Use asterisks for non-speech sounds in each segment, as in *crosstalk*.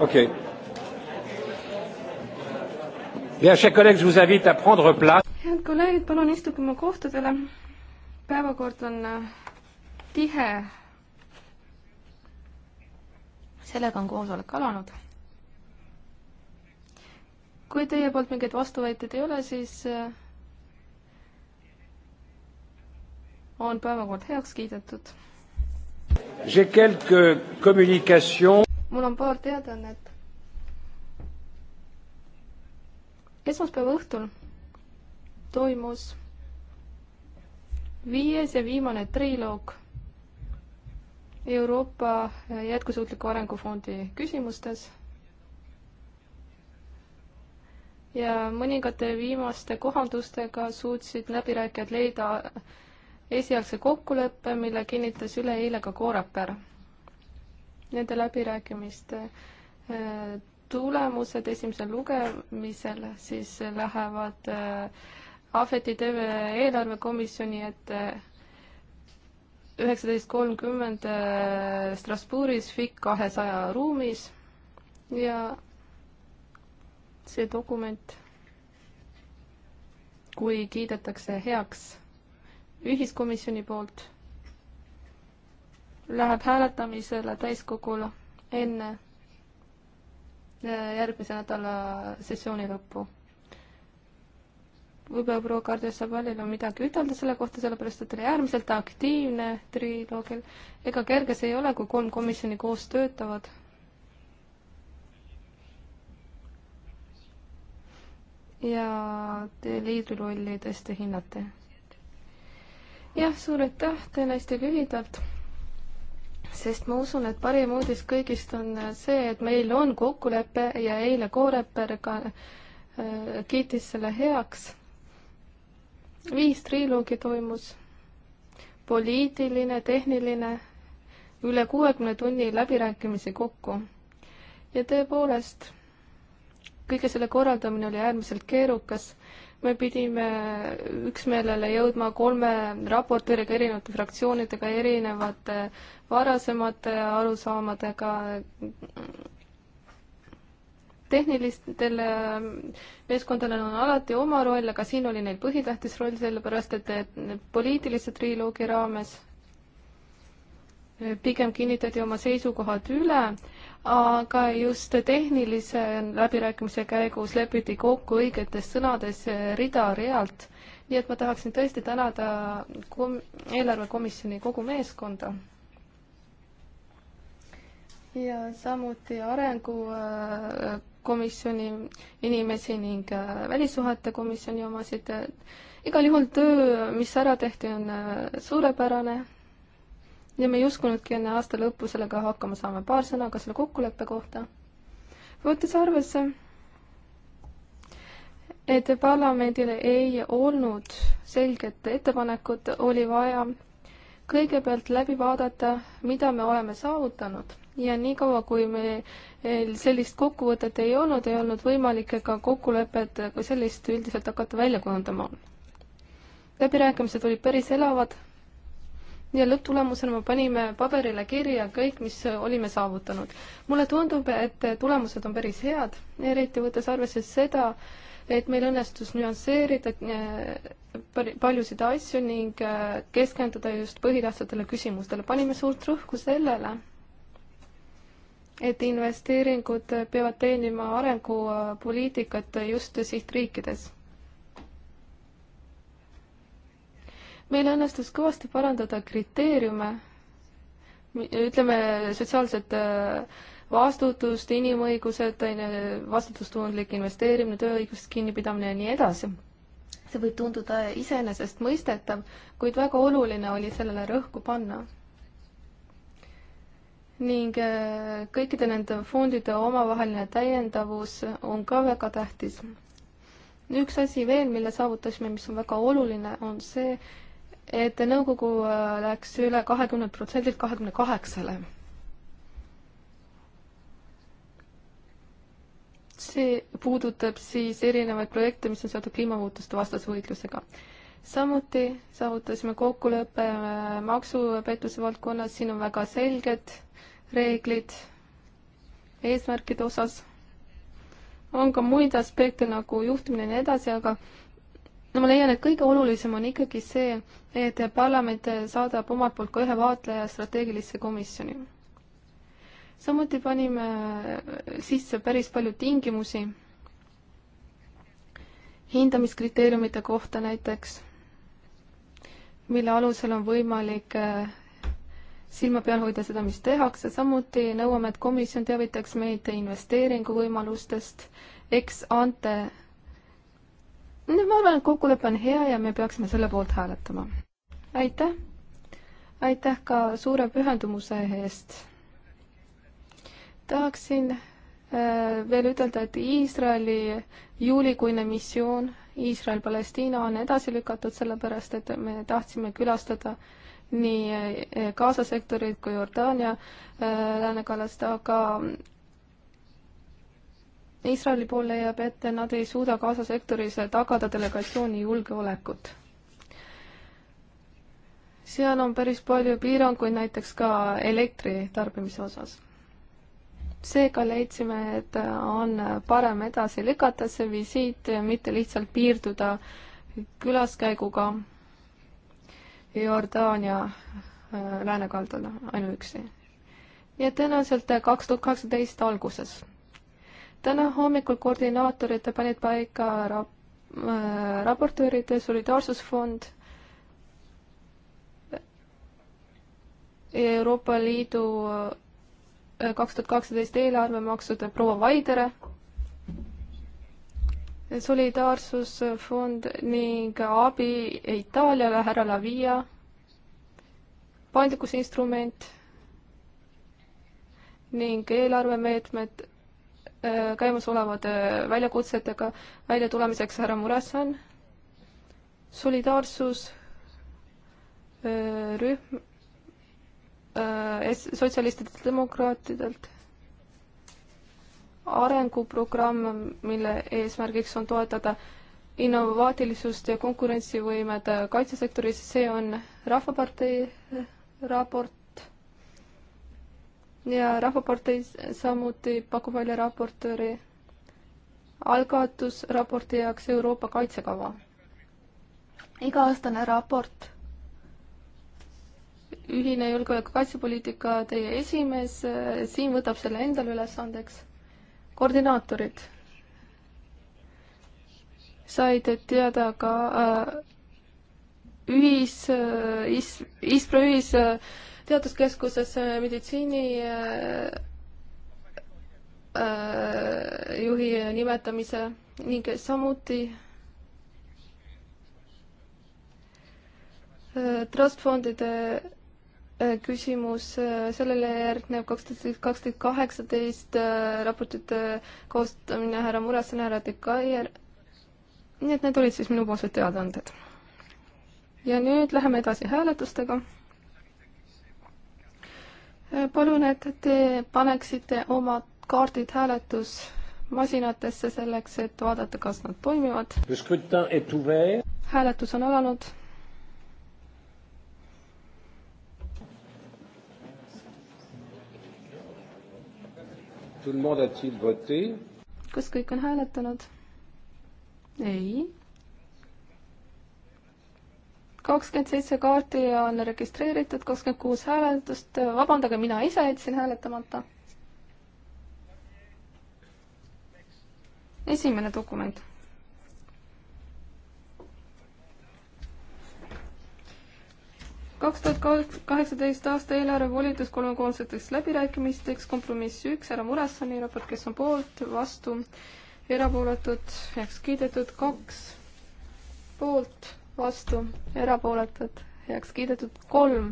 Ok. Bien, chers collègues, je vous invite à prendre place. head kolleegid, palun istuge oma kohtadele. päevakord on äh, tihe. sellega on koosolek alanud. kui teie poolt mingeid vastuväiteid ei ole, siis äh, on päevakord heaks kiidetud. J'ai quelques communications mul on paar teadaannet. esmaspäeva õhtul toimus viies ja viimane triloog Euroopa Jätkusuutliku Arengufondi küsimustes. ja mõningate viimaste kohandustega suutsid läbirääkijad leida esialgse kokkuleppe, mille kinnitas üleeile ka Koorapär nende läbirääkimiste äh, tulemused esimesel lugemisel siis lähevad äh, Ahveti TV eelarvekomisjoni ette üheksateist kolmkümmend äh, Strasbourgis FIC kahesaja ruumis ja see dokument, kui kiidetakse heaks ühiskomisjoni poolt läheb hääletamisele täiskogul enne äh, järgmise nädala sessiooni lõppu. võib-olla proua Kardiosavalil on midagi ütelda selle kohta, sellepärast et ta oli äärmiselt aktiivne triloogil. ega kerge see ei ole, kui kolm komisjoni koos töötavad. ja teie liidrirolli tõesti hinnate. jah, suur aitäh teile hästi lühidalt sest ma usun, et parim uudis kõigist on see, et meil on kokkulepe ja eile Kooreper ka äh, kiitis selle heaks. viis triloogi toimus, poliitiline, tehniline, üle kuuekümne tunni läbirääkimisi kokku. ja tõepoolest, kõige selle korraldamine oli äärmiselt keerukas me pidime üksmeelele jõudma kolme raportööriga, erinevate fraktsioonidega, erinevate varasemate arusaamadega, tehnilistele meeskondadel on alati oma roll, aga siin oli neil põhitähtis roll, sellepärast et poliitilise triloogi raames pigem kinnitati oma seisukohad üle aga just tehnilise läbirääkimise käigus lepiti kokku õigetes sõnades rida-realt, nii et ma tahaksin tõesti tänada kom-, eelarvekomisjoni kogu meeskonda. ja samuti arengukomisjoni äh, inimesi ning äh, välissuhete komisjoni omasid, igal juhul töö, mis ära tehti, on äh, suurepärane ja me ei uskunudki enne aasta lõppu sellega hakkama saama. paar sõna ka selle kokkuleppe kohta. võttes arvesse, et parlamendil ei olnud selget ettepanekut, oli vaja kõigepealt läbi vaadata, mida me oleme saavutanud ja niikaua, kui meil eh, sellist kokkuvõtet ei olnud, ei olnud võimalik ka kokkulepet kui sellist üldiselt hakata välja kujundama. läbirääkimised olid päris elavad ja lõpptulemusena me panime paberile kirja kõik, mis olime saavutanud. mulle tundub, et tulemused on päris head, eriti võttes arvesse seda, et meil õnnestus nüansseerida eh, paljusid asju ning eh, keskenduda just põhitähtsatele küsimustele. panime suurt rõhku sellele, et investeeringud peavad teenima arengupoliitikat just sihtriikides meil õnnestus kõvasti parandada kriteeriume, ütleme, sotsiaalset äh, vastutust, inimõigused, vastutustundlik investeerimine, tööõigust kinnipidamine ja nii edasi. see võib tunduda iseenesestmõistetav, kuid väga oluline oli sellele rõhku panna ning äh, kõikide nende fondide omavaheline täiendavus on ka väga tähtis. üks asi veel, mille saavutasime, mis on väga oluline, on see, et nõukogu äh, läks üle kahekümnelt protsendilt kahekümne kaheksale. see puudutab siis erinevaid projekte, mis on seotud kliimamuutuste vastase võitlusega. samuti saavutasime kokkuleppe äh, maksupettuse valdkonnas, siin on väga selged reeglid eesmärkide osas. on ka muid aspekte nagu juhtimine ja nii edasi, aga no ma leian, et kõige olulisem on ikkagi see, et parlament saadab omalt poolt ka ühe vaatleja strateegilisse komisjoni. samuti panime sisse päris palju tingimusi hindamiskriteeriumite kohta näiteks, mille alusel on võimalik äh, silma peal hoida seda, mis tehakse, samuti nõuame, et komisjon teavitaks meid investeeringuvõimalustest, eks ante ma arvan, et kokkulepe on hea ja me peaksime selle poolt hääletama. aitäh! aitäh ka suure pühendumuse eest! tahaksin äh, veel ütelda, et Iisraeli juulikuine missioon Iisrael-Palestiina on edasi lükatud, sellepärast et me tahtsime külastada nii äh, Gaza sektorit kui Jordaania äh, läänekallast, aga Iisraeli pool leiab, et nad ei suuda Gaza sektoris tagada delegatsiooni julgeolekut. seal on päris palju piiranguid, näiteks ka elektri tarbimise osas. seega leidsime, et on parem edasi lükata see visiit, mitte lihtsalt piirduda külaskäiguga Jordaania äh, läänekaldale ainuüksi. ja tõenäoliselt kaks tuhat kaheksateist alguses täna hommikul koordinaatorid panid paika rap-, äh, raportööride solidaarsusfond Euroopa Liidu äh, kaks tuhat kaheksateist eelarvemaksude äh, proua Vaidere, solidaarsusfond ning abi Itaaliale, härra Lavia, paindlikkusinstrument ning eelarvemeetmed Äh, käimasolevate äh, väljakutsetega välja tulemiseks, härra Muresson. solidaarsus, äh, rühm, sotsialistidelt, demokraatidelt, arenguprogramm, mille eesmärgiks on toetada innovaatilisust ja konkurentsivõimet kaitsesektoris, see on Rahvapartei raport ja Rahvapartei samuti pakub välja raportööri algatusraporti jaoks Euroopa kaitsekava. iga-aastane raport ühine julgeoleku kaitsepoliitika, teie esimees, eh, Siim võtab selle endale ülesandeks. koordinaatorid said teada ka äh, ühis äh,, IS-, ISPRO ühis äh, teaduskeskuses äh, meditsiini äh, äh, juhi nimetamise ning samuti trustfondide küsimus, sellele järgneb kaks tuhat kaksteist kaheksateist raportite koostamine härra Murasen, härra Dekaier. nii et need olid siis minupoolsed teadaanded. ja nüüd läheme edasi hääletustega palun, et te paneksite oma kaardid hääletusmasinatesse selleks, et vaadata, kas nad toimivad. hääletus on alanud. kas kõik on hääletanud? ei kakskümmend seitse kaarti on registreeritud, kakskümmend kuus hääletust, vabandage, mina ise jätsin hääletamata. esimene dokument. kaks tuhat kaheksateist aasta eelarve volitus kolmekoolseteks läbirääkimisteks, kompromiss üks, härra Murassoni raport, kes on poolt, vastu, erapooletud, heaks kiidetud, kaks, poolt vastu, erapooletud, heaks kiidetud, kolm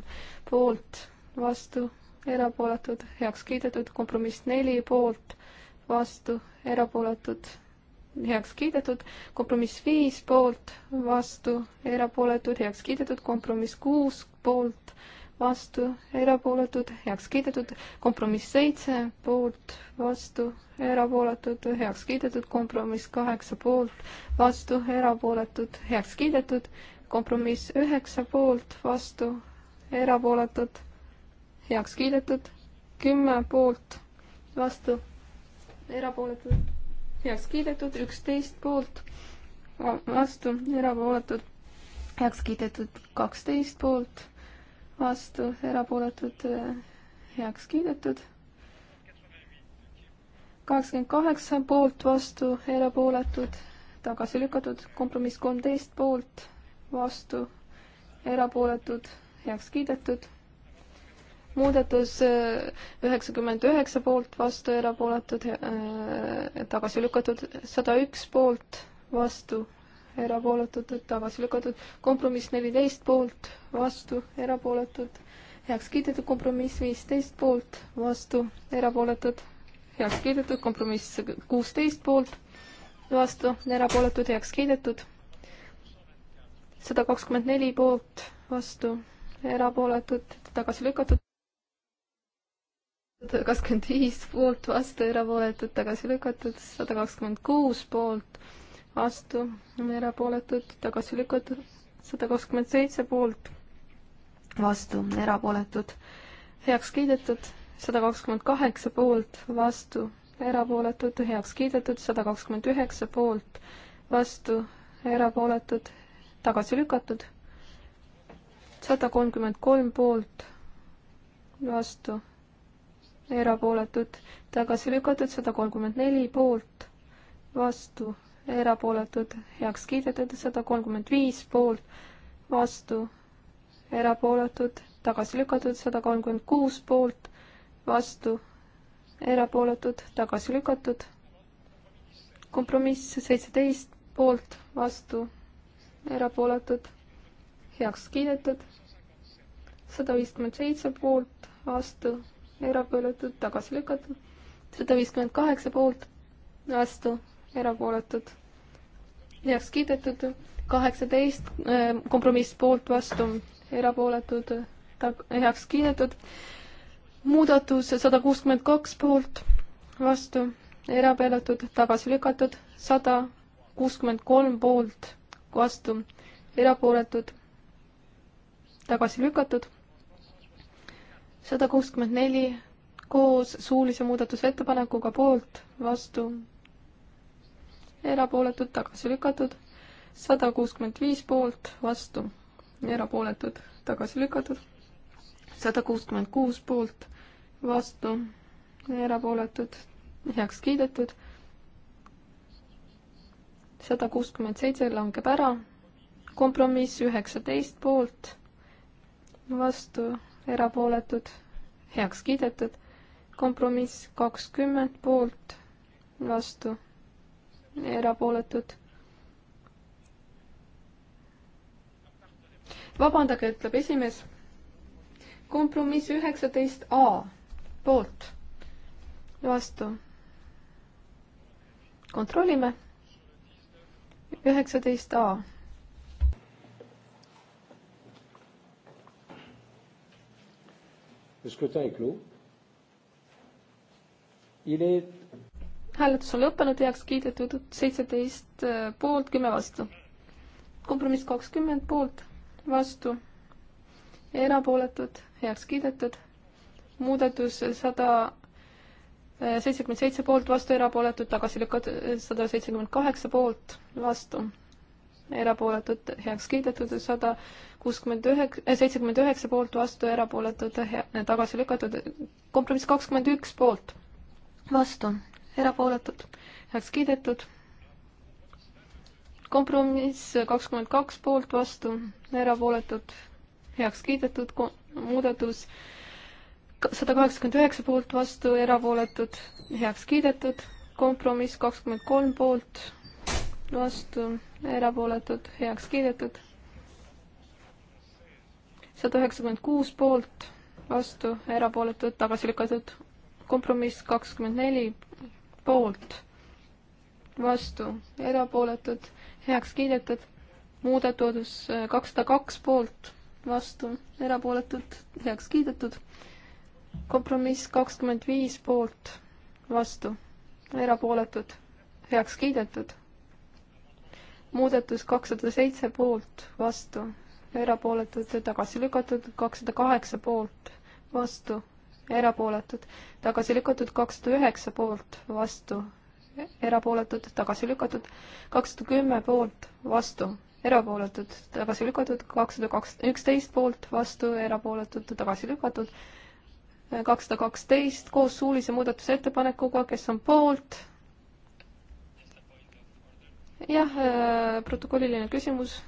poolt, vastu, erapooletud, heaks kiidetud, kompromiss neli poolt, vastu, erapooletud, heaks kiidetud, kompromiss viis poolt, vastu, erapooletud, heaks kiidetud, kompromiss kuus poolt, vastu, erapooletud, heaks kiidetud, kompromiss seitse, poolt, vastu, erapooletud, heaks kiidetud, kompromiss kaheksa, poolt, vastu, erapooletud, heaks kiidetud, kompromiss üheksa, poolt, vastu, erapooletud, heaks kiidetud, kümme, poolt, vastu, erapooletud, heaks kiidetud, üksteist, poolt, vastu, erapooletud, heaks kiidetud, kaksteist, poolt vastu, erapooletud, heaks kiidetud. kaheksakümmend kaheksa poolt, vastu, erapooletud, tagasi lükatud, kompromiss kolmteist poolt, vastu, erapooletud, heaks kiidetud muudatus äh, üheksakümmend üheksa poolt, vastu erapooletud, äh, tagasi lükatud sada üks poolt, vastu erapooletud, tagasi lükatud, kompromiss neliteist poolt, vastu, erapooletud, heaks kiidetud, kompromiss viisteist poolt, vastu, erapooletud, heaks kiidetud, kompromiss kuusteist poolt, vastu, erapooletud, heaks kiidetud, sada kakskümmend neli poolt, vastu, erapooletud, tagasi lükatud, sada kakskümmend viis poolt, vastu, erapooletud, tagasi lükatud, sada kakskümmend kuus poolt, vastu, erapooletud, tagasi lükatud, sada kakskümmend seitse poolt, vastu, erapooletud, heaks kiidetud, sada kakskümmend kaheksa poolt, vastu, erapooletud, heaks kiidetud, sada kakskümmend üheksa poolt, vastu, erapooletud, tagasi lükatud, sada kolmkümmend kolm poolt, vastu, erapooletud, tagasi lükatud, sada kolmkümmend neli poolt, vastu erapooletud, heaks kiidetud, sada kolmkümmend viis poolt, vastu, erapooletud, tagasi lükatud, sada kolmkümmend kuus poolt, vastu, erapooletud, tagasi lükatud. kompromiss seitseteist poolt, vastu, erapooletud, heaks kiidetud, sada viiskümmend seitse poolt, vastu, erapooletud, tagasi lükatud, sada viiskümmend kaheksa poolt, vastu erapooletud, heaks kiidetud, kaheksateist äh, kompromiss poolt, vastu, erapooletud, heaks kiidetud, muudatus sada kuuskümmend kaks poolt, vastu, erapooletud, tagasi lükatud, sada kuuskümmend kolm poolt, vastu, erapooletud, tagasi lükatud, sada kuuskümmend neli koos suulise muudatusettepanekuga poolt, vastu, erapooletud, tagasi lükatud, sada kuuskümmend viis poolt, vastu, erapooletud, tagasi lükatud, sada kuuskümmend kuus poolt, vastu, erapooletud, heaks kiidetud, sada kuuskümmend seitse langeb ära, kompromiss üheksateist poolt, vastu, erapooletud, heaks kiidetud, kompromiss kakskümmend poolt, vastu erapooletud. vabandage, ütleb esimees. kompromiss üheksateist A poolt, vastu. kontrollime. üheksateist A Le scrutin est clos. Il est hääletus on lõppenud, heaks kiidetud seitseteist äh, poolt, kümme vastu. kompromiss kakskümmend poolt, vastu, erapooletud, heaks kiidetud. muudatus sada äh, seitsekümmend seitse poolt, vastu, erapooletud, tagasi lükatud äh, sada seitsekümmend kaheksa poolt, vastu, erapooletud, heaks kiidetud, sada kuuskümmend üheksa, seitsekümmend üheksa poolt, vastu, erapooletud, tagasi lükatud, kompromiss kakskümmend üks poolt, vastu, erapooletud, heaks kiidetud. kompromiss kakskümmend kaks poolt, vastu, erapooletud, heaks kiidetud, muudatus sada kaheksakümmend üheksa poolt, vastu, erapooletud, heaks kiidetud, kompromiss kakskümmend kolm poolt, vastu, erapooletud, heaks kiidetud, sada üheksakümmend kuus poolt, vastu, erapooletud, tagasi lükatud, kompromiss kakskümmend neli poolt, vastu, erapooletud, heaks kiidetud, muudatus äh, kakssada kaks poolt, vastu, erapooletud, heaks kiidetud, kompromiss kakskümmend viis poolt, vastu, erapooletud, heaks kiidetud, muudatus kakssada seitse poolt, vastu, erapooletud, tagasi lükatud, kakssada kaheksa poolt, vastu erapooletud, tagasi lükatud kakssada üheksa poolt, vastu, erapooletud, tagasi lükatud kakssada kümme poolt, vastu, erapooletud, tagasi lükatud kakssada kaks, üksteist poolt, vastu, erapooletud, tagasi lükatud kakssada kaksteist koos suulise muudatusettepanekuga, kes on poolt. jah, äh, protokolliline küsimus.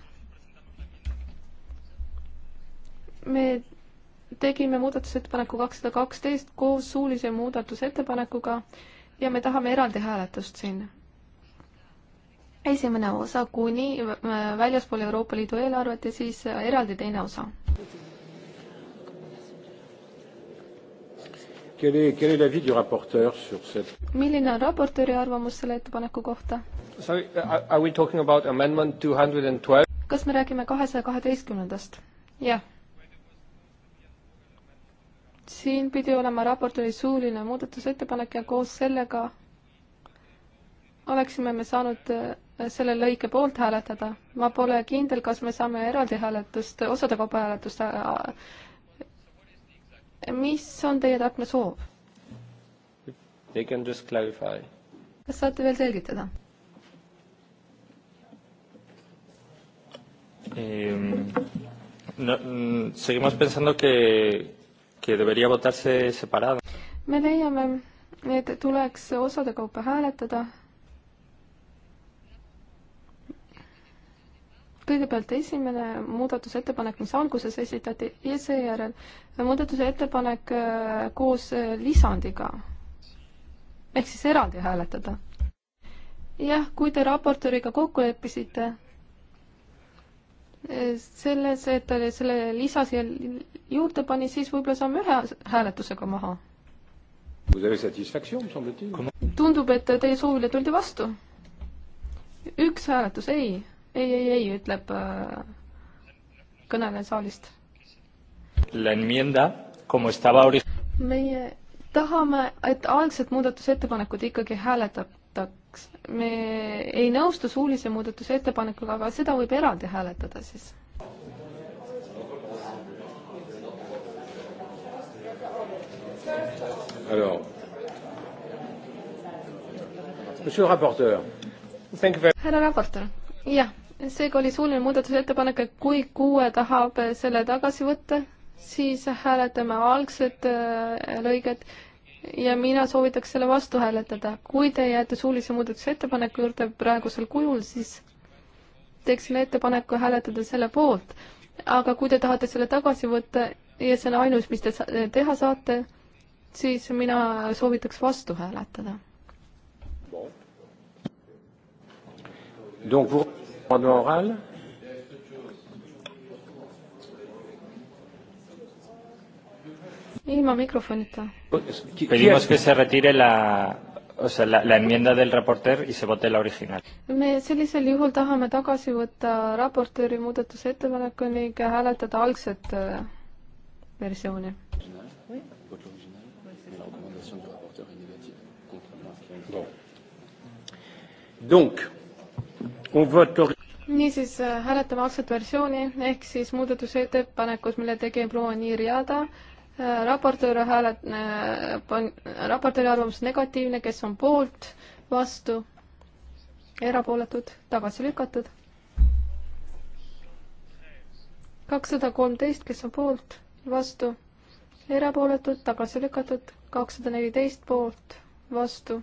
me tegime muudatusettepaneku kakssada kaksteist koos suulise muudatusettepanekuga ja me tahame eraldi hääletust siin. esimene osa kuni äh, väljaspool Euroopa Liidu eelarvet ja siis äh, eraldi teine osa. milline on raportööri arvamus selle ettepaneku kohta? Uh, kas me räägime kahesaja kaheteistkümnendast? jah siin pidi olema raportööri suuline muudatusettepanek ja koos sellega oleksime me saanud äh, selle lõike poolt hääletada. ma pole kindel, kas me saame eraldi hääletust, osade kaupa hääletust. Äh, mis on teie täpne soov? kas saate veel selgitada? No, mm, seguimos pensando que que debería votarse separada. me leiame, et tuleks osade kaupa hääletada. kõigepealt esimene muudatusettepanek, mis alguses esitati ja seejärel muudatuse ettepanek äh, koos äh, lisandiga ehk siis eraldi hääletada. jah, kui te raportööriga kokku leppisite selles, et ta selle lisa siia juurde pani, siis võib-olla saame ühe hääletusega maha. tundub, et teie soovile tuldi vastu. üks hääletus, ei, ei, ei, ei, ütleb äh, kõneleja saalist. meie tahame, et algset muudatusettepanekut ikkagi hääletataks lisaks me ei nõustu suulise muudatuse ettepanekuga, aga seda võib eraldi hääletada siis. härra raportöör, jah, seega oli suuline muudatusettepanek, et kui kuue tahab selle tagasi võtta, siis hääletame algset äh, lõiget ja mina soovitaks selle vastu hääletada. kui te jääte suulise muudatusettepaneku juurde praegusel kujul, siis teeksin ettepaneku hääletada selle poolt. aga kui te tahate selle tagasi võtta ja see on ainus, mis te teha saate, siis mina soovitaks vastu hääletada. Donc vous amendement oral ilma mikrofonita. Pedimos que se retire la, o sea, la, la enmienda del reporter y se vote la original. me sellisel juhul tahame tagasi võtta raportööri muudatusettepaneku ning hääletada algset äh, versiooni. niisiis äh, hääletame algset versiooni ehk siis muudatusettepanekus, mille tegi proua Nii Riada äh, raportööri hääled, äh, raportööri arvamus negatiivne, kes on poolt, vastu, erapooletud, tagasi lükatud. kakssada kolmteist, kes on poolt, vastu, erapooletud, tagasi lükatud, kakssada neliteist poolt, vastu.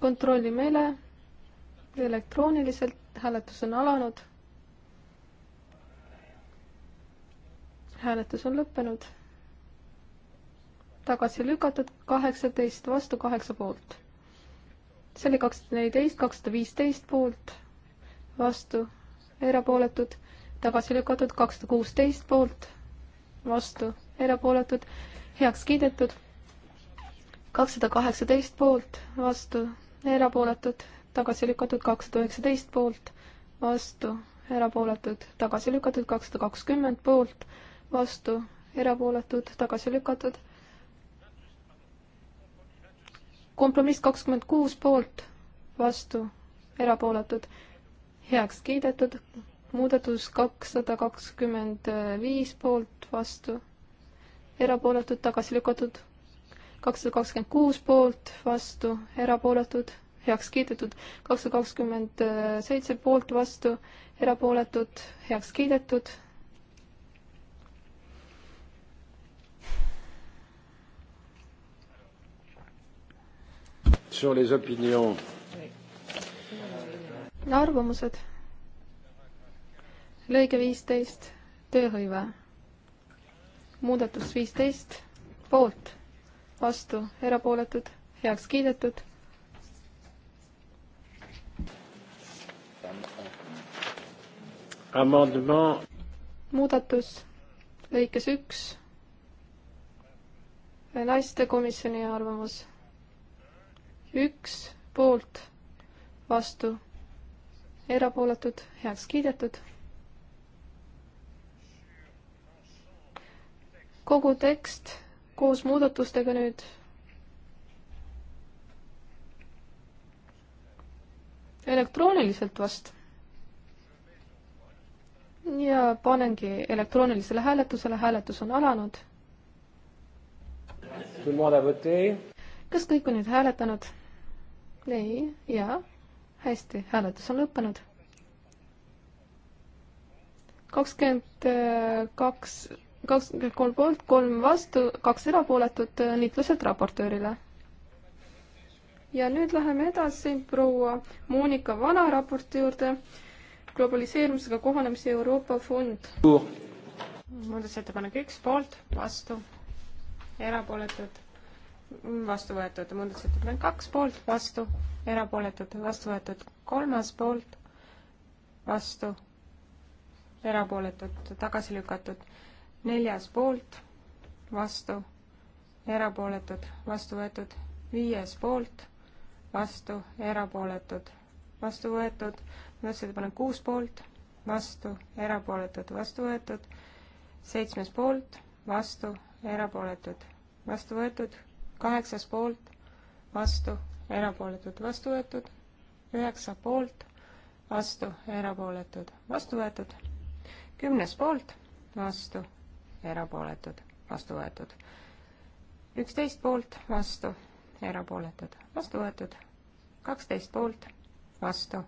kontrollime üle, elektrooniliselt hääletus on alanud hääletus on lõppenud. tagasi lükatud kaheksateist vastu kaheksa poolt. see oli kakssada neliteist, kakssada viisteist poolt, vastu, erapooletud, tagasi lükatud kakssada kuusteist poolt, vastu, erapooletud, heaks kiidetud kakssada kaheksateist poolt, vastu, erapooletud, tagasi lükatud kakssada üheksateist poolt, vastu, erapooletud, tagasi lükatud kakssada kakskümmend poolt, vastu, erapooletud, tagasi lükatud. kompromiss kakskümmend kuus poolt, vastu, erapooletud, heaks kiidetud. muudatus kakssada kakskümmend viis poolt, vastu, erapooletud, tagasi lükatud. kakssada kakskümmend kuus poolt, vastu, erapooletud, heaks kiidetud. kakssada kakskümmend seitse poolt, vastu, erapooletud, heaks kiidetud sur les opinions. arvamused. lõige viisteist, tööhõive. muudatus viisteist, poolt, vastu, erapooletud, heaks kiidetud. muudatus lõikes üks, naistekomisjoni arvamus üks poolt, vastu, erapooletud, heaks kiidetud. kogu tekst koos muudatustega nüüd. elektrooniliselt vast. ja panengi elektroonilisele hääletusele, hääletus on alanud. kas kõik on nüüd hääletanud? ei, jaa, hästi, hääletus on lõppenud. kakskümmend kaks, kakskümmend kolm poolt, kolm vastu, kaks erapooletut, liitlased raportöörile. ja nüüd läheme edasi proua Monika Vana raporti juurde, globaliseerumisega kohanemise Euroopa fond. muudatusettepanek üks poolt, vastu, erapooletud vastu võetud, muudatusettepanek kaks poolt, vastu, erapooletud, vastu võetud, kolmas poolt, vastu, erapooletud, tagasi lükatud, neljas poolt, vastu, erapooletud, vastu võetud, viies poolt, vastu, erapooletud, vastu võetud, muudatusettepanek kuus poolt, vastu, erapooletud, vastu võetud, seitsmes poolt, vastu, erapooletud, vastu võetud, kaheksas poolt, vastu, erapooletud, vastu võetud, üheksa poolt, vastu, erapooletud, vastu võetud, kümnes poolt, vastu, erapooletud, vastu võetud, üksteist poolt, vastu, erapooletud, vastu võetud, kaksteist poolt, vastu,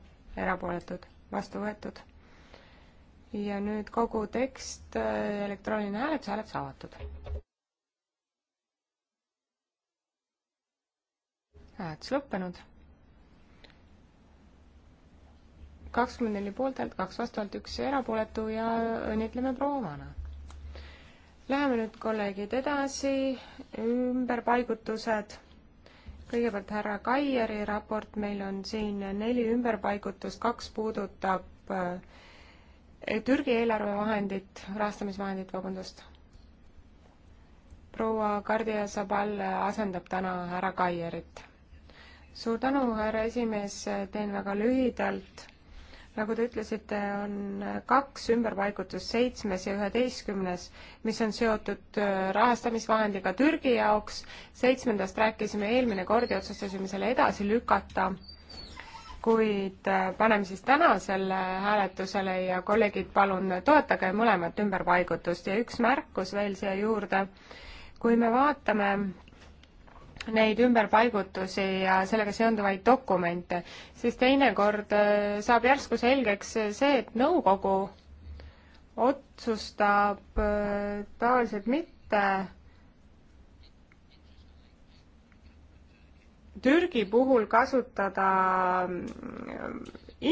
erapooletud, vastu võetud ja nüüd kogu tekst, äh, elektrooniline hääletus, hääletus avatud. hääletus lõppenud. kakskümmend neli poolthäält, kaks vastuhäält, üks erapooletu ja õnnitleme proua Vana. Läheme nüüd, kolleegid, edasi, ümberpaigutused. kõigepealt härra Kaieri raport, meil on siin neli ümberpaigutust, kaks puudutab äh, Türgi eelarvevahendit, rahastamisvahendit, vabandust proua Kardia Sabal asendab täna härra Kaierit suur tänu, härra esimees, teen väga lühidalt. nagu te ütlesite, on kaks ümberpaigutust, seitsmes ja üheteistkümnes, mis on seotud äh, rahastamisvahendiga Türgi jaoks. seitsmendast rääkisime eelmine kord ja otsustasime selle edasi lükata kuid äh, paneme siis täna selle hääletusele ja kolleegid, palun toetage mõlemat ümberpaigutust ja üks märkus veel siia juurde. kui me vaatame neid ümberpaigutusi ja sellega seonduvaid dokumente, siis teinekord äh, saab järsku selgeks see, et nõukogu otsustab äh, tavaliselt mitte Türgi puhul kasutada mm,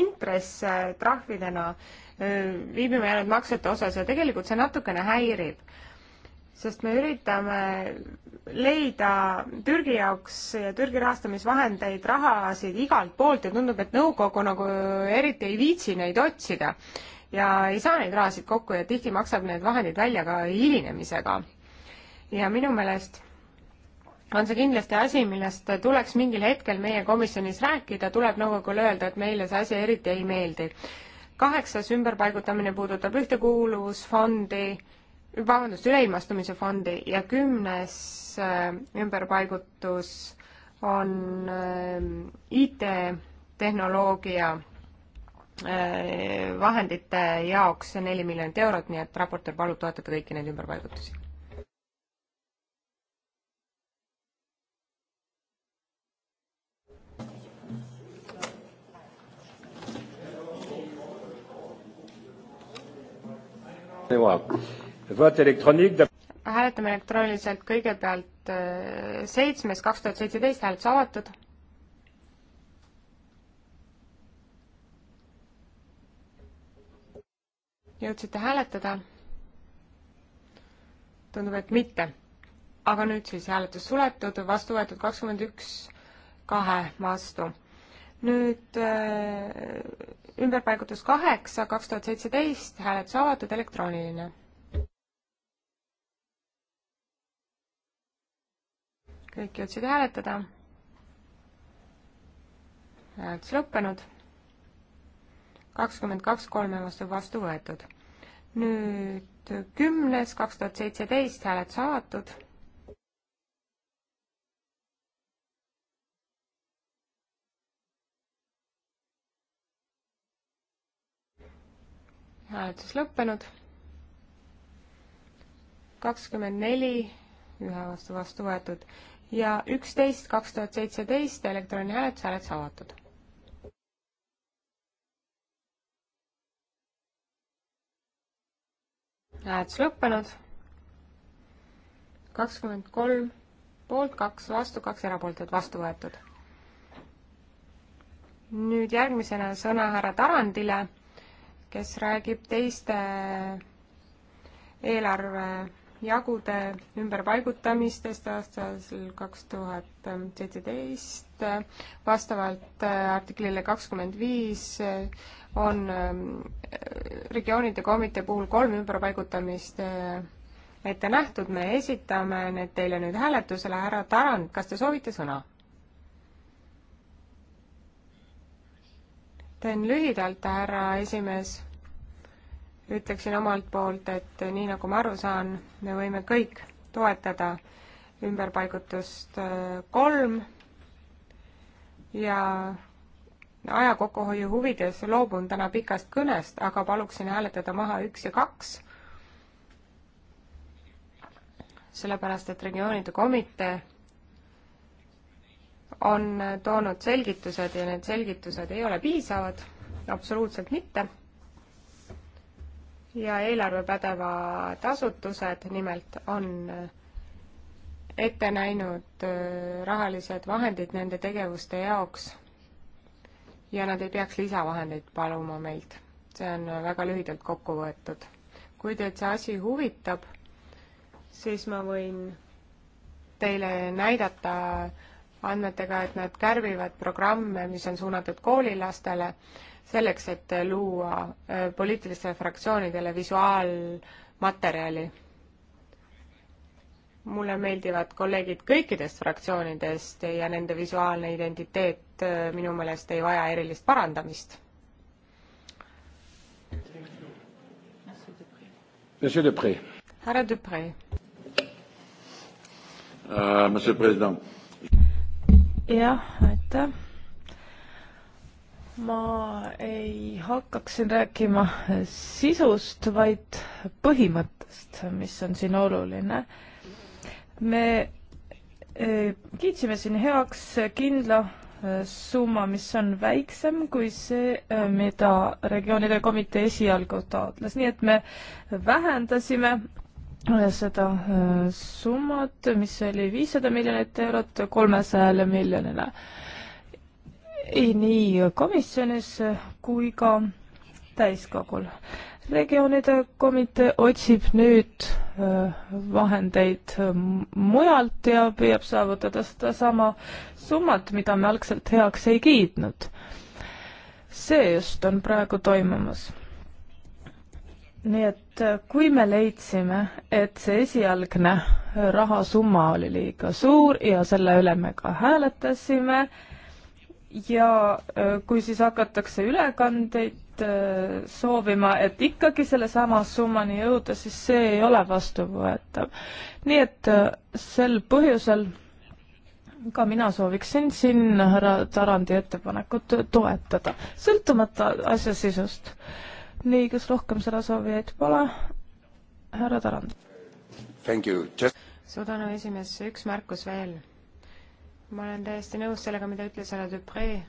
intresse trahvidena äh, viibima jäänud maksete osas ja tegelikult see natukene häirib sest me üritame leida Türgi jaoks ja Türgi rahastamisvahendeid, rahasid igalt poolt ja tundub, et nõukogu nagu eriti ei viitsi neid otsida ja ei saa neid rahasid kokku ja tihti maksab need vahendid välja ka hilinemisega. ja minu meelest on see kindlasti asi, millest tuleks mingil hetkel meie komisjonis rääkida, tuleb nõukogule öelda, et meile see asi eriti ei meeldi. kaheksas ümberpaigutamine puudutab ühtekuuluvusfondi vabandust, üleilmastumise fondi ja kümnes äh, ümberpaigutus on äh, IT-tehnoloogia äh, vahendite jaoks neli miljonit eurot, nii et raportöör palub toetada kõiki neid ümberpaigutusi. ei vaja hääletame elektrooniliselt kõigepealt äh, seitsmes, kaks tuhat seitseteist hääletus avatud. jõudsite hääletada? tundub, et mitte. aga nüüd siis hääletus suletud, vastu võetud kakskümmend üks kahe vastu. nüüd äh, ümberpaigutus kaheksa, kaks tuhat seitseteist, hääletus avatud, elektrooniline kõik jõudsid hääletada. hääletus lõppenud. kakskümmend kaks kolme vastu vastu võetud. nüüd kümnes, kaks tuhat seitseteist, hääletus avatud. hääletus lõppenud. kakskümmend neli ühe vastu vastu võetud ja üksteist kaks tuhat seitseteist elektrooniline hääletus, hääletus avatud. hääletus lõppenud. kakskümmend kolm poolt, kaks vastu, kaks erapooletut vastu võetud. nüüd järgmisena sõna härra Tarandile, kes räägib teiste eelarve jagude ümberpaigutamistest aastasel kaks tuhat seitseteist. vastavalt äh, artiklile kakskümmend viis äh, on äh, regioonide komitee puhul kolm ümberpaigutamist ette nähtud, me esitame need teile nüüd hääletusele. härra Tarand, kas te soovite sõna? teen lühidalt, härra esimees ütleksin omalt poolt, et nii nagu ma aru saan, me võime kõik toetada ümberpaigutust äh, kolm ja aja kokkuhoiu huvides loobun täna pikast kõnest, aga paluksin hääletada maha üks ja kaks, sellepärast et regioonide komitee on toonud selgitused ja need selgitused ei ole piisavad, absoluutselt mitte ja eelarvepädevad asutused nimelt on äh, ette näinud äh, rahalised vahendid nende tegevuste jaoks ja nad ei peaks lisavahendeid paluma meilt. see on äh, väga lühidalt kokku võetud. kui teid see asi huvitab, siis ma võin teile näidata andmetega, et nad kärbivad programme, mis on suunatud koolilastele selleks, et luua äh, poliitilistele fraktsioonidele visuaalmaterjali. mulle meeldivad kolleegid kõikidest fraktsioonidest ja nende visuaalne identiteet äh, minu meelest ei vaja erilist parandamist. härra Dupree. Äh, jah, aitäh ma ei hakkaks siin rääkima sisust, vaid põhimõttest, mis on siin oluline. me e, kiitsime siin heaks kindla e, summa, mis on väiksem kui see, e, mida regioonide komitee esialgu taotles, nii et me vähendasime seda summat, mis oli viissada miljonit eurot, kolmesajale miljonile nii komisjonis kui ka täiskogul. regioonide komitee otsib nüüd äh, vahendeid äh, mujalt ja püüab saavutada sedasama summat, mida me algselt heaks ei kiidnud. see just on praegu toimumas nii et äh, kui me leidsime, et see esialgne rahasumma oli liiga suur ja selle üle me ka hääletasime, ja äh, kui siis hakatakse ülekandeid äh, soovima, et ikkagi sellesama summani jõuda, siis see ei ole vastuvõetav. nii et äh, sel põhjusel ka mina sooviksin siin härra Tarandi ettepanekut toetada, sõltumata asja sisust. nii, kas rohkem sõnasoovijaid pole? härra Tarand. suur tänu, esimees, üks märkus veel ma olen täiesti nõus sellega, mida ütles härra Dupree.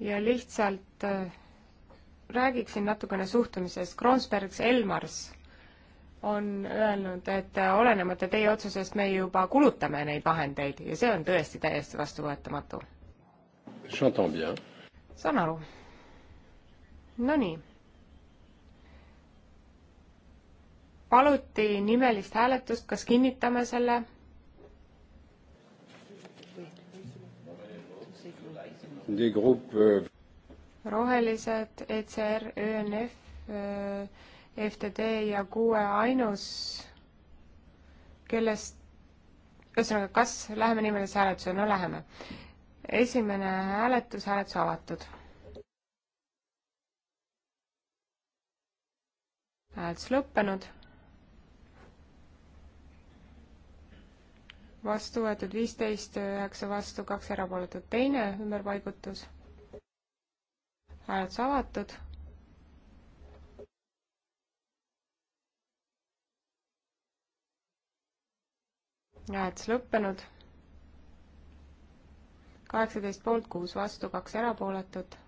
ja lihtsalt äh, räägiksin natukene suhtumisest. Kronsbergs Elmars on öelnud, et äh, olenemata teie otsusest, me juba kulutame neid vahendeid ja see on tõesti täiesti vastuvõetamatu. saan aru. Nonii. paluti nimelist hääletust, kas kinnitame selle? des groupes euh, rohelised, ECR, ÖNF, e äh, FTD ja kuue ainus, kellest, ühesõnaga, kas läheme nimelise hääletuse, no läheme. esimene hääletus, hääletus avatud. hääletus lõppenud vastu võetud viisteist, üheksa vastu, kaks erapooletut, teine ümberpaigutus. hääletus avatud. hääletus lõppenud. kaheksateist poolt, kuus vastu, kaks erapooletut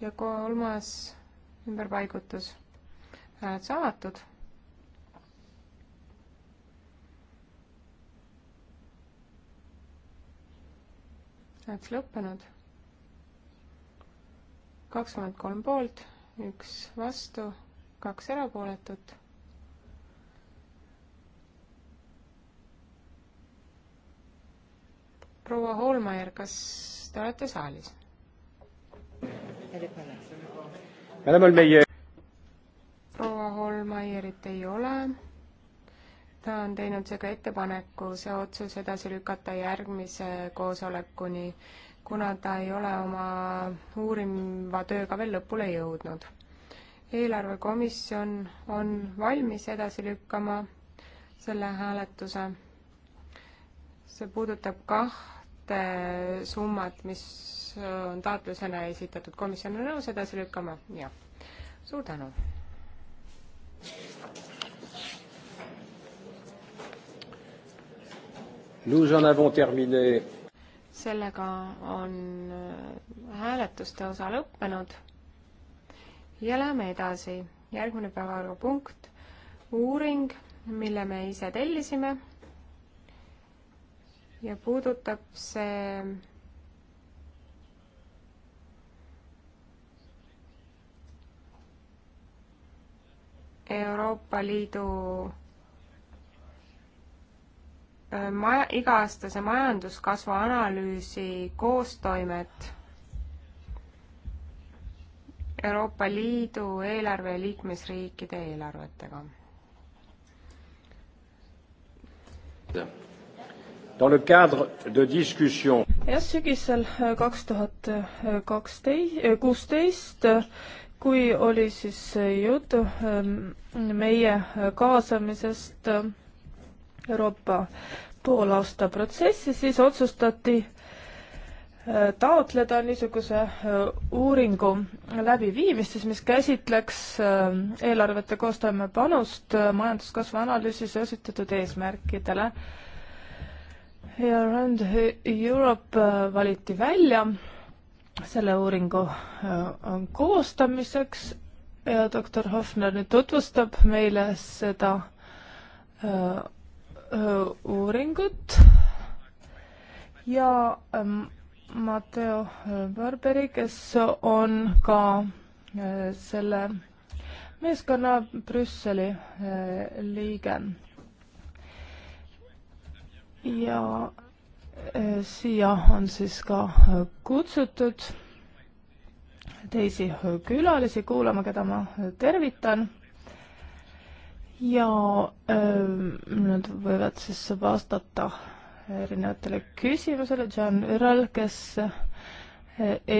ja kolmas ümberpaigutus. hääletus avatud hääletus lõppenud. kakskümmend kolm poolt, üks vastu, kaks erapooletut. proua Hoolmeier, kas te olete saalis? proua Hoolmeierit ei ole ta on teinud seega ettepaneku see otsus edasi lükata järgmise koosolekuni, kuna ta ei ole oma uuriva tööga veel lõpule jõudnud. eelarvekomisjon on valmis edasi lükkama selle hääletuse. see puudutab kahte summat, mis on taotlusena esitatud. komisjon on nõus edasi lükkama? jah. suur tänu. Nous en avons terminé. sellega on äh, hääletuste osa lõppenud ja läheme edasi. järgmine päevakorrapunkt, uuring, mille me ise tellisime ja puudutab see Euroopa Liidu maja, iga-aastase majanduskasvu analüüsi koostoimet Euroopa Liidu eelarve ja liikmesriikide eelarvetega. Dans le cadre de discussion jah, sügisel äh, kaks tuhat kaksteist, kuusteist äh, kui oli siis äh, juttu ähm, meie kaasamisest Euroopa poolaasta protsessi, siis otsustati äh, taotleda niisuguse äh, uuringu läbiviimist siis, mis käsitleks äh, eelarvete koostoime panust majanduskasvu analüüsis esitatud eesmärkidele. ja Round Europe valiti välja selle uuringu koostamiseks ja doktor Hoffner nüüd tutvustab meile seda Äh, uuringut ja ähm, Matteo äh, Barberi, kes on ka äh, selle meeskonna Brüsseli liige. ja siia on siis ka kutsutud teisi külalisi kuulama, keda ma tervitan ja öö, ähm, nad võivad siis vastata erinevatele küsimusele, John Üral, kes äh,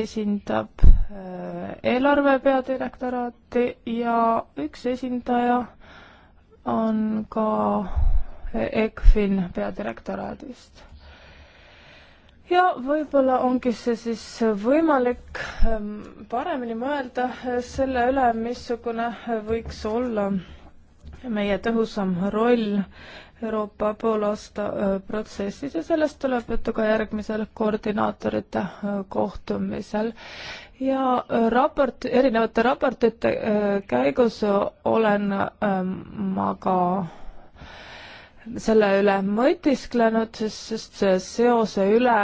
esindab äh, eelarve peadirektoraati ja üks esindaja on ka ECFIN peadirektoraadist. ja võib-olla ongi see siis võimalik ähm, paremini mõelda selle üle, missugune võiks olla meie tõhusam roll Euroopa poolaasta äh, protsessis ja sellest tuleb juttu ka järgmisel koordinaatorite äh, kohtumisel. ja äh, raport, erinevate raportite käigus olen ähm, ma ka selle üle mõtisklenud, sest, sest see seose üle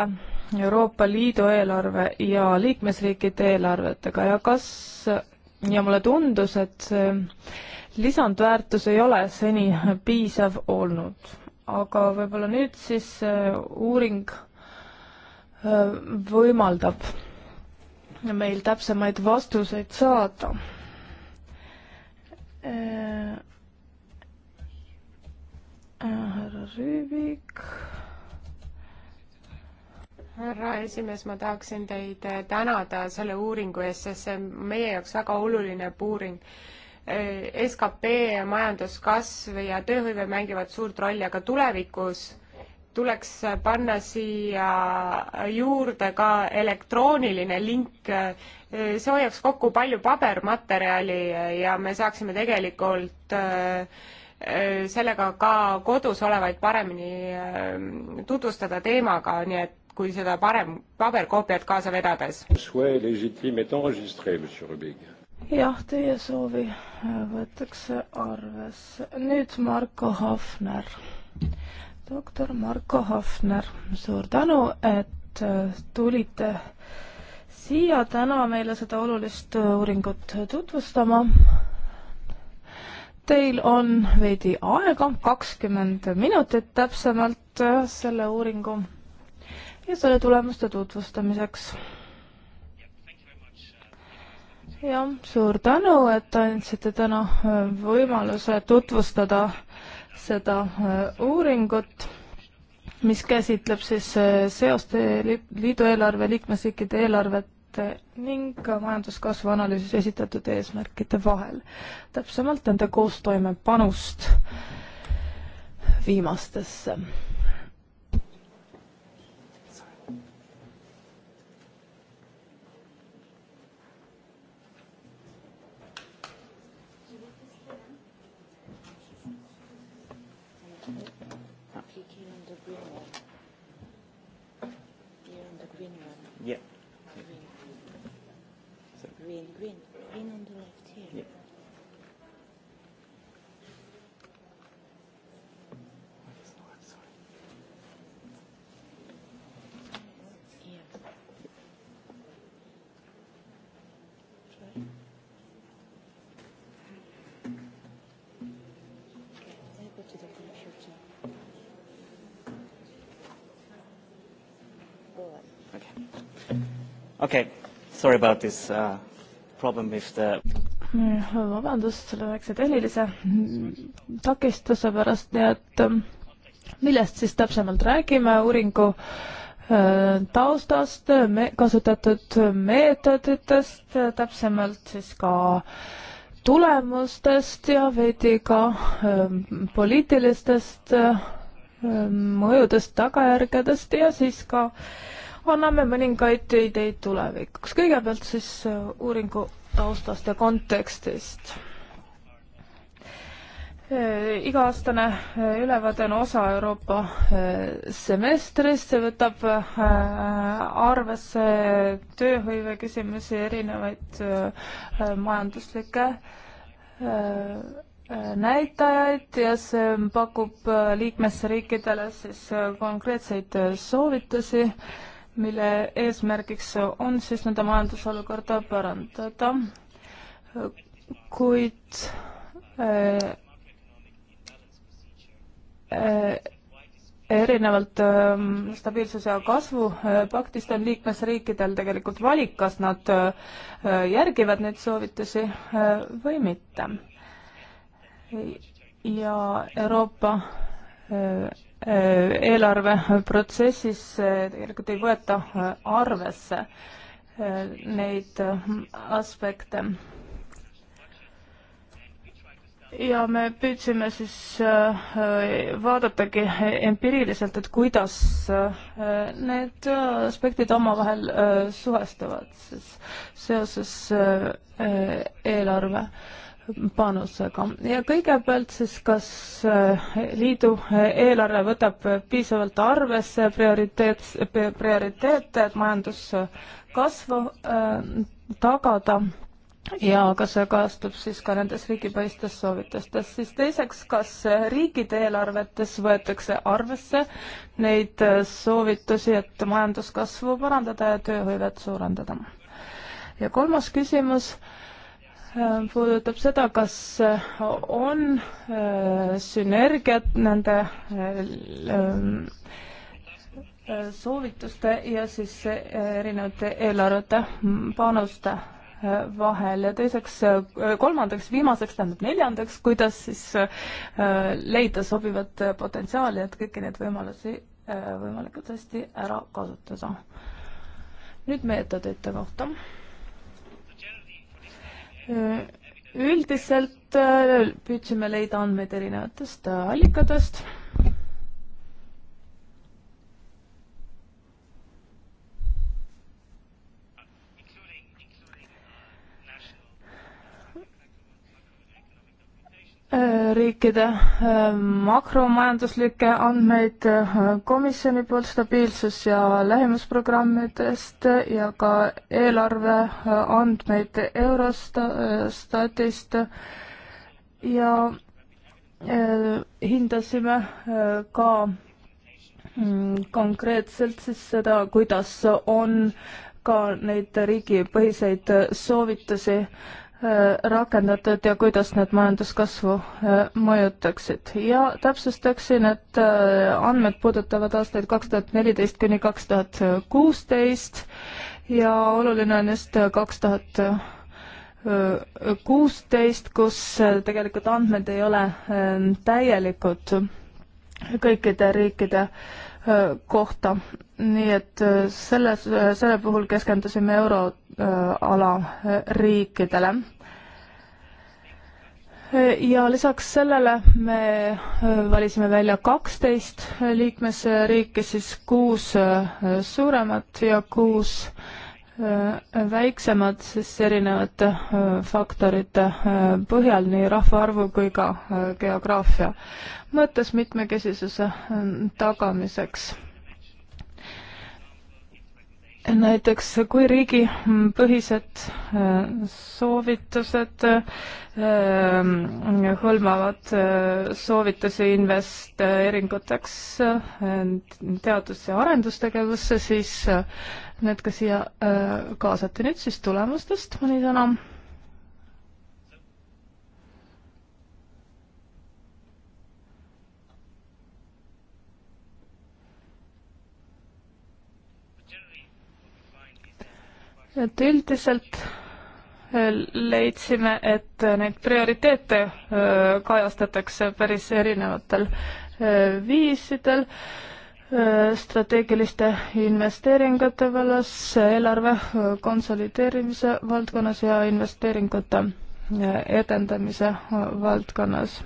Euroopa Liidu eelarve ja liikmesriikide eelarvetega ja kas ja mulle tundus, et see lisandväärtus ei ole seni piisav olnud, aga võib-olla nüüd siis äh, uuring äh, võimaldab meil täpsemaid vastuseid saada. Äh, härra Rüübik. härra esimees, ma tahaksin teid tänada selle uuringu eest, sest see on meie jaoks väga oluline uuring skp, majanduskasv ja tööhõive mängivad suurt rolli, aga tulevikus tuleks panna siia juurde ka elektrooniline link. see hoiaks kokku palju pabermaterjali ja me saaksime tegelikult äh, sellega ka kodus olevaid paremini äh, tutvustada teemaga, nii et kui seda parem paberkoopiat kaasa vedades jah, teie soovi äh, võetakse arvesse. nüüd Marko Hafner. doktor Marko Hafner, suur tänu, et äh, tulite siia täna meile seda olulist äh, uuringut tutvustama teil on veidi aega, kakskümmend minutit täpsemalt selle uuringu ja selle tulemuste tutvustamiseks jah, suur tänu, et andsite täna äh, võimaluse tutvustada seda äh, uuringut, mis käsitleb siis äh, seost liidu eelarve, liikmesriikide eelarvete ning ka majanduskasvu analüüsis esitatud eesmärkide vahel. täpsemalt nende koostoime panust viimastesse He came in the green. Okay. Okay. Sorry about this uh, problem with the mm, vabandust selle väikse tehnilise takistuse pärast, nii et ähm, millest siis täpsemalt räägime uuringu äh, taustast me,, kasutatud meetoditest, täpsemalt siis ka tulemustest ja veidi ka ähm, poliitilistest äh, mõjudest, tagajärgedest ja siis ka anname mõningaid ideid tulevikuks. kõigepealt siis äh, uuringu taustast ja kontekstist. Äh, iga-aastane äh, ülevaade on osa Euroopa semestrist, see võtab arvesse tööhõive küsimusi, erinevaid majanduslikke Äh, näitajaid ja see pakub äh, liikmesriikidele siis äh, konkreetseid soovitusi, mille eesmärgiks on siis nende majandusolukorda parandada. kuid äh, äh, erinevalt äh, stabiilsuse ja kasvu äh, paktist on liikmesriikidel tegelikult valik, kas nad äh, järgivad neid soovitusi äh, või mitte äh, ja Euroopa äh, äh, eelarveprotsessis tegelikult ei võeta äh, arvesse neid aspekte. ja me püüdsime siis vaadatagi empiiriliselt, et kuidas need aspektid omavahel suhestuvad siis seoses eelarve äh, panusega ja kõigepealt siis, kas äh, liidu äh, eelarve võtab piisavalt arvesse prioriteet, prioriteete, et majanduskasvu äh, tagada ja kas see kajastub siis ka nendes riigipõhistes soovitustes, siis teiseks, kas riikide eelarvetes võetakse arvesse neid soovitusi, et majanduskasvu parandada ja tööhõivet suurendada? ja kolmas küsimus äh, puudutab seda, kas on äh, sünergiat nende äh, soovituste ja siis erinevate eelarvete panuste äh, vahel ja teiseks, kolmandaks, viimaseks, tähendab neljandaks, kuidas siis leida sobivat potentsiaali, et kõiki neid võimalusi võimalikult hästi ära kasutada. nüüd meetodite kohta üldiselt äh, püüdsime leida andmeid erinevatest äh, allikatest Äh, riikide äh, makromajanduslikke andmeid äh, komisjoni poolt stabiilsus- ja lähimusprogrammidest ja ka eelarve andmeid Eurostatist ja hindasime ka mm, konkreetselt siis seda, kuidas on ka neid riigipõhiseid soovitusi äh, Äh, rakendatud ja kuidas need majanduskasvu äh, mõjutaksid. ja täpsustaksin, et äh, andmed puudutavad aastaid kaks tuhat neliteist kuni kaks tuhat kuusteist ja oluline on just kaks tuhat kuusteist, kus tegelikult andmed ei ole ähm, täielikud kõikide riikide kohta. nii et selles, selle puhul keskendusime euroala riikidele ja lisaks sellele me äh, valisime välja kaksteist liikmesriiki, siis kuus äh, suuremat ja kuus äh, väiksemad siis erinevate faktorite põhjal nii rahvaarvu kui ka geograafia mõttes mitmekesisuse tagamiseks näiteks kui riigipõhised äh, soovitused äh, hõlmavad äh, soovitusi investeeringuteks teadus- ja arendustegevusse, siis need ka siia kaasati. nüüd siis tulemustest mõni sõna et üldiselt äh, leidsime, et neid prioriteete äh, kajastatakse päris erinevatel äh, viisidel, strateegiliste investeeringute vallas, eelarve konsolideerimise valdkonnas ja investeeringute edendamise valdkonnas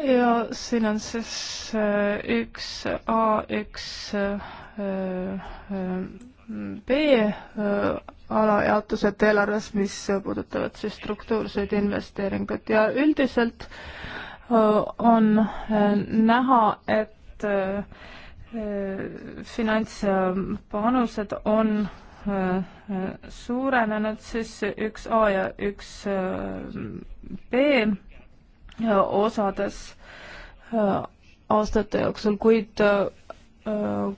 ja siin on siis äh, üks A, üks äh, äh, B alajaotused eelarves, mis puudutavad siis struktuurseid investeeringuid ja üldiselt on näha, et finantspanused on suurenenud siis üks A ja üks B osades äh, aastate jooksul, kuid äh,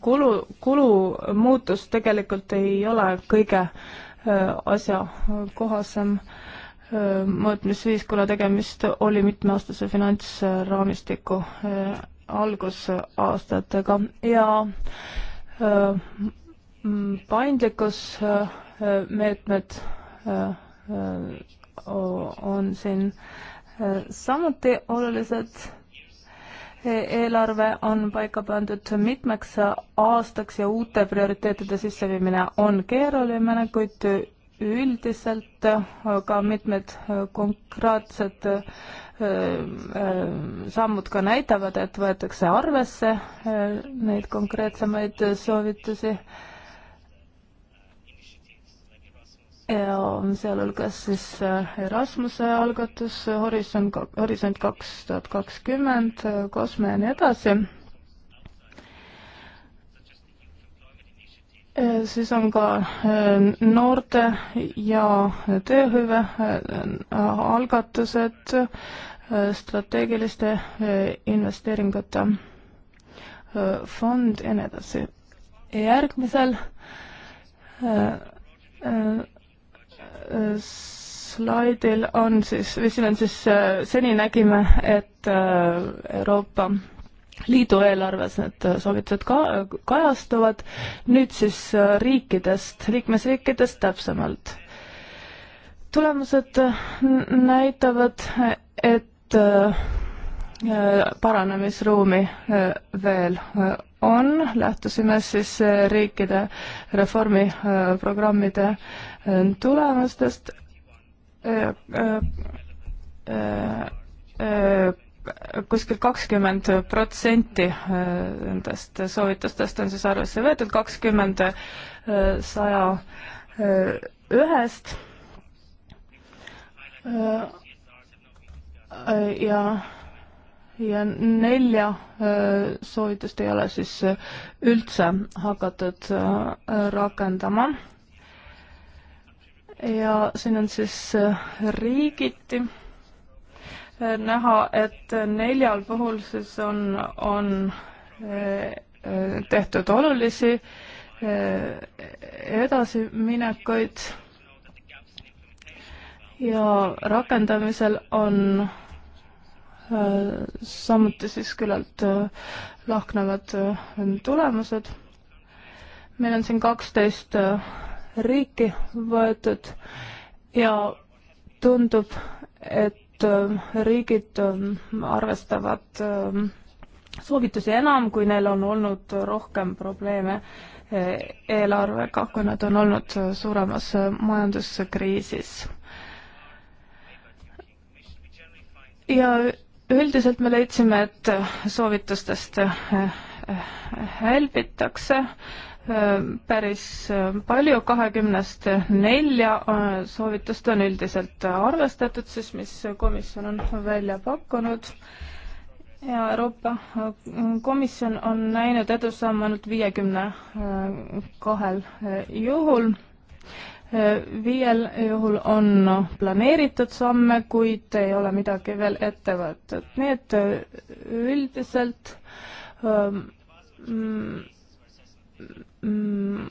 kulu, kulumuutus tegelikult ei ole kõige äh, asjakohasem mõõtmisviis, kuna tegemist oli mitmeaastase finantsraamistiku algusaastatega ja paindlikkusmeetmed on siin äh, samuti olulised. E, eelarve on paika pandud mitmeks aastaks ja uute prioriteetide sisseviimine on keeruline, kuid üldiselt ka mitmed konkreetsed e, e, sammud ka näitavad, et võetakse arvesse neid konkreetsemaid soovitusi ja sealhulgas siis äh, Erasmuse algatus, Horisont, Horisont kaks tuhat kakskümmend, äh, Kosme ja nii edasi. Äh, siis on ka noorte ja tööhõive algatused strateegiliste investeeringute fond ja nii edasi. järgmisel slaidil on siis, või siin on siis, äh, seni nägime, et äh, Euroopa Liidu eelarves need äh, soovitused ka kajastuvad, nüüd siis riikidest, liikmesriikidest täpsemalt. tulemused näitavad, et paranemisruumi veel on, lähtusime siis äh, riikide reformiprogrammide äh, äh, tulemustest kuskil kakskümmend protsenti nendest soovitustest on siis arvesse võetud, kakskümmend saja ühest ja ja nelja äh, soovitust ei ole siis äh, üldse hakatud äh, rakendama. ja siin on siis riigiti näha, et neljal puhul siis on, on tehtud olulisi edasiminekuid ja rakendamisel on äh, Äh, samuti siis küllalt äh, lahknevad äh, tulemused. meil on siin kaksteist riiki võetud ja tundub, et riigid arvestavad soovitusi enam, kui neil on olnud rohkem probleeme eelarvega, kui nad on olnud suuremas majanduskriisis. ja üldiselt me leidsime, et soovitustest hälbitakse äh, äh, äh, päris palju, kahekümnest nelja soovitust on üldiselt arvestatud siis, mis komisjon on välja pakkunud ja Euroopa Komisjon on näinud edusamme ainult viiekümne kahel juhul viiel juhul on planeeritud samme, kuid ei ole midagi veel ette võetud. nii et üldiselt ähm, mm, mm,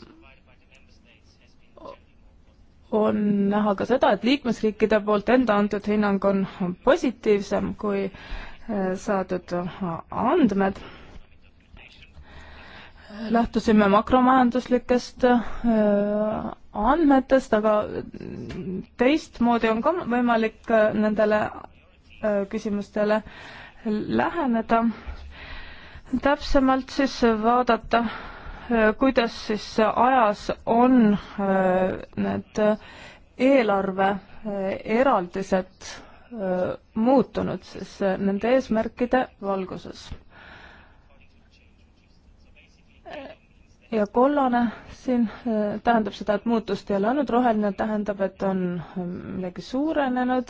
on näha ka seda, et liikmesriikide poolt enda antud hinnang on positiivsem kui äh, saadud andmed. lähtusime makromajanduslikest äh, andmetest, aga teistmoodi on ka võimalik äh, nendele äh, küsimustele läheneda. täpsemalt siis vaadata, äh, kuidas siis ajas on need eelarve eraldised muutunud siis nende eesmärkide valguses ja kollane siin äh, tähendab seda, et muutust ei ole olnud, roheline tähendab, et on äh, midagi suurenenud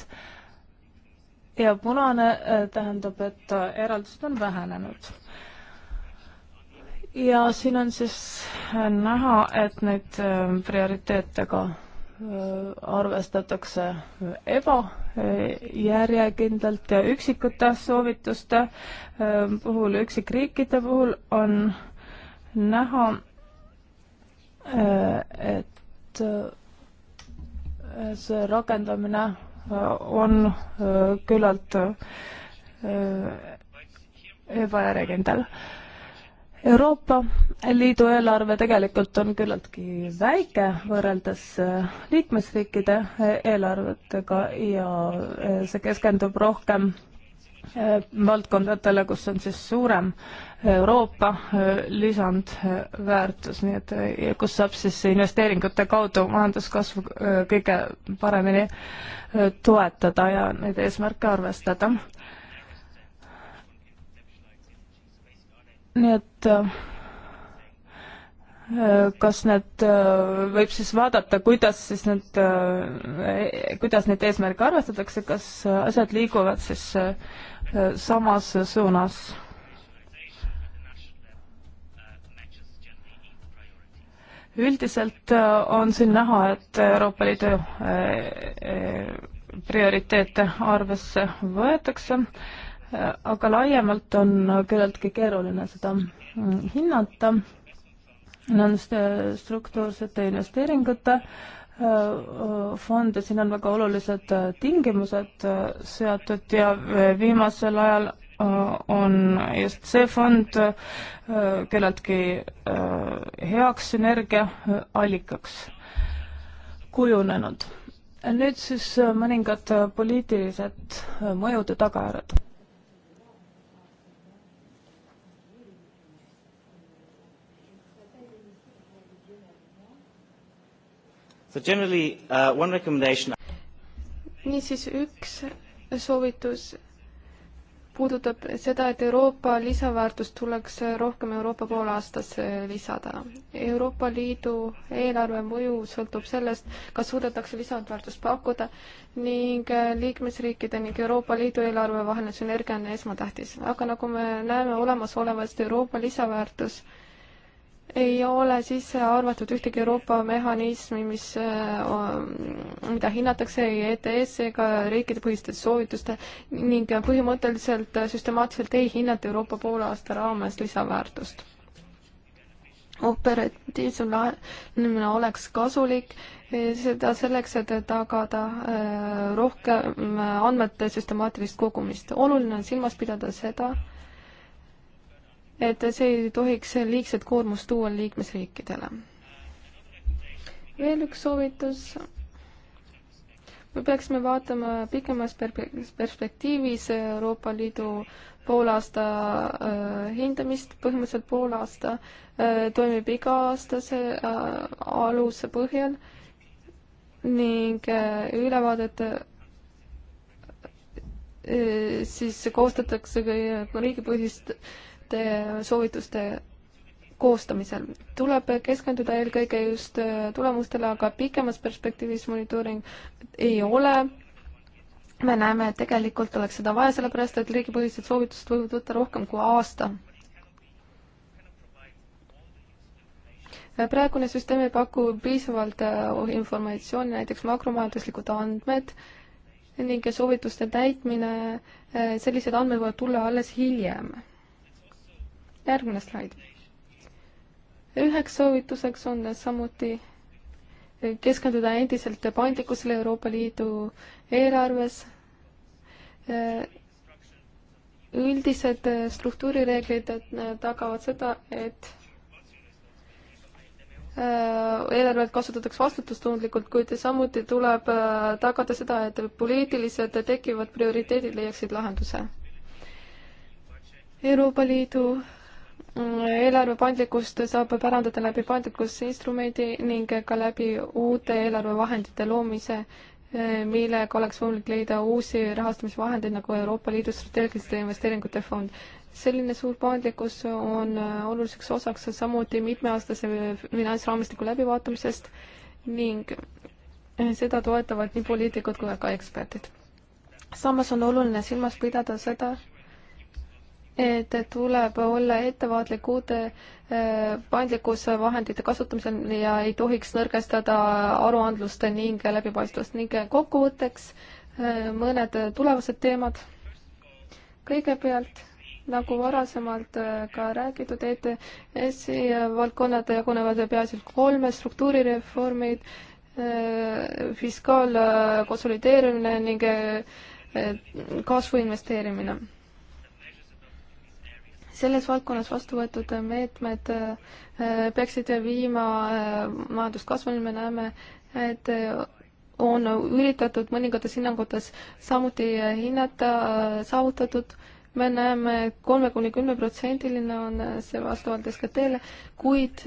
ja punane äh, tähendab, et eraldused on vähenenud. ja siin on siis näha, et neid prioriteete ka arvestatakse ebajärjekindlalt ja üksikute soovituste puhul, üksikriikide puhul on näha, Äh, et see rakendamine äh, on äh, küllalt ebajärjekindel. Euroopa Liidu eelarve tegelikult on küllaltki väike võrreldes liikmesriikide eelarvetega ja see keskendub rohkem Äh, valdkondadele, kus on siis suurem äh, Euroopa äh, lisandväärtus, nii et kus saab siis investeeringute kaudu majanduskasvu kõige paremini toetada ja neid eesmärke arvestada. nii et äh, Äh, kas need, äh, võib siis vaadata, kuidas siis need, äh, kuidas neid eesmärke arvestatakse, kas asjad liiguvad siis samas suunas? üldiselt on siin näha, et Euroopa Liidu prioriteete arvesse võetakse, aga laiemalt on küllaltki keeruline seda mm, hinnata Äh, struktuursete investeeringute äh, äh, fond ja siin on väga olulised tingimused seatud ja viimasel ajal on just see fond kelleltki heaks energiaallikaks kujunenud. nüüd siis mõningad poliitilised mõjud ja tagajärjed So generally uh, one recommendation niisiis üks soovitus puudutab seda, et Euroopa lisaväärtust tuleks rohkem Euroopa poolaastasse lisada. Euroopa Liidu eelarve mõju sõltub sellest, kas suudetakse lisandväärtust pakkuda ning äh, liikmesriikide ning Euroopa Liidu eelarve vaheline sünergia on esmatähtis. aga nagu me näeme olemasolevast Euroopa lisaväärtus äh, ei ole sisse arvatud ühtegi Euroopa mehhanismi, mis, äh, mida hinnatakse ei ETS ega riikidepõhiste soovituste ning põhimõtteliselt äh, süstemaatiliselt ei hinnata Euroopa poolaasta raames lisaväärtust. operatiivsem lahendamine oleks kasulik, e, seda selleks, et tagada äh, rohkem andmete süstemaatilist kogumist. oluline on silmas pidada seda, et see ei tohiks liigset koormust tuua liikmesriikidele. veel üks soovitus. me peaksime vaatama pikemas perspektiivis Euroopa Liidu poolaasta äh, hindamist, põhimõtteliselt poolaasta äh, toimib iga-aastase äh, aluse põhjal ning ülevaadet siis koostatakse riigipõhist teie soovituste koostamisel. tuleb keskenduda eelkõige just äh, tulemustele, aga pikemas perspektiivis monitooring ei ole. me näeme, et tegelikult oleks seda vaja, sellepärast et riigipõhised soovitused võivad võtta rohkem kui aasta. praegune süsteem ei paku piisavalt äh, informatsiooni, näiteks makromajanduslikud andmed ning soovituste täitmine, äh, sellised andmed võivad tulla alles hiljem järgmine slaid. üheks soovituseks on samuti keskenduda endiselt paindlikkusele Euroopa Liidu eelarves, üldised struktuurireeglid tagavad seda, et äh, eelarvet kasutatakse vastutustundlikult, kuid samuti tuleb äh, tagada seda, et poliitilised tekivad prioriteedid leiaksid lahenduse. Euroopa Liidu eelarve paindlikkust saab pärandada läbi paindlikkusinstrumendi ning ka läbi uute eelarvevahendite loomise, eh, millega oleks võimalik leida uusi rahastamisvahendeid nagu Euroopa Liidu strateegiliste investeeringute fond. selline suur paindlikkus on eh, oluliseks osaks samuti mitmeaastase finantsraamistiku läbivaatamisest ning eh, seda toetavad nii poliitikud kui ka eksperdid. samas on oluline silmas pidada seda, et tuleb olla ettevaatlik uute eh, paindlikkusvahendite kasutamisel ja ei tohiks nõrgestada aruandlust ning läbipaistvust ning kokkuvõtteks eh, mõned tulevased teemad. kõigepealt, nagu varasemalt eh, ka räägitud, ETS-i valdkonnad jagunevad peaasjalikult kolme struktuurireformid, fiskaalkonsolideerimine ning kasvu investeerimine selles valdkonnas vastu võetud meetmed äh, peaksid viima äh, majanduskasvuni, me näeme, et äh, on üritatud mõningates hinnangutes samuti hinnata saavutatud, me näeme, et kolme kuni kümne protsendiline on see vastavalt SKT-le, kuid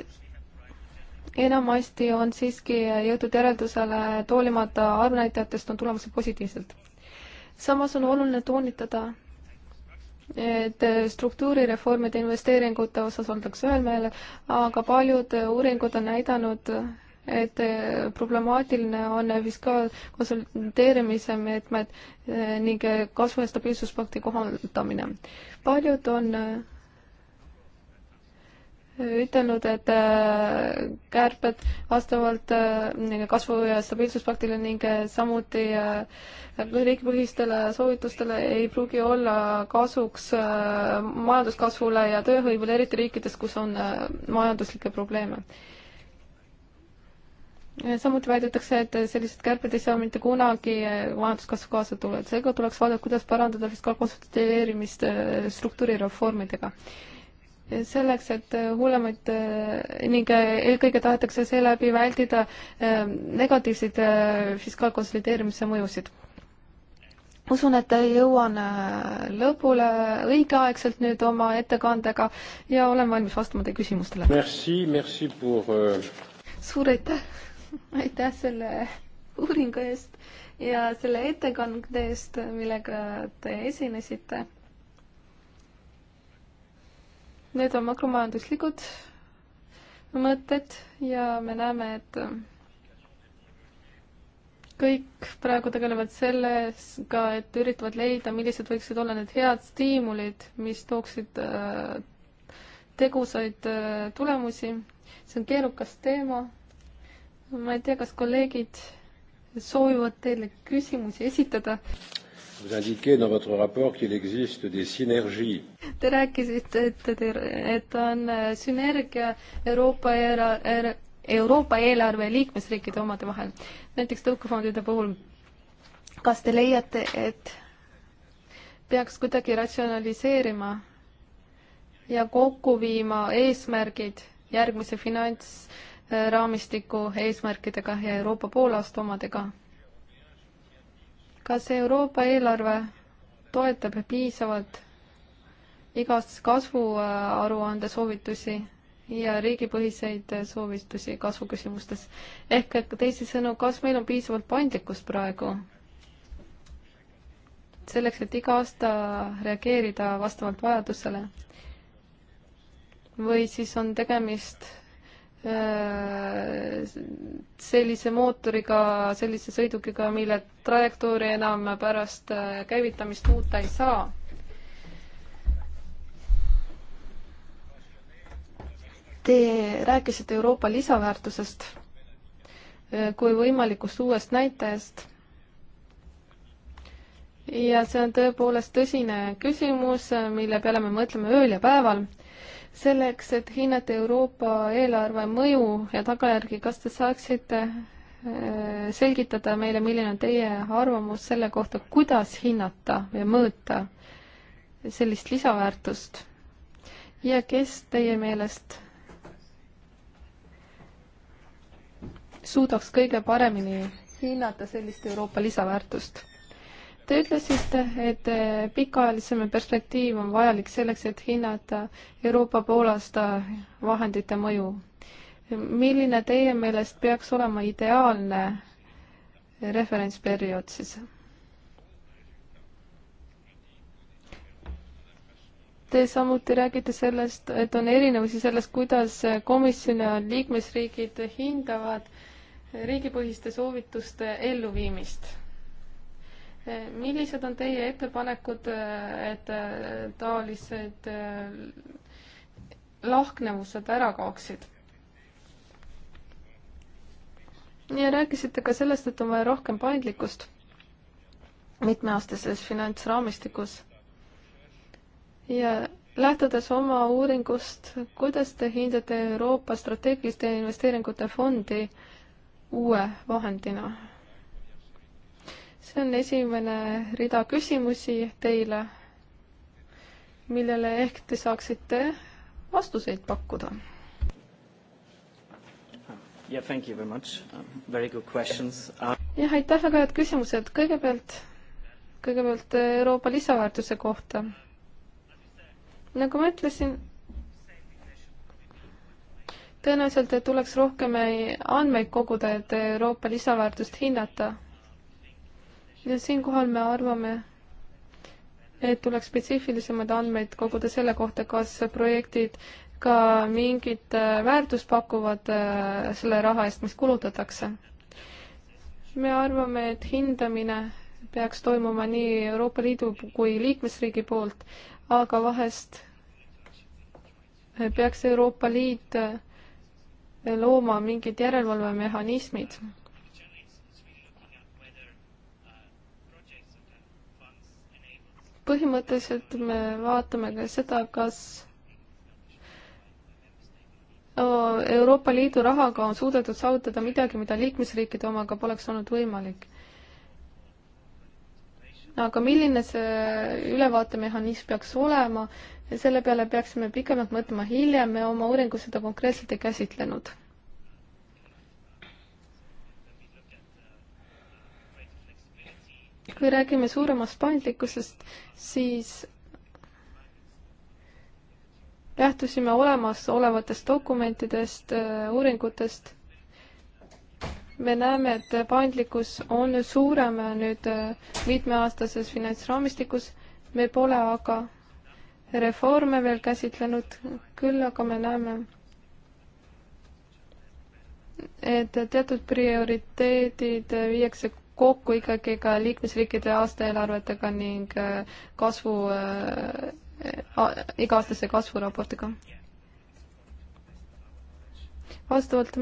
enamasti on siiski jõutud järeldusele, et hoolimata arvnäitajatest on tulemused positiivsed. samas on oluline toonitada, et struktuurireformide investeeringute osas oldakse ühel meelel, aga paljud uuringud on näidanud, et problemaatiline on fiskaalkonsolideerimise meetmed ning kasvu- ja stabiilsuspakti kohaldamine. paljud on ütelnud, et äh, kärped vastavalt äh, kasvu- ja stabiilsuspaktile ning äh, samuti riigipõhistele soovitustele ei pruugi olla kasuks majanduskasvule ja tööhõivele, eriti riikides, kus on majanduslikke probleeme samuti väidetakse, et sellised kärped ei saa mitte kunagi majanduskasvu kaasa tulla, et seega tuleks vaadata, kuidas parandada fiskaalkonsolideerimist struktuurireformidega selleks, et äh, hullemaid äh, ning äh, eelkõige tahetakse seeläbi vältida negatiivseid fiskaalkonsolideerimise mõjusid. usun, et jõuan lõpule õigeaegselt nüüd oma ettekandega ja olen valmis vastama teie küsimustele. Merci, merci pour euh, suur aitäh, *laughs* aitäh selle uuringu eest ja selle ettekande eest, millega te esinesite Need on makromajanduslikud mõtted ja me näeme, et kõik praegu tegelevad sellega, et üritavad leida, millised võiksid olla need head stiimulid, mis tooksid äh, tegusaid äh, tulemusi. see on keerukas teema. ma ei tea, kas kolleegid soovivad teile küsimusi esitada. Vous indiquez dans votre rapport qu'il existe des synergies. Te rääkisite, et, et on äh, sünergia Euroopa era, Euroopa eelarve liikmesriikide omade vahel. näiteks tõukefondide puhul, kas te leiate, et peaks kuidagi ratsionaliseerima ja kokku viima eesmärgid järgmise finantsraamistiku eesmärkidega ja Euroopa poolaasta omadega? kas Euroopa eelarve toetab piisavalt igas kasvuaruande soovitusi ja riigipõhiseid soovitusi kasvuküsimustes. ehk et teisisõnu, kas meil on piisavalt paindlikkust praegu selleks, et iga aasta reageerida vastavalt vajadusele? või siis on tegemist Äh, sellise mootoriga, sellise sõidukiga, mille trajektoori enam pärast äh, käivitamist muuta ei saa. Te rääkisite Euroopa lisaväärtusest äh, kui võimalikust uuest näitajast ja see on tõepoolest tõsine küsimus, mille peale me mõtleme ööl ja päeval selleks, et hinnata Euroopa eelarve mõju ja tagajärgi, kas te saaksite äh, selgitada meile, milline on teie arvamus selle kohta, kuidas hinnata ja mõõta sellist lisaväärtust ja kes teie meelest suudaks kõige paremini hinnata sellist Euroopa lisaväärtust? Te ütlesite, et pikaajalisem perspektiiv on vajalik selleks, et hinnata Euroopa poolaasta vahendite mõju. milline teie meelest peaks olema ideaalne referentsperiood siis? Te samuti räägite sellest, et on erinevusi selles, kuidas komisjon ja liikmesriigid hindavad riigipõhiste soovituste elluviimist millised on teie ettepanekud, et äh, taolised äh, lahknevused ära kaoksid? ja rääkisite ka sellest, et on vaja rohkem paindlikkust mitmeaastases finantsraamistikus. ja lähtudes oma uuringust, kuidas te hindate Euroopa strateegiliste investeeringute fondi uue vahendina? see on esimene rida küsimusi teile, millele ehk te saaksite vastuseid pakkuda. Yeah, thank you very much. Um, very good questions. Um, jah, aitäh, väga head küsimused. kõigepealt, kõigepealt Euroopa lisaväärtuse kohta. nagu ma ütlesin, tõenäoliselt tuleks rohkem andmeid koguda, et Euroopa lisaväärtust hinnata ja siinkohal me arvame, et tuleks spetsiifilisemaid andmeid koguda selle kohta, kas projektid ka mingit äh, väärtust pakuvad äh, selle raha eest, mis kulutatakse. me arvame, et hindamine peaks toimuma nii Euroopa Liidu kui liikmesriigi poolt, aga vahest peaks Euroopa Liit äh, looma mingid järelevalvemehhanismid põhimõtteliselt me vaatame ka seda, kas Euroopa Liidu rahaga on suudetud saavutada midagi, mida liikmesriikide omaga poleks olnud võimalik. aga milline see ülevaatemehhanism peaks olema, selle peale peaksime pikemalt mõtlema hiljem, me oma uuringus seda konkreetselt ei käsitlenud kui räägime suuremast paindlikkusest, siis lähtusime olemasolevatest dokumentidest, äh, uuringutest. me näeme, et paindlikkus on suurem nüüd äh, mitmeaastases finantsraamistikus. me pole aga reforme veel käsitlenud, küll aga me näeme, et teatud prioriteedid viiakse kokku ikkagi ka liikmesriikide aastaeelarvetega ning äh, kasvu äh,, iga-aastase kasvuraportiga. vastavalt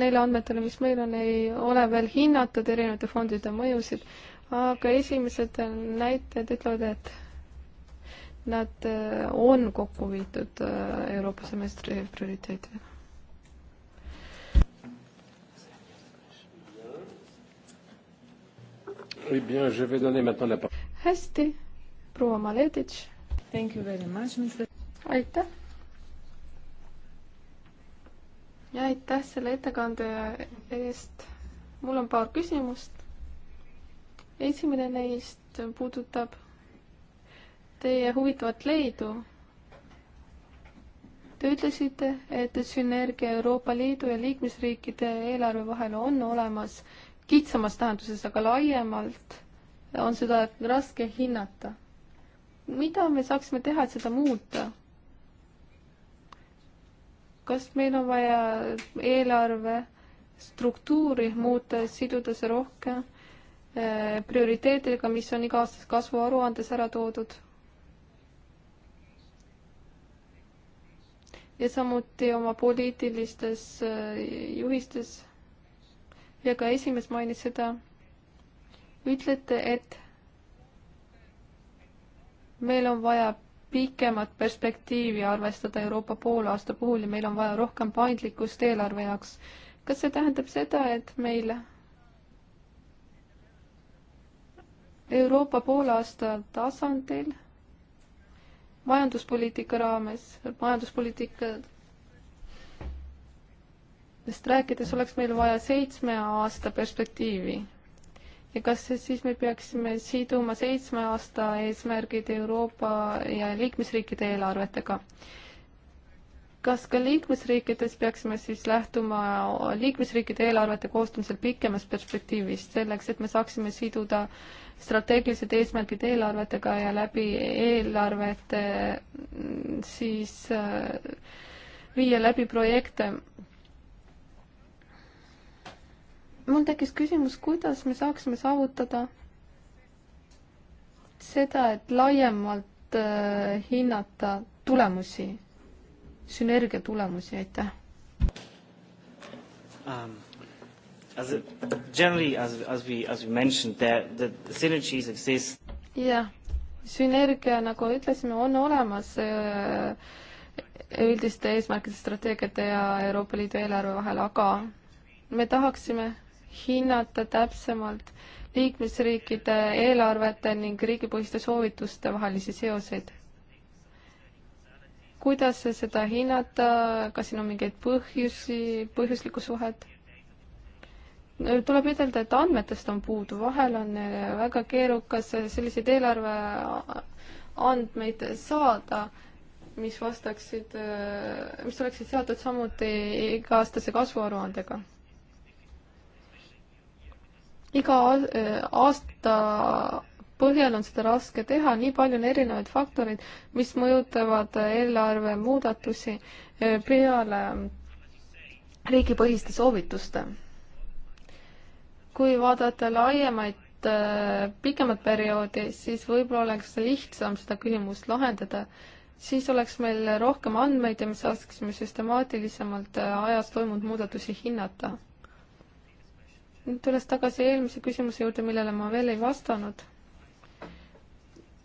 neile andmetele, mis meil on, ei ole veel hinnatud erinevate fondide mõjusid, aga esimesed näited ütlevad, et nad äh, on kokku viidud äh, Euroopa semestri prioriteetidega. Eh hästi, proua Maleditš. aitäh. ja aitäh selle ettekande eest. mul on paar küsimust. esimene neist puudutab teie huvitavat leidu Te ütlesite, et sünergia Euroopa Liidu ja liikmesriikide eelarve vahel on olemas kitsamas tähenduses, aga laiemalt on seda raske hinnata. mida me saaksime teha, et seda muuta? kas meil on vaja eelarve struktuuri muuta, siduda see rohkem eh, prioriteetidega, mis on iga-aastases kasvuaruandes ära toodud? ja samuti oma poliitilistes eh, juhistes ja ka esimees mainis seda, ütlete, et meil on vaja pikemat perspektiivi arvestada Euroopa poolaasta puhul ja meil on vaja rohkem paindlikkust eelarve jaoks. kas see tähendab seda, et meil Euroopa poolaasta tasandil majanduspoliitika raames, majanduspoliitika sest rääkides oleks meil vaja seitsme aasta perspektiivi. ja kas siis me peaksime siduma seitsme aasta eesmärgid Euroopa ja liikmesriikide eelarvetega? kas ka liikmesriikides peaksime siis lähtuma liikmesriikide eelarvete koostamisel pikemast perspektiivist, selleks et me saaksime siduda strateegilised eesmärgid eelarvetega ja läbi eelarvete mm, siis äh, viia läbi projekte mul tekkis küsimus, kuidas me saaksime saavutada seda, et laiemalt äh, hinnata tulemusi, sünergia tulemusi, aitäh um,. As a, generally as, as we, as we mentioned there, the synergies exist. jah yeah., sünergia, nagu ütlesime, on olemas äh, üldiste eesmärkide strateegiate ja Euroopa Liidu eelarve vahel, aga me tahaksime hinnata täpsemalt liikmesriikide eelarvete ning riigipõhiste soovituste vahelisi seoseid. kuidas seda hinnata, kas siin on mingeid põhjusi, põhjuslikku suhet? tuleb ütelda, et andmetest on puudu, vahel on eh, väga keerukas selliseid eelarve andmeid saada, mis vastaksid, eh, mis oleksid seotud samuti iga-aastase kasvuaruandega iga äh, aasta põhjal on seda raske teha, nii palju on erinevaid faktoreid, mis mõjutavad äh, eelarve muudatusi äh, peale riigipõhiste soovituste. kui vaadata laiemaid, pikemat perioodi, siis võib-olla oleks lihtsam seda küsimust lahendada, siis oleks meil rohkem andmeid ja me saaksime süstemaatilisemalt ajas toimunud muudatusi hinnata tulles tagasi eelmise küsimuse juurde, millele ma veel ei vastanud.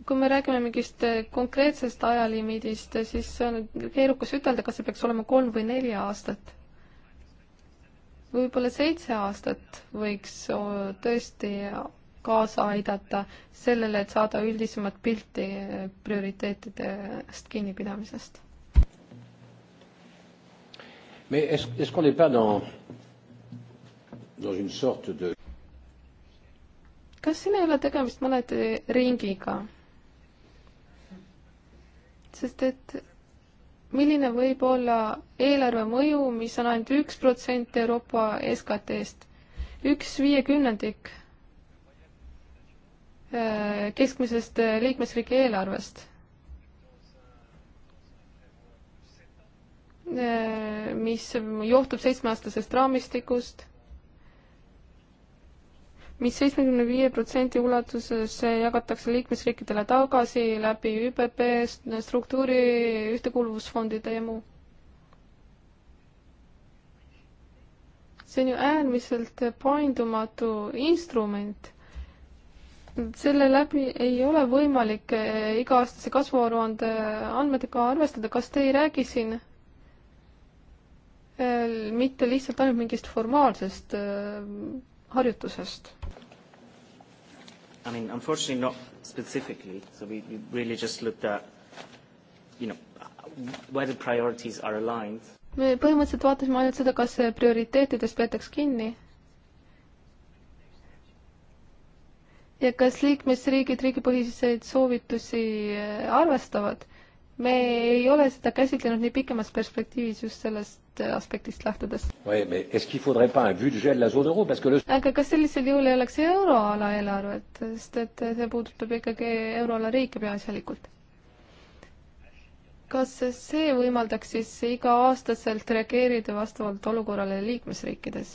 kui me räägime mingist konkreetsest ajalimiidist, siis on keerukas ütelda, kas see peaks olema kolm või neli aastat. võib-olla seitse aastat võiks tõesti kaasa aidata sellele, et saada üldisemat pilti prioriteetidest kinnipidamisest. Mais est-ce, est-ce qu'on n'est pas dans kas siin ei ole tegemist mõneti ringiga? sest et milline võib olla eelarve mõju, mis on ainult üks protsent Euroopa SKT-st, üks viiekümnendik äh, keskmisest liikmesriigi eelarvest, äh, mis johtub seitsmeaastasest raamistikust mis seitsmekümne viie protsendi ulatuses jagatakse liikmesriikidele tagasi läbi ÜPP, struktuuri, ühtekuuluvusfondide ja muu. see on ju äärmiselt paindumatu instrument. selle läbi ei ole võimalik eh, iga-aastase kasvuaruande andmetega arvestada, kas te ei räägi siin eh, mitte lihtsalt ainult mingist formaalsest eh, harjutusest? I mean, unfortunately not specifically, so we, we really just looked at you know, whether priorities are aligned. me põhimõtteliselt vaatasime ainult seda, kas prioriteetidest peetakse kinni ja kas liikmesriigid riigipõhiseid soovitusi arvestavad me ei ole seda käsitlenud nii pikemas perspektiivis just sellest aspektist lähtudes. aga kas sellisel juhul ei oleks euroala eelarvet, sest et see puudutab ikkagi euroala riike peaasjalikult? kas see võimaldaks siis iga-aastaselt reageerida vastavalt olukorrale liikmesriikides?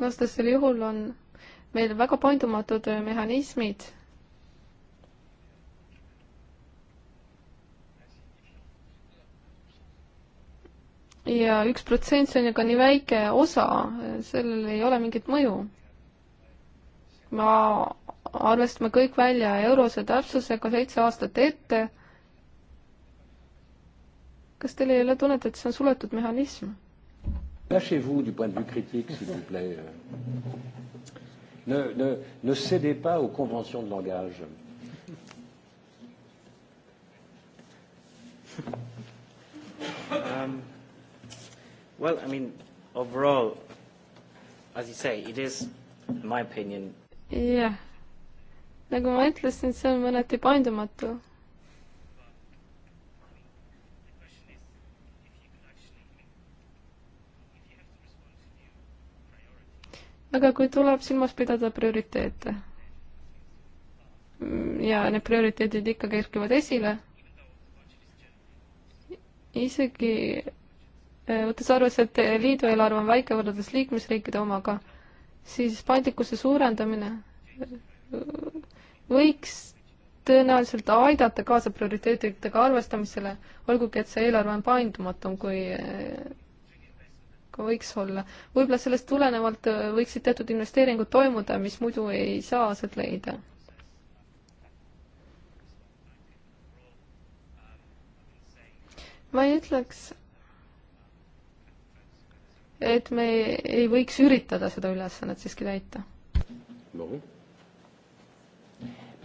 vastasel juhul on meil on väga paindumatud äh, mehhanismid. ja üks protsent, see on ju ka nii väike osa, sellel ei ole mingit mõju. ma arvestame kõik välja eurose täpsusega seitse aastat ette. kas teil ei ole tunnet, et see on suletud mehhanism? Lâchez-vous du point de vue critique, s'il vous plaît. Ne, ne, ne cédez pas aux conventions de langage. Um, well, I mean, overall, as you say, it is, in my opinion. jah yeah., nagu ma ütlesin, see on mõneti paindumatu aga kui tuleb silmas pidada prioriteete ja need prioriteedid ikka kerkivad esile, isegi eh, võttes arvesse, et liidu eelarve on väike võrreldes liikmesriikide omaga, siis paindlikkuse suurendamine eh, võiks tõenäoliselt aidata kaasa prioriteetidega arvestamisele, olgugi et see eelarve on paindumatum kui eh, ka võiks olla. võib-olla sellest tulenevalt äh, võiksid teatud investeeringud toimuda, mis muidu ei saa aset leida. ma ei ütleks, et me ei võiks üritada seda ülesannet siiski täita no..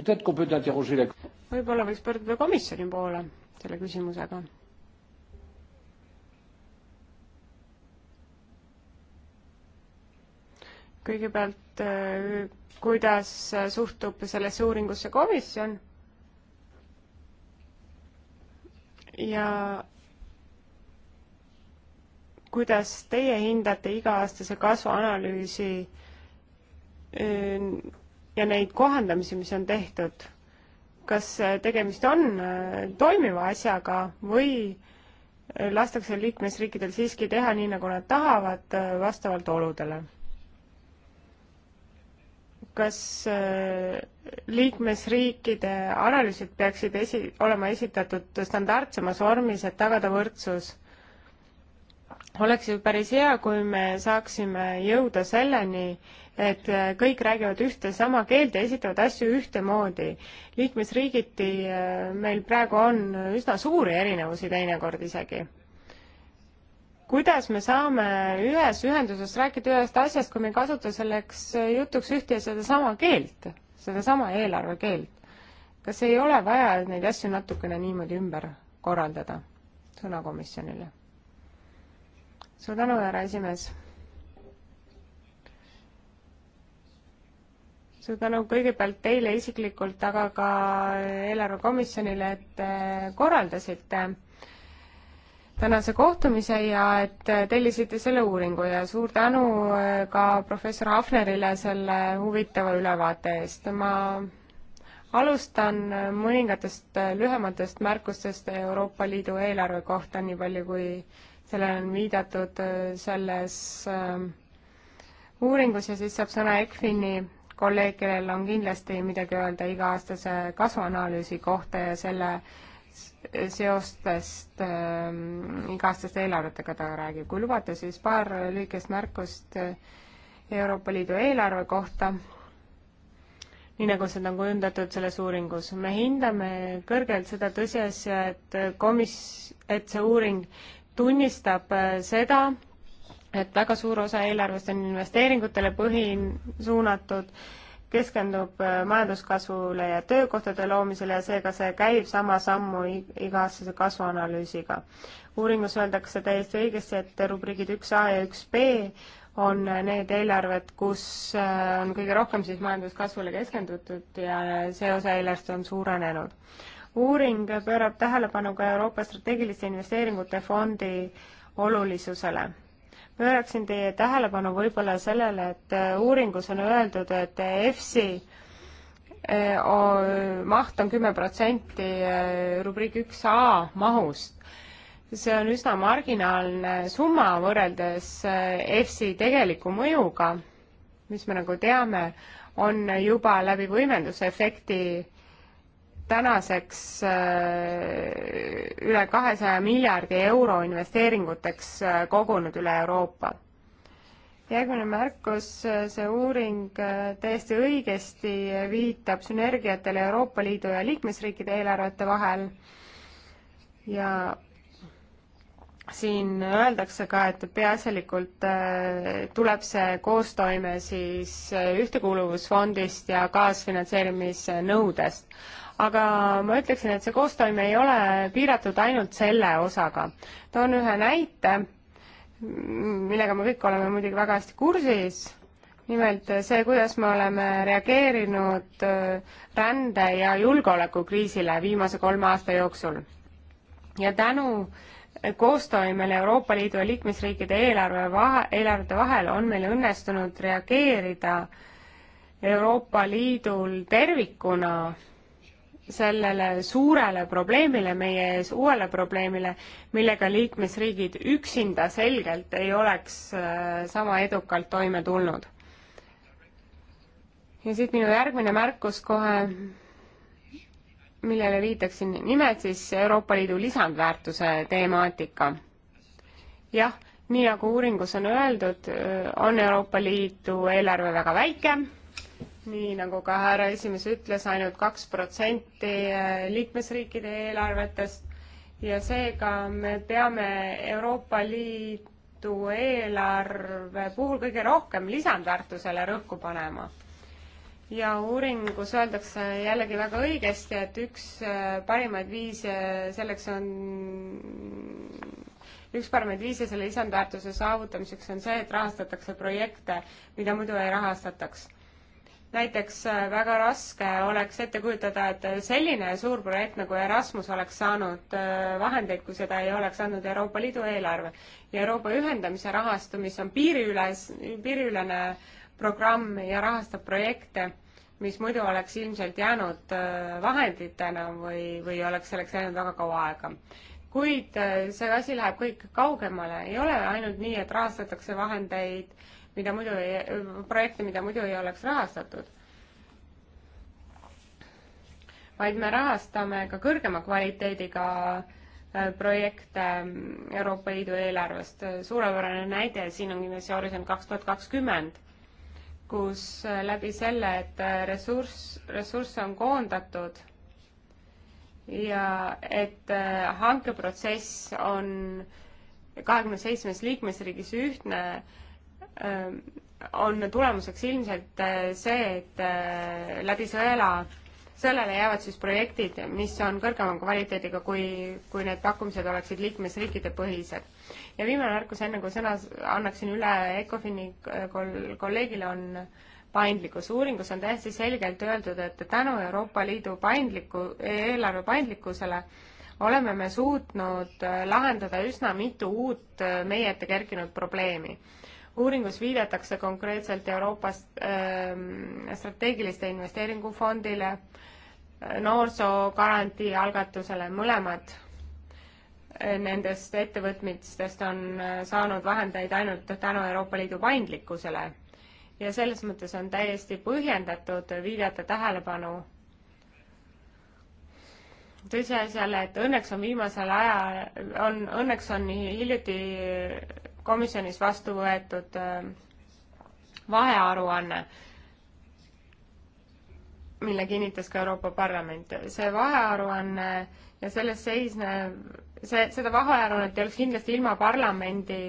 võib-olla võiks pöörduda komisjoni poole selle küsimusega kõigepealt, äh, kuidas suhtub sellesse uuringusse komisjon ja kuidas teie hindate iga-aastase kasvuanalüüsi äh, ja neid kohandamisi, mis on tehtud? kas äh, tegemist on toimiva asjaga või lastakse liikmesriikidel siiski teha nii, nagu nad tahavad, vastavalt oludele? kas äh, liikmesriikide analüüsid peaksid esi, olema esitatud standardsemas vormis, et tagada võrdsus? oleks ju päris hea, kui me saaksime jõuda selleni, et äh, kõik räägivad ühte sama keelt ja esitavad asju ühtemoodi. liikmesriigiti äh, meil praegu on üsna suuri erinevusi teinekord isegi kuidas me saame ühes ühenduses rääkida ühest asjast, kui me ei kasuta selleks jutuks ühte ja sedasama keelt, sedasama eelarvekeelt? kas ei ole vaja neid asju natukene niimoodi ümber korraldada sõnakomisjonile? suur tänu, härra esimees. suur tänu kõigepealt teile isiklikult, aga ka eelarvekomisjonile, et korraldasite tänase kohtumise ja et tellisite selle uuringu ja suur tänu äh, ka professor Hafnerile selle huvitava ülevaate eest. ma alustan äh, mõningatest äh, lühematest märkustest Euroopa Liidu eelarve kohta, nii palju kui sellele on viidatud selles uuringus ja siis saab sõna ECFIN-i kolleeg, kellel on kindlasti midagi öelda iga-aastase kasvuanalüüsi kohta ja selle äh, seostest äh, iga-aastaste eelarvetega ta räägib. kui lubate, siis paar lühikest märkust äh, Euroopa Liidu eelarve kohta, nii nagu seda on kujundatud selles uuringus. me hindame kõrgelt seda tõsiasja, et komis-, et see uuring tunnistab äh, seda, et väga suur osa eelarvest on investeeringutele põhi suunatud keskendub äh, majanduskasvule ja töökohtade loomisele ja seega see käib sama sammu iga-aastase kasvuanalüüsiga. uuringus öeldakse täiesti õigesti, et rubriigid üks A ja üks B on need eelarved, kus äh, on kõige rohkem siis majanduskasvule keskendutud ja see osa eelarvest on suurenenud. uuring pöörab tähelepanu ka Euroopa strateegiliste investeeringute fondi olulisusele pööraksin teie tähelepanu võib-olla sellele, et äh, uuringus on öeldud, et EFSI äh, maht on kümme protsenti äh, rubriik üks A mahust. see on üsna marginaalne summa võrreldes EFSI tegeliku mõjuga, mis me nagu teame, on juba läbi võimendusefekti tänaseks äh, üle kahesaja miljardi euro investeeringuteks äh, kogunud üle Euroopa. järgmine märkus, äh, see uuring täiesti õigesti viitab sünergiatele Euroopa Liidu ja liikmesriikide eelarvete vahel ja siin öeldakse ka, et peaasjalikult tuleb see koostoime siis Ühtekuuluvusfondist ja kaasfinantseerimisnõudest aga ma ütleksin, et see koostoime ei ole piiratud ainult selle osaga. toon ühe näite, millega me kõik oleme muidugi väga hästi kursis, nimelt see, kuidas me oleme reageerinud äh, rände- ja julgeolekukriisile viimase kolme aasta jooksul. ja tänu koostoimel Euroopa Liidu ja liikmesriikide eelarve vahe, eelarvete vahel on meil õnnestunud reageerida Euroopa Liidul tervikuna sellele suurele probleemile meie ees, uuele probleemile, millega liikmesriigid üksinda selgelt ei oleks äh, sama edukalt toime tulnud. ja siit minu järgmine märkus kohe, millele viitaksin, nimelt siis Euroopa Liidu lisandväärtuse temaatika. jah, nii nagu uuringus on öeldud, äh, on Euroopa Liidu eelarve väga väike nii nagu ka härra esimees ütles, ainult kaks protsenti äh, liikmesriikide eelarvetest ja seega me peame Euroopa Liidu eelarve puhul kõige rohkem lisandväärtusele rõhku panema ja uuringus öeldakse jällegi väga õigesti, et üks äh, parimaid viise selleks on, üks parimaid viise selle lisandväärtuse saavutamiseks on see, et rahastatakse projekte, mida muidu ei rahastataks näiteks äh, väga raske oleks ette kujutada, et selline suur projekt nagu Erasmus oleks saanud äh, vahendeid, kui seda ei oleks andnud Euroopa Liidu eelarve. ja Euroopa ühendamise rahastu, mis on piiriüles, piiriülene programm ja rahastab projekte, mis muidu oleks ilmselt jäänud äh, vahenditena või, või oleks selleks läinud väga kaua aega. kuid see asi läheb kõik kaugemale, ei ole ainult nii, et rahastatakse vahendeid mida muidu ei, projekte, mida muidu ei oleks rahastatud. vaid me rahastame ka kõrgema kvaliteediga äh, projekte ähm, Euroopa Liidu eelarvest. suurepärane näide siin on kindlasti Horisont kaks tuhat kakskümmend, kus äh, läbi selle, et äh, ressurss, ressursse on koondatud ja et hankeprotsess on kahekümne seitsmes liikmesriigis ühtne, on tulemuseks ilmselt äh, see, et äh, läbi sõela, sõelale jäävad siis projektid, mis on kõrgema kvaliteediga, kui, kui need pakkumised oleksid liikmesriikide põhised. ja viimane märkus, enne kui sõna annaksin üle Ecofini äh, kol-, kolleegile, on paindlikkus. uuringus on täiesti selgelt öeldud, et tänu Euroopa Liidu paindliku, eelarve paindlikkusele oleme me suutnud lahendada üsna mitu uut meie ette kerkinud probleemi uuringus viidatakse konkreetselt Euroopas ähm, strateegiliste investeeringufondile, äh, noorsoogarantii algatusele, mõlemad äh, nendest ettevõtmistest on äh, saanud vahendeid ainult tänu Euroopa Liidu paindlikkusele. ja selles mõttes on täiesti põhjendatud viidata tähelepanu tõsiasjale, et õnneks on viimasel ajal, on, õnneks on hiljuti komisjonis vastu võetud äh, vahearuanne, mille kinnitas ka Euroopa Parlament. see vahearuanne ja selles seisnev, see, seda vahearuannet ei oleks kindlasti ilma parlamendi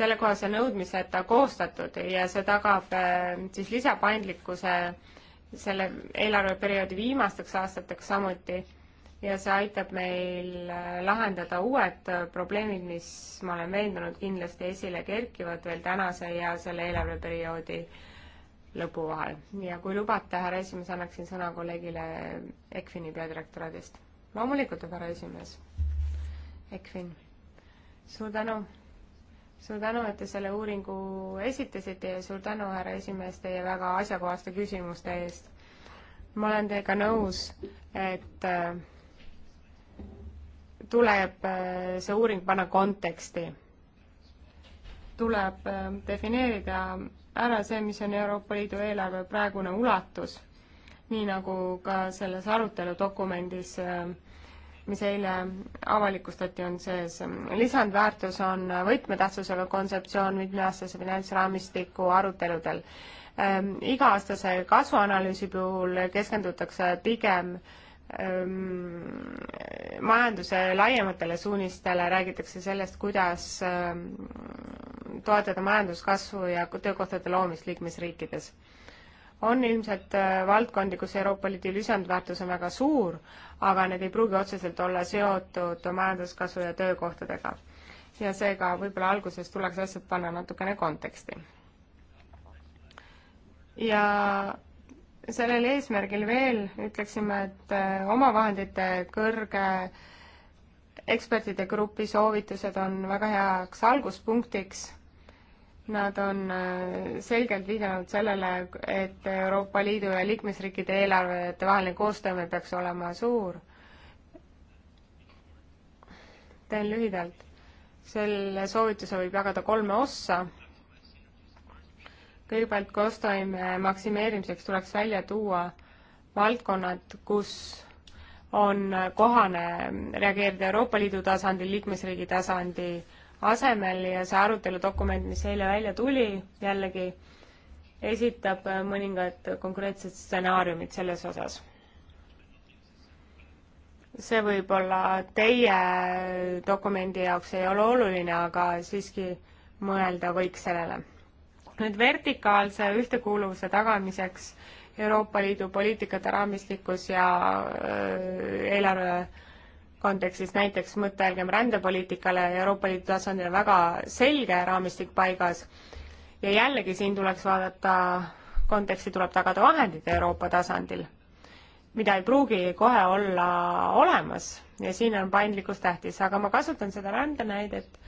sellekohase nõudmiseta koostatud ja see tagab äh, siis lisapaindlikkuse selle eelarveperioodi viimasteks aastateks samuti ja see aitab meil äh, lahendada uued äh, probleemid, mis ma olen veendunud, kindlasti esile kerkivad veel tänase ja selle eelarveperioodi lõpu vahel. ja kui lubate, härra esimees, annaksin sõna kolleegile ECFIN-i peadirektoraadist. loomulikult, härra esimees. ECFIN, suur tänu. suur tänu, et te selle uuringu esitasite ja suur tänu, härra esimees, teie väga asjakohaste küsimuste eest. ma olen teiega nõus, et äh, tuleb äh, see uuring panna konteksti. tuleb äh, defineerida ära see, mis on Euroopa Liidu eelarve praegune ulatus, nii nagu ka selles aruteludokumendis, äh, mis eile avalikustati, on sees. lisandväärtus on võtmetähtsusega kontseptsioon mitmeaastase finantsraamistiku aruteludel. iga-aastase kasvuanalüüsi puhul keskendutakse pigem äh, majanduse laiematele suunistele, räägitakse sellest, kuidas toetada majanduskasvu ja töökohtade loomist liikmesriikides. on ilmselt äh, valdkondi, kus Euroopa Liidu lisandväärtus on väga suur, aga need ei pruugi otseselt olla seotud majanduskasvu ja töökohtadega. ja seega võib-olla alguses tuleks asjad panna natukene konteksti. ja sellel eesmärgil veel ütleksime, et äh, omavahendite kõrge ekspertide grupi soovitused on väga heaks alguspunktiks. Nad on äh, selgelt viidanud sellele, et Euroopa Liidu ja liikmesriikide eelarvete vaheline koostöö peaks olema suur. teen lühidalt. selle soovituse võib jagada kolme ossa kõigepealt koostoime eh, maksimeerimiseks tuleks välja tuua valdkonnad, kus on kohane reageerida Euroopa Liidu tasandil, liikmesriigi tasandi asemel ja see aruteludokument, mis eile välja tuli, jällegi esitab mõningad konkreetsed stsenaariumid selles osas. see võib-olla teie dokumendi jaoks ei ole oluline, aga siiski mõelda võiks sellele nüüd vertikaalse ühtekuuluvuse tagamiseks Euroopa Liidu poliitikate raamistikus ja eelarve kontekstis näiteks mõtelgem rändepoliitikale Euroopa Liidu tasandil on väga selge raamistik paigas ja jällegi siin tuleks vaadata, konteksti tuleb tagada vahendid Euroopa tasandil, mida ei pruugi kohe olla olemas ja siin on paindlikkus tähtis, aga ma kasutan seda rändenäidet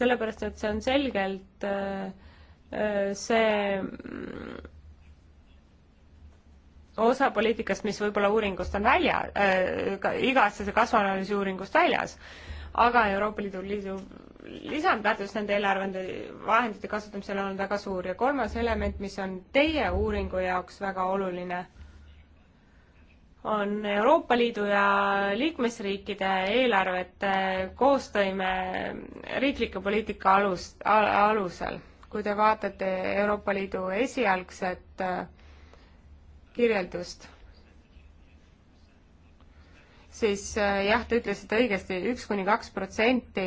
sellepärast, et see on selgelt äh, see mm, osa poliitikast, mis võib-olla uuringust on välja äh,, iga-aastase kasvuanalüüsi uuringust väljas, aga Euroopa Liidu liidu lisandväärtus nende eelarvende vahendite kasutamisel on väga suur ja kolmas element, mis on teie uuringu jaoks väga oluline, on Euroopa Liidu ja liikmesriikide eelarvete koostoime riikliku poliitika alus al,, alusel kui te vaatate Euroopa Liidu esialgset äh, kirjeldust, siis äh, jah, te ütlesite õigesti, üks kuni kaks protsenti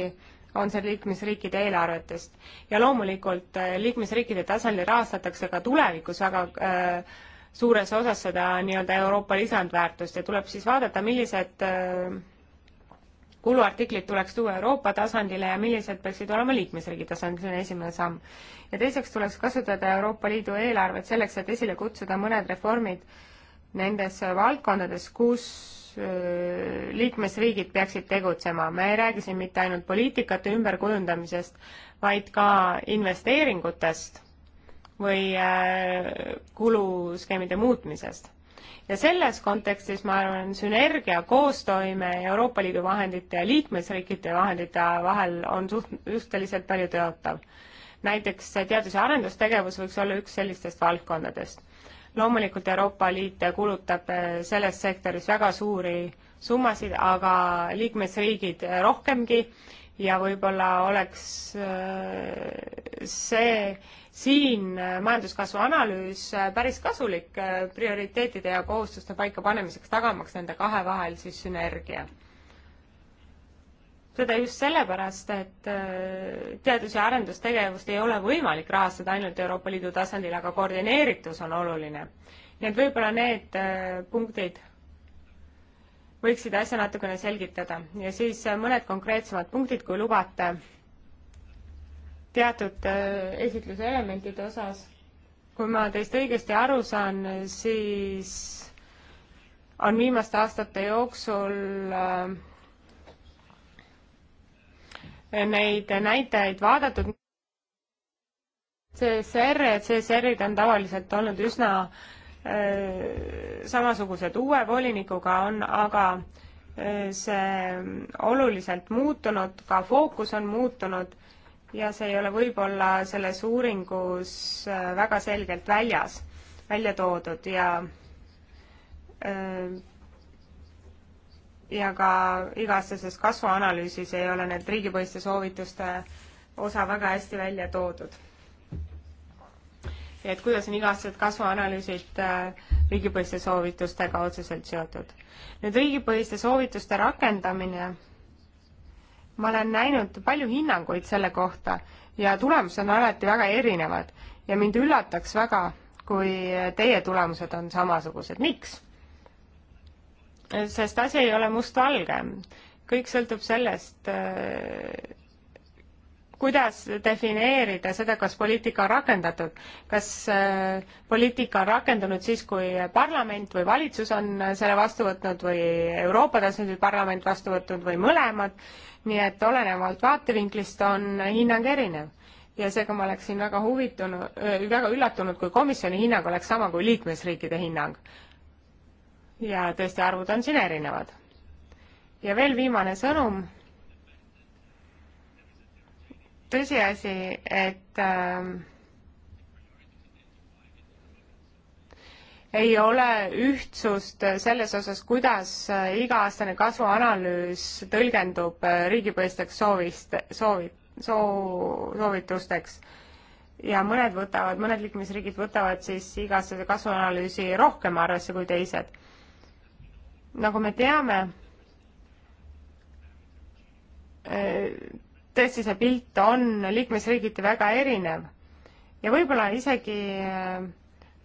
on see liikmesriikide eelarvetest. ja loomulikult äh, liikmesriikide tasandil rahastatakse ka tulevikus väga äh, suures osas seda nii-öelda Euroopa lisandväärtust ja tuleb siis vaadata, millised äh, kuluartiklid tuleks tuua Euroopa tasandile ja millised peaksid olema liikmesriigi tasandil, see on esimene samm. ja teiseks tuleks kasutada Euroopa Liidu eelarvet selleks, et esile kutsuda mõned reformid nendes valdkondades, kus liikmesriigid peaksid tegutsema, me ei räägi siin mitte ainult poliitikate ümberkujundamisest, vaid ka investeeringutest või kuluskeemide muutmisest ja selles kontekstis ma arvan, sünergia, koostoime Euroopa Liidu vahendite ja liikmesriikide vahendite vahel on suht-, suhteliselt palju tõotav. näiteks teadus- ja arendustegevus võiks olla üks sellistest valdkondadest. loomulikult Euroopa Liit kulutab eh, selles sektoris väga suuri summasid, aga liikmesriigid rohkemgi ja võib-olla oleks eh, see siin äh, majanduskasvu analüüs äh, päris kasulik äh, prioriteetide ja kohustuste paikapanemiseks, tagamaks nende kahe vahel siis sünergia. seda just sellepärast, et teadus- ja arendustegevust ei ole võimalik rahastada ainult Euroopa Liidu tasandil, aga koordineeritus on oluline. nii et võib-olla need punktid võiksid asja natukene selgitada ja siis mõned konkreetsemad punktid, kui lubate teatud äh, esitluse elementide osas. kui ma teist õigesti aru saan, siis on viimaste aastate jooksul äh, neid näitajaid vaadatud. CSR ja CSR-id on tavaliselt olnud üsna äh, samasugused uue volinikuga on, aga see mm, oluliselt muutunud, ka fookus on muutunud ja see ei ole võib-olla selles uuringus äh, väga selgelt väljas, välja toodud ja äh, ja ka iga-aastases kasvuanalüüsis ei ole need riigipõhiste soovituste osa väga hästi välja toodud. et kuidas on iga-aastased kasvuanalüüsid äh, riigipõhiste soovitustega otseselt seotud. nüüd riigipõhiste soovituste rakendamine ma olen näinud palju hinnanguid selle kohta ja tulemused on alati väga erinevad ja mind üllataks väga, kui teie tulemused on samasugused. miks? sest asi ei ole mustvalge. kõik sõltub sellest, äh, kuidas defineerida seda, kas poliitika on rakendatud. kas äh, poliitika on rakendunud siis, kui parlament või valitsus on selle vastu võtnud või Euroopa tasandil parlament vastu võtnud või mõlemad nii et olenevalt vaatevinklist on hinnang erinev. ja seega ma oleksin väga huvitunud, äh, väga üllatunud, kui komisjoni hinnang oleks sama kui liikmesriikide hinnang. ja tõesti, arvud on siin erinevad. ja veel viimane sõnum tõsiasi, et äh, ei ole ühtsust selles osas, kuidas äh, iga-aastane kasvuanalüüs tõlgendub äh, riigipõhisteks soovist, soovi, soo-, soovitusteks. ja mõned võtavad, mõned liikmesriigid võtavad siis iga-aastase kasvuanalüüsi rohkem arvesse kui teised. nagu me teame, äh, tõesti see pilt on liikmesriigiti väga erinev ja võib-olla isegi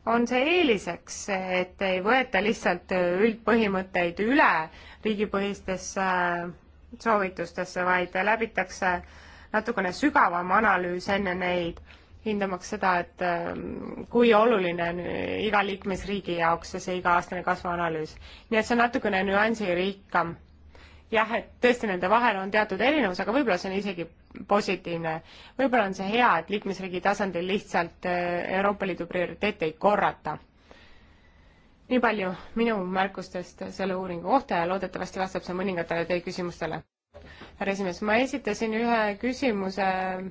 on see eeliseks, et ei võeta lihtsalt üldpõhimõtteid üle riigipõhistesse äh, soovitustesse, vaid läbitakse natukene sügavam analüüs enne neid, hindamaks seda, et äh, kui oluline on iga liikmesriigi jaoks see iga-aastane kasvuanalüüs. nii et see on natukene nüansirikkam. jah, et tõesti nende vahel on teatud erinevus, aga võib-olla see on isegi positiivne. võib-olla on see hea, et liikmesriigi tasandil lihtsalt äh, Euroopa Liidu prioriteete ei korrata. nii palju minu märkustest selle uuringu kohta ja loodetavasti vastab see mõningatele teie küsimustele. härra esimees, ma esitasin ühe küsimuse äh,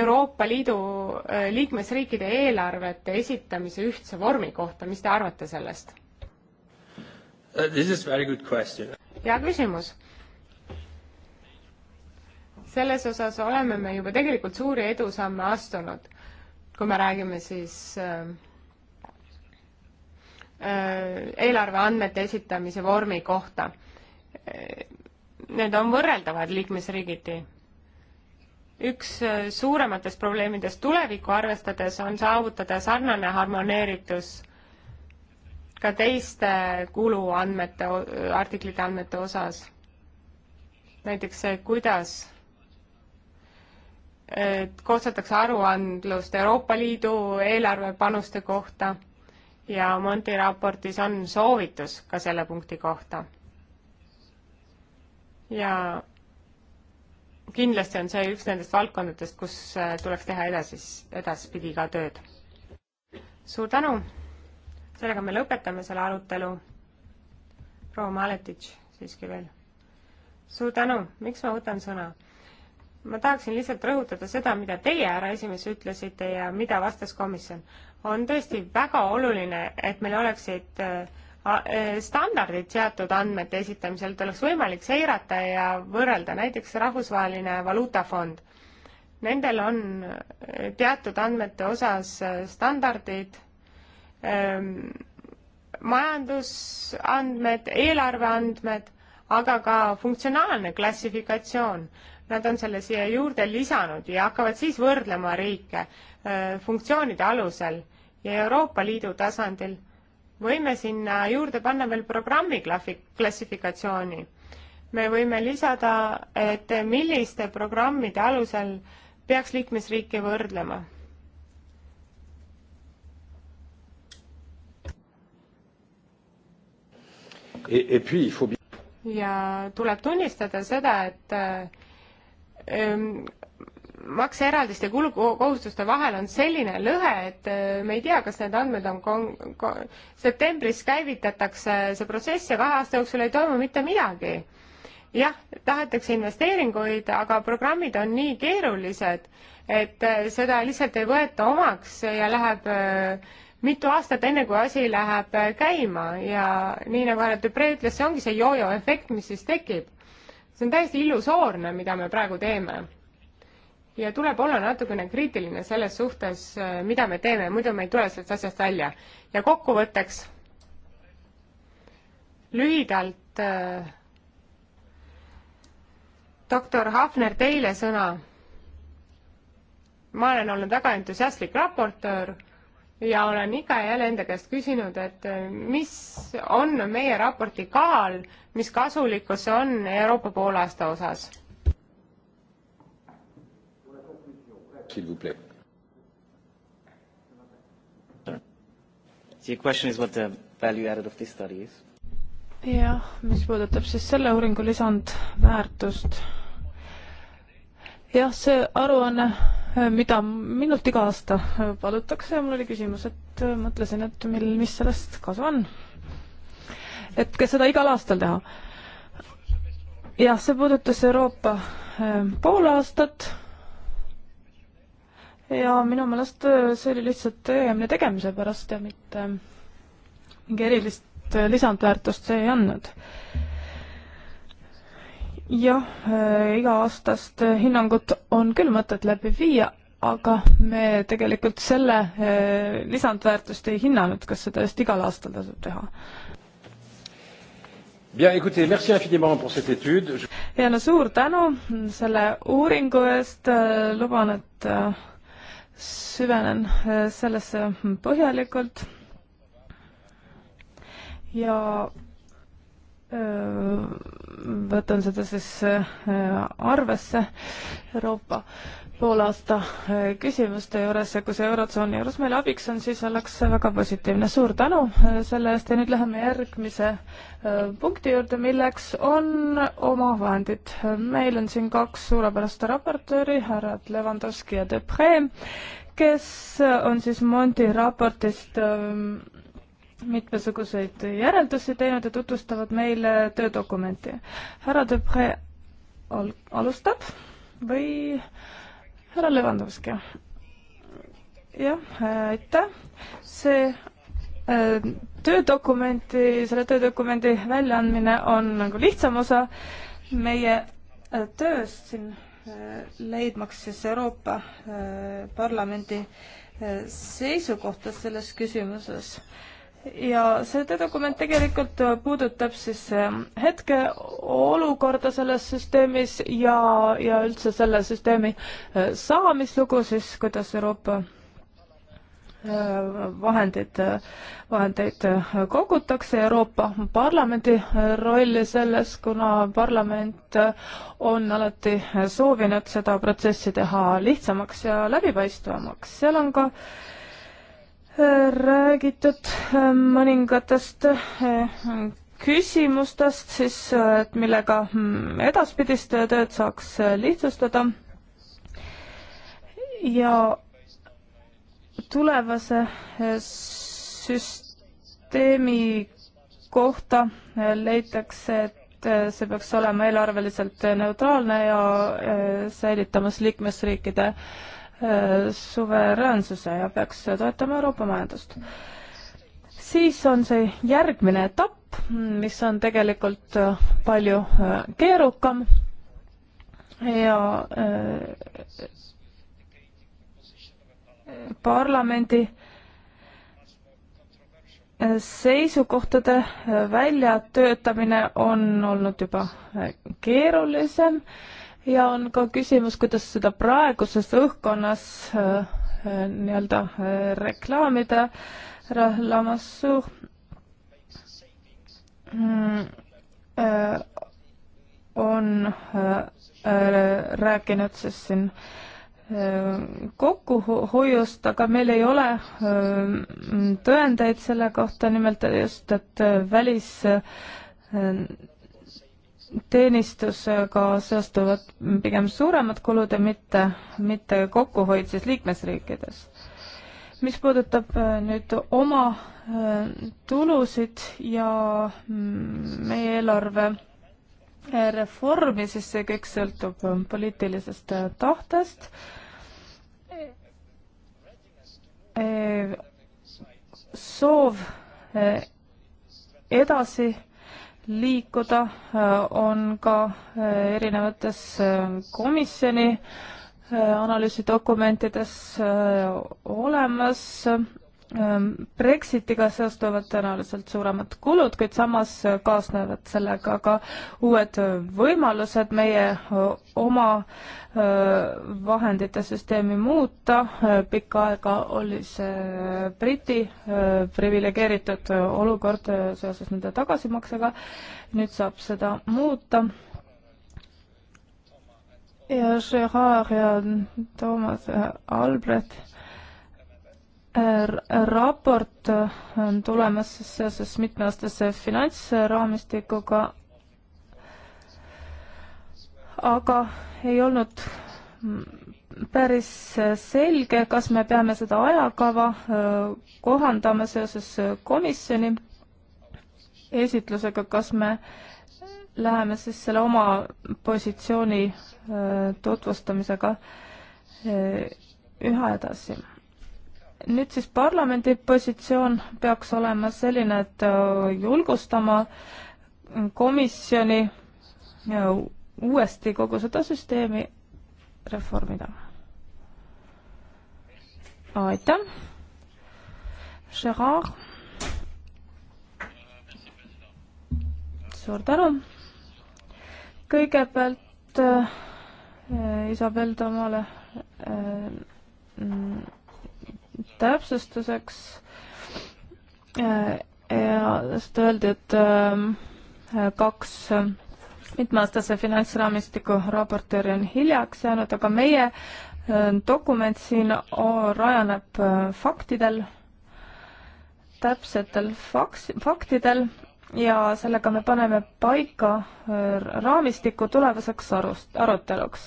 Euroopa Liidu äh, liikmesriikide eelarvete esitamise ühtse vormi kohta, mis te arvate sellest? Uh, hea küsimus selles osas oleme me juba tegelikult suuri edusamme astunud, kui me räägime siis äh, äh eelarveandmete esitamise vormi kohta. Äh, need on võrreldavad liikmesriigiti. üks äh, suurematest probleemidest tulevikku arvestades on saavutada sarnane harmoneeritus ka teiste kuluandmete, artiklite andmete osas. näiteks see, kuidas et koostatakse aruandlust Euroopa Liidu eelarvepanuste kohta ja Monti raportis on soovitus ka selle punkti kohta. ja kindlasti on see üks nendest valdkondadest, kus äh, tuleks teha edasis, edaspidi ka tööd. suur tänu, sellega me lõpetame selle arutelu. proua Maletitš siiski veel. suur tänu, miks ma võtan sõna? ma tahaksin lihtsalt rõhutada seda, mida teie, härra esimees, ütlesite ja mida vastas komisjon. on tõesti väga oluline, et meil oleksid äh, äh, standardid seatud andmete esitamisel, et oleks võimalik seirata ja võrrelda, näiteks Rahvusvaheline Valuutafond. Nendel on äh, teatud andmete osas standardid, ähm, majandusandmed, eelarveandmed, aga ka funktsionaalne klassifikatsioon nad on selle siia juurde lisanud ja hakkavad siis võrdlema riike funktsioonide alusel ja Euroopa Liidu tasandil võime sinna juurde panna veel programmi klassifikatsiooni. me võime lisada, et milliste programmide alusel peaks liikmesriike võrdlema. ja tuleb tunnistada seda, et Ehm, makseeraldiste kulukohustuste vahel on selline lõhe, et ehm, me ei tea, kas need andmed on kon-, kon-, septembris käivitatakse see protsess ja kahe aasta jooksul ei toimu mitte midagi. jah, tahetakse investeeringuid, aga programmid on nii keerulised, et ehm, seda lihtsalt ei võeta omaks ja läheb mitu aastat, enne kui asi läheb käima ja nii nagu härra Dupree ütles, see ongi see joojo efekt, mis siis tekib see on täiesti illusoorne, mida me praegu teeme. ja tuleb olla natukene kriitiline selles suhtes, mida me teeme, muidu me ei tule sellest asjast välja. ja kokkuvõtteks lühidalt äh, doktor Hafner, teile sõna. ma olen olnud väga entusiastlik raportöör ja olen ikka ja jälle enda käest küsinud, et äh, mis on meie raporti kaal, mis kasulikkus see on Euroopa poolaasta osas? jah, mis puudutab siis selle uuringu lisandväärtust jah, see aruanne, mida minult iga aasta palutakse ja mul oli küsimus, et mõtlesin, et mil, mis sellest kasu on. et kas seda igal aastal teha? jah, see puudutas Euroopa eh, pool aastat ja minu meelest eh, see oli lihtsalt tegemine tegemise pärast ja mitte mingi erilist eh, lisandväärtust see ei andnud jah, äh, iga-aastast äh, hinnangut on küll mõtet läbi viia, aga me tegelikult selle äh, lisandväärtust ei hinnanud, kas seda just igal aastal tasub teha. Bien, écoutez, merci infiniment pour cette étude. ja no suur tänu selle uuringu eest, luban, et süvenen sellesse põhjalikult ja võtan seda siis äh, arvesse Euroopa poolaasta äh, küsimuste juures ja kui see Eurotsooni juures meile abiks on, siis oleks see väga positiivne. suur tänu äh, selle eest ja nüüd läheme järgmise punkti juurde, milleks on omavahendid. meil on siin kaks suurepärast raportööri, härrad Levandovski ja Depree, kes on siis Monti raportist ähm, mitmesuguseid järeldusi teinud ja tutvustavad meile töödokumenti. härra Debre al-, alustab või härra Levandovski? jah, aitäh. see äh, töödokumenti, selle töödokumendi väljaandmine on nagu lihtsam osa meie äh, tööst siin äh, leidmaks siis Euroopa äh, Parlamendi äh, seisukohta selles küsimuses äh, ja see töödokument tegelikult äh, puudutab siis äh, hetkeolukorda selles süsteemis ja, ja üldse selle süsteemi äh, saamislugu siis, kuidas Euroopa vahendid, vahendeid kogutakse, Euroopa Parlamendi rolli selles, kuna parlament on alati soovinud seda protsessi teha lihtsamaks ja läbipaistvamaks. seal on ka äh, räägitud ähm, mõningatest äh, küsimustest siis, äh, et millega mm, edaspidist tööd saaks äh, lihtsustada. ja tulevase süsteemi kohta leitakse, et see peaks olema eelarveliselt neutraalne ja säilitamas liikmesriikide äh, Äh, suveräänsuse ja peaks toetama Euroopa majandust. siis on see järgmine etapp, mis on tegelikult äh, palju äh, keerukam ja parlamendi seisukohtade väljatöötamine on olnud juba keerulisem ja on ka küsimus, kuidas seda praeguses õhkkonnas äh, äh, nii-öelda äh, reklaamida. härra Lamassu mm, on rääkinud siis siin kokkuhoiust, aga meil ei ole tõendeid selle kohta, nimelt just, et välis teenistusega seostuvad pigem suuremad kulud ja mitte, mitte kokkuhoid siis liikmesriikides. mis puudutab äh, nüüd oma äh, tulusid ja mm, meie eelarve äh, reformi, siis see kõik sõltub poliitilisest tahtest. soov edasi liikuda, äh, on ka äh, erinevates äh, komisjoni analüüsidokumentides olemas Ehm, Brexitiga seostuvad tõenäoliselt suuremad kulud, kuid samas äh, kaasnevad sellega ka uued äh, võimalused meie oma vahendite süsteemi muuta. Äh, pikka aega oli see Briti priviligeeritud olukord seoses nende tagasimaksega. nüüd saab seda muuta ja Gerard ja Toomas Albrecht raport äh, on tulemas seoses mitmeaastase finantsraamistikuga, aga ei olnud päris selge, kas me peame seda ajakava äh, kohandama seoses komisjoni esitlusega, kas me läheme siis selle oma positsiooni äh, tutvustamisega üha edasi nüüd siis parlamendi positsioon peaks olema selline, et äh, julgustama komisjoni äh, uuesti kogu seda süsteemi reformida. aitäh. Gerard. suur tänu. kõigepealt äh, Isabel Tamale äh, mm, täpsustuseks äh, ja sest öeldi, et ähm, kaks mitmeaastase finantsraamistiku raportööri on hiljaks jäänud, aga meie äh, dokument siin rajaneb äh, faktidel, täpsetel faks-, faktidel ja sellega me paneme paika raamistiku tulevaseks arust, aruteluks.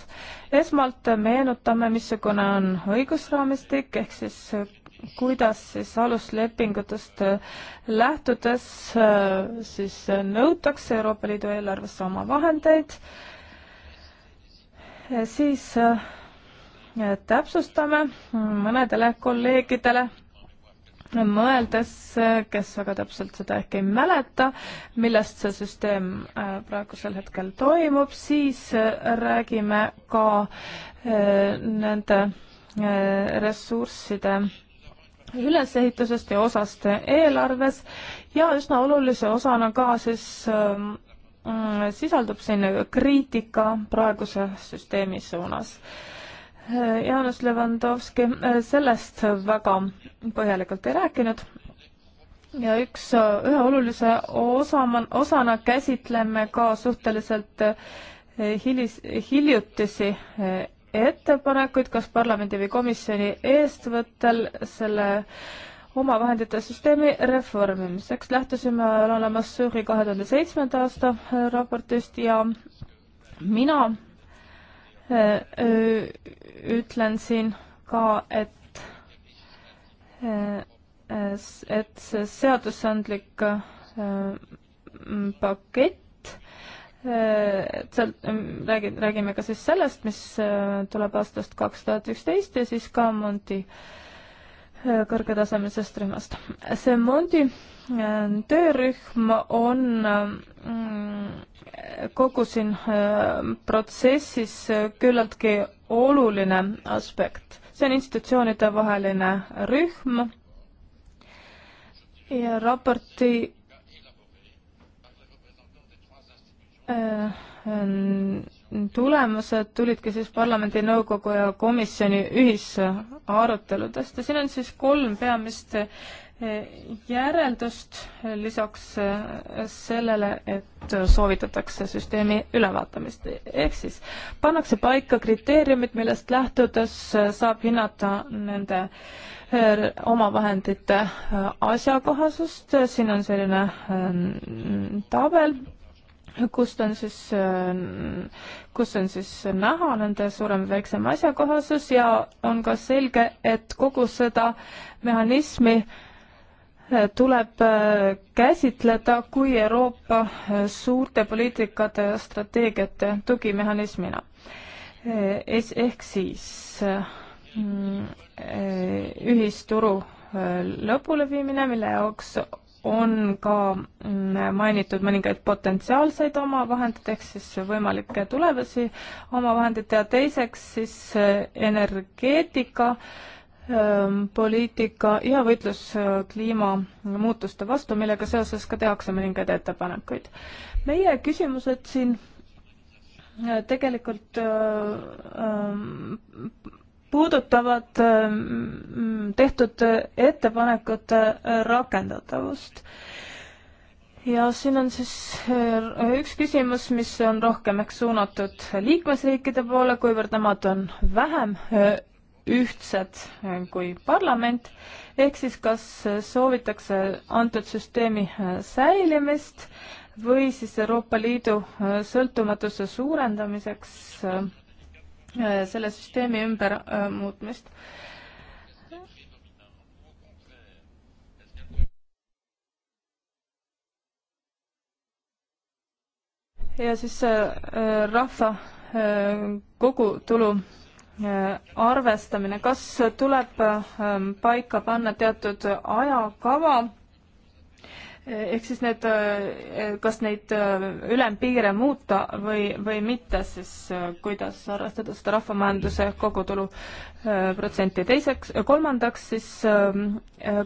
esmalt meenutame, missugune on õigusraamistik, ehk siis kuidas siis aluslepingutest äh, lähtudes äh, siis äh, nõutakse Euroopa Liidu eelarvesse oma vahendeid, siis täpsustame mõnedele kolleegidele mõeldes, kes väga täpselt seda ehk ei mäleta, millest see süsteem praegusel hetkel toimub, siis räägime ka nende ressursside ülesehitusest ja osast eelarves ja üsna olulise osana ka siis ähm, mm, sisaldub siin kriitika praeguse süsteemi suunas. Jaanus Levandovski äh, sellest väga põhjalikult ei rääkinud ja üks, äh, ühe olulise osa, osana käsitleme ka suhteliselt äh, hilis, hiljutisi ettepanekuid, kas parlamendi või komisjoni eestvõttel selle omavahendite süsteemi reformimiseks. lähtusime Alana Massouri kahe tuhande seitsmenda aasta äh, raportist ja mina äh, äh, ütlen siin ka, et, et see seadusandlik pakett seal ähm, räägi, räägime ka siis sellest, mis äh, tuleb aastast kaks tuhat üksteist ja siis ka Monti äh, kõrgetasemelisest rühmast. see Mondi äh, töörühm on mm, kogu siin protsessis küllaltki oluline aspekt. see on institutsioonide vaheline rühm ja raporti Äh, äh, tulemused tulidki siis parlamendi, nõukogu ja komisjoni ühisaruteludest ja siin on siis kolm peamist äh, järeldust lisaks sellele, et soovitatakse süsteemi ülevaatamist. ehk siis pannakse paika kriteeriumid, millest lähtudes saab hinnata nende omavahendite asjakohasust, siin on selline tabel kust on siis, äh, kus on siis näha nende suurem või väiksem asjakohasus ja on ka selge, et kogu seda mehhanismi äh, tuleb äh, käsitleda kui Euroopa suurte poliitikate ja strateegiate tugimehhanismina. ehk siis mm, ühisturu lõpuleviimine, mille jaoks on ka mm, mainitud mõningaid potentsiaalseid omavahendeid ehk siis võimalikke tulevasi omavahendeid ja teiseks siis äh, energeetika ähm, poliitika ja võitlus äh, kliimamuutuste vastu, millega seoses ka tehakse mõningaid ettepanekuid. meie küsimused siin äh, tegelikult äh, äh, puudutavad ähm, mm, tehtud ettepanekute äh, rakendatavust. ja siin on siis äh, üks küsimus, mis on rohkem ehk suunatud liikmesriikide poole, kuivõrd nemad on vähem äh, ühtsed kui parlament, ehk siis kas soovitakse antud süsteemi säilimist või siis Euroopa Liidu sõltumatuse suurendamiseks Äh, selle süsteemi ümber äh, muutmist. ja siis äh, rahva kogutulu arvestamine, kas tuleb paika panna teatud ajakava ehk siis need, äh, kas neid äh, ülempiire muuta või, või mitte, siis äh, kuidas arvestada seda rahvamajanduse kogutulu protsenti. teiseks, kolmandaks siis ähm,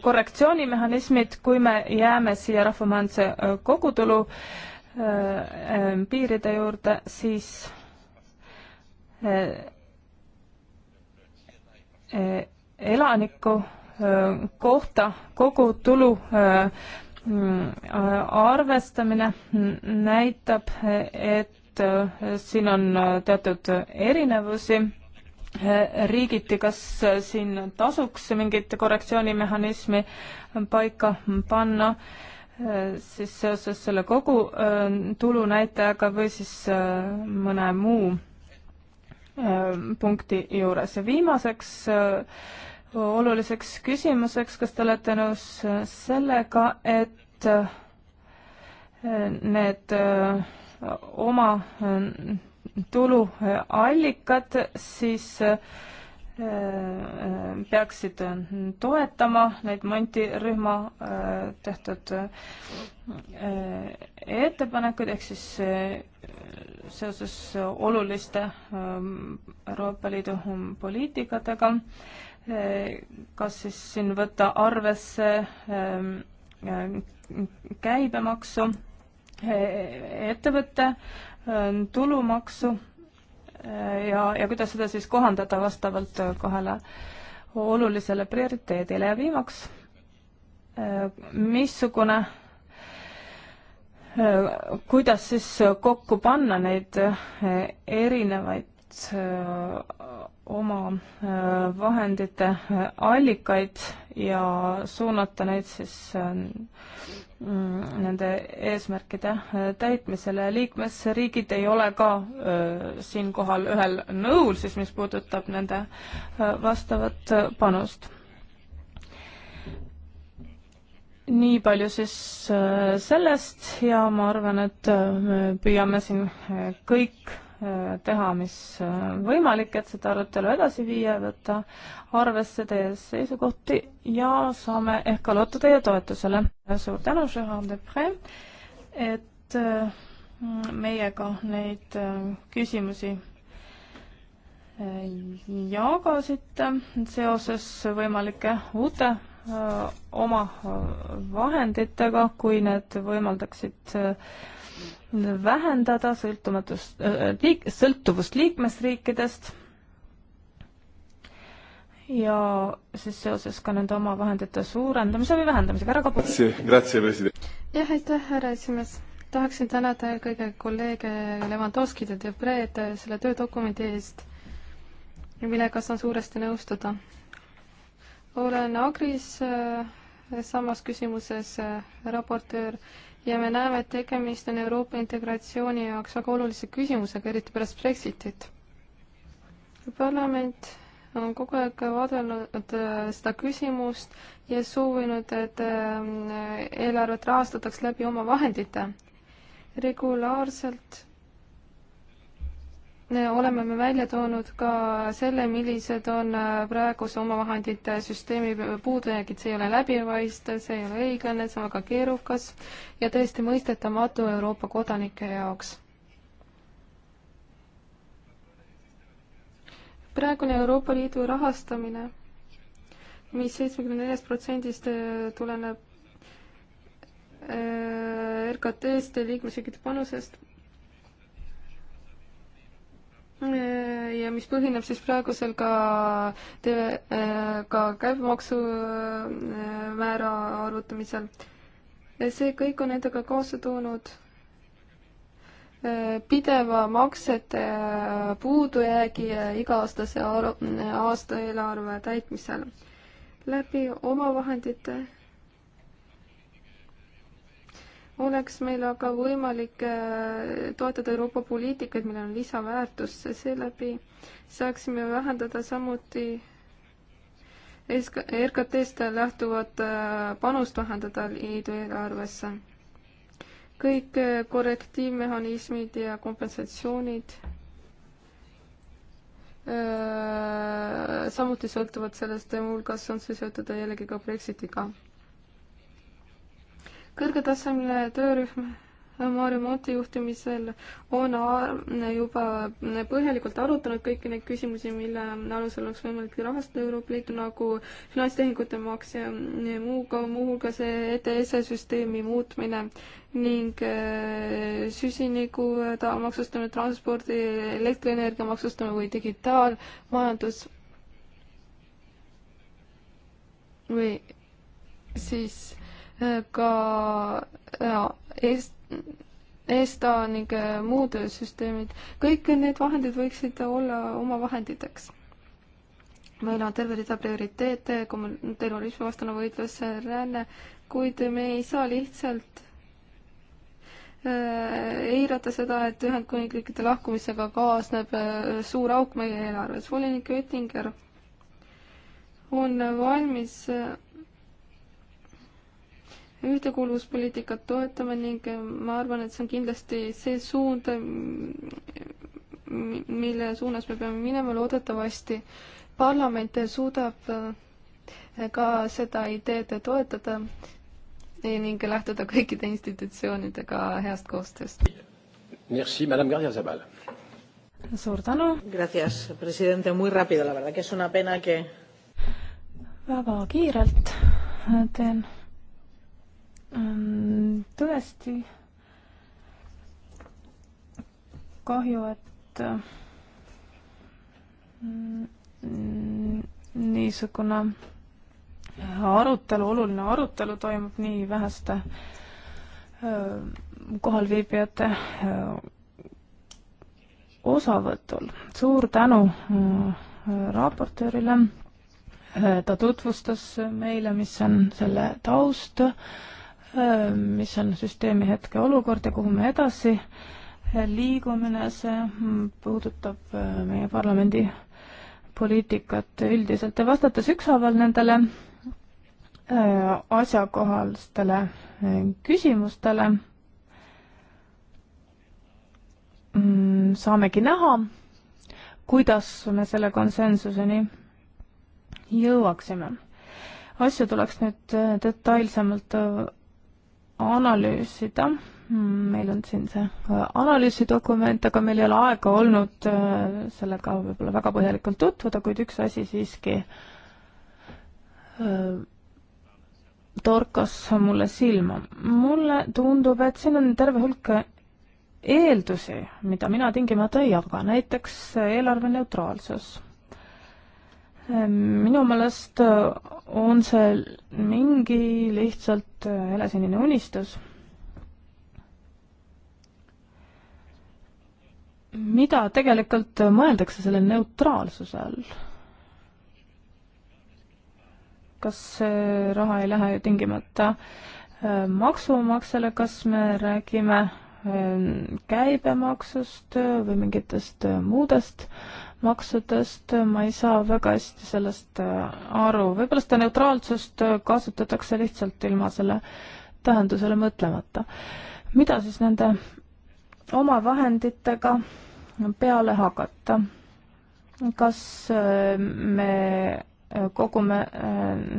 korrektsioonimehhanismid, kui me jääme siia rahvamajanduse kogutulu ähm, piiride juurde, siis elaniku kohta kogu tulu Mm, arvestamine näitab, et äh, siin on äh, teatud erinevusi äh, riigiti, kas siin tasuks mingit korrektsioonimehhanismi paika panna, siis seoses selle kogu tulunäitajaga või siis mõne muu punkti juures ja viimaseks oluliseks küsimuseks, kas te olete nõus äh, sellega, et äh, need äh, oma tuluallikad siis peaksid toetama neid mondirühma tehtud ettepanekuid, ehk siis seoses oluliste Euroopa Liidu poliitikatega kas siis siin võtta arvesse ähm, äh, käibemaksu, e-, ettevõtte ähm, tulumaksu äh, ja, ja kuidas seda siis kohandada vastavalt äh, kahele olulisele prioriteedile ja viimaks, missugune, kuidas siis kokku panna neid erinevaid et äh, oma äh, vahendite äh, allikaid ja suunata neid siis mm, nende eesmärkide täitmisele. liikmesriigid ei ole ka siinkohal ühel nõul siis, mis puudutab nende vastavat panust. nii palju siis sellest ja ma arvan, et püüame siin kõik Äh, teha, mis äh, võimalik, et seda arutelu edasi viia, võtta arvesse teie seisukohti ja saame ehk ka loota teie toetusele. suur tänu, et äh, meiega neid küsimusi jagasite seoses võimalike uute öö, oma vahenditega, kui need võimaldaksid öö, vähendada sõltumatust äh, liik,, sõltuvust liikmesriikidest ja siis seoses ka nende omavahendite suurendamise või vähendamisega. härra Kapu. jah, aitäh, härra esimees. tahaksin tänada eelkõige kolleege Levanovskit ja Debreed selle töödokumendi eest, millega saan suuresti nõustuda. olen Agris äh, samas küsimuses äh, raportöör ja me näeme, et tegemist on Euroopa integratsiooni jaoks väga olulise küsimusega, eriti pärast Brexitit. parlament on kogu aeg vaadanud äh, seda küsimust ja soovinud, et äh, eelarvet rahastataks läbi oma vahendite. regulaarselt oleme me välja toonud ka selle, millised on äh, praeguse omavahendite süsteemi puudujäägid, see ei ole läbipaistev, see ei ole õiglane, see on väga keerukas ja täiesti mõistetamatu Euroopa kodanike jaoks. praegune Euroopa Liidu rahastamine mis seitsmekümne neljast protsendist äh, tuleneb äh, RKT-st ja liikmesriikide panusest, ja mis põhineb siis praegusel ka tele, äh, ka käibemaksu äh, määra arvutamisel. see kõik on endaga kaasa toonud äh, pideva maksete puudujäägi iga-aastase aasta eelarve täitmisel. läbi omavahendite oleks meil aga võimalik äh, toetada Euroopa poliitikaid, millel on lisaväärtus, seeläbi saaksime vähendada samuti RKT-st lähtuvat äh, panust vähendada liidu eelarvesse. kõik äh, korrektiivmehhanismid ja kompensatsioonid samuti sõltuvad sellest, muuhulgas on see seotud jällegi ka Brexitiga kõrgetasemeline töörühm Maarja Monti juhtimisel on juba põhjalikult arutanud kõiki neid küsimusi, mille alusel oleks võimalik rahastada Euroopa Liitu nagu finantstehingute maks ja muuga, muuhulgas ETS süsteemi muutmine ning äh, süsiniku maksustamine, transpordi, elektrienergia maksustamine või digitaalmajandus või siis ka äh, Est-, ESTA ning äh, muud süsteemid, kõik need vahendid võiksid olla oma vahenditeks. meil on terve rida prioriteete, terrorismivastane võitlus, äh, ränne, kuid me ei saa lihtsalt eirata seda, et Ühendkuningriikide lahkumisega kaasneb suur auk meie eelarves. volinik Oettinger on valmis ühtekuuluvuspoliitikat toetame ning eh, ma arvan, et see on kindlasti see suund, mille suunas me peame minema, loodetavasti parlament suudab eh, ka seda ideed toetada e, ning lähtuda kõikide institutsioonidega heast koostööst. Merci, madame Gardia Zabal. suur tänu. Gracias, presidente, muy rápido, la verdad que es una pena que. väga kiirelt teen tõesti kahju, et mm, niisugune arutelu, oluline arutelu toimub nii väheste kohalviibijate osavõtul. suur tänu raportöörile, ta tutvustas meile, mis on selle taust mis on süsteemi hetkeolukord ja kuhu me edasi liigumine, see puudutab äh, meie parlamendi poliitikat üldiselt ja vastates ükshaaval nendele äh, asjakohastele äh, küsimustele, mm, saamegi näha, kuidas me selle konsensuseni jõuaksime. asju tuleks nüüd detailsemalt analüüsida, meil on siin see äh, analüüsidokument, aga meil ei ole aega olnud äh, sellega võib-olla väga põhjalikult tutvuda, kuid üks asi siiski äh, torkas mulle silma. mulle tundub, et siin on terve hulk eeldusi, mida mina tingimata ei jaga, näiteks eelarve neutraalsus minu meelest on see mingi lihtsalt äh, helesinine unistus. mida tegelikult mõeldakse selle neutraalsuse all? kas see raha ei lähe ju tingimata äh, maksumaksjale, kas me räägime äh, käibemaksust või mingitest muudest maksudest, ma ei saa väga hästi sellest äh, aru, võib-olla seda neutraalsust äh, kasutatakse lihtsalt ilma selle tähendusele mõtlemata. mida siis nende oma vahenditega peale hakata? kas äh, me kogume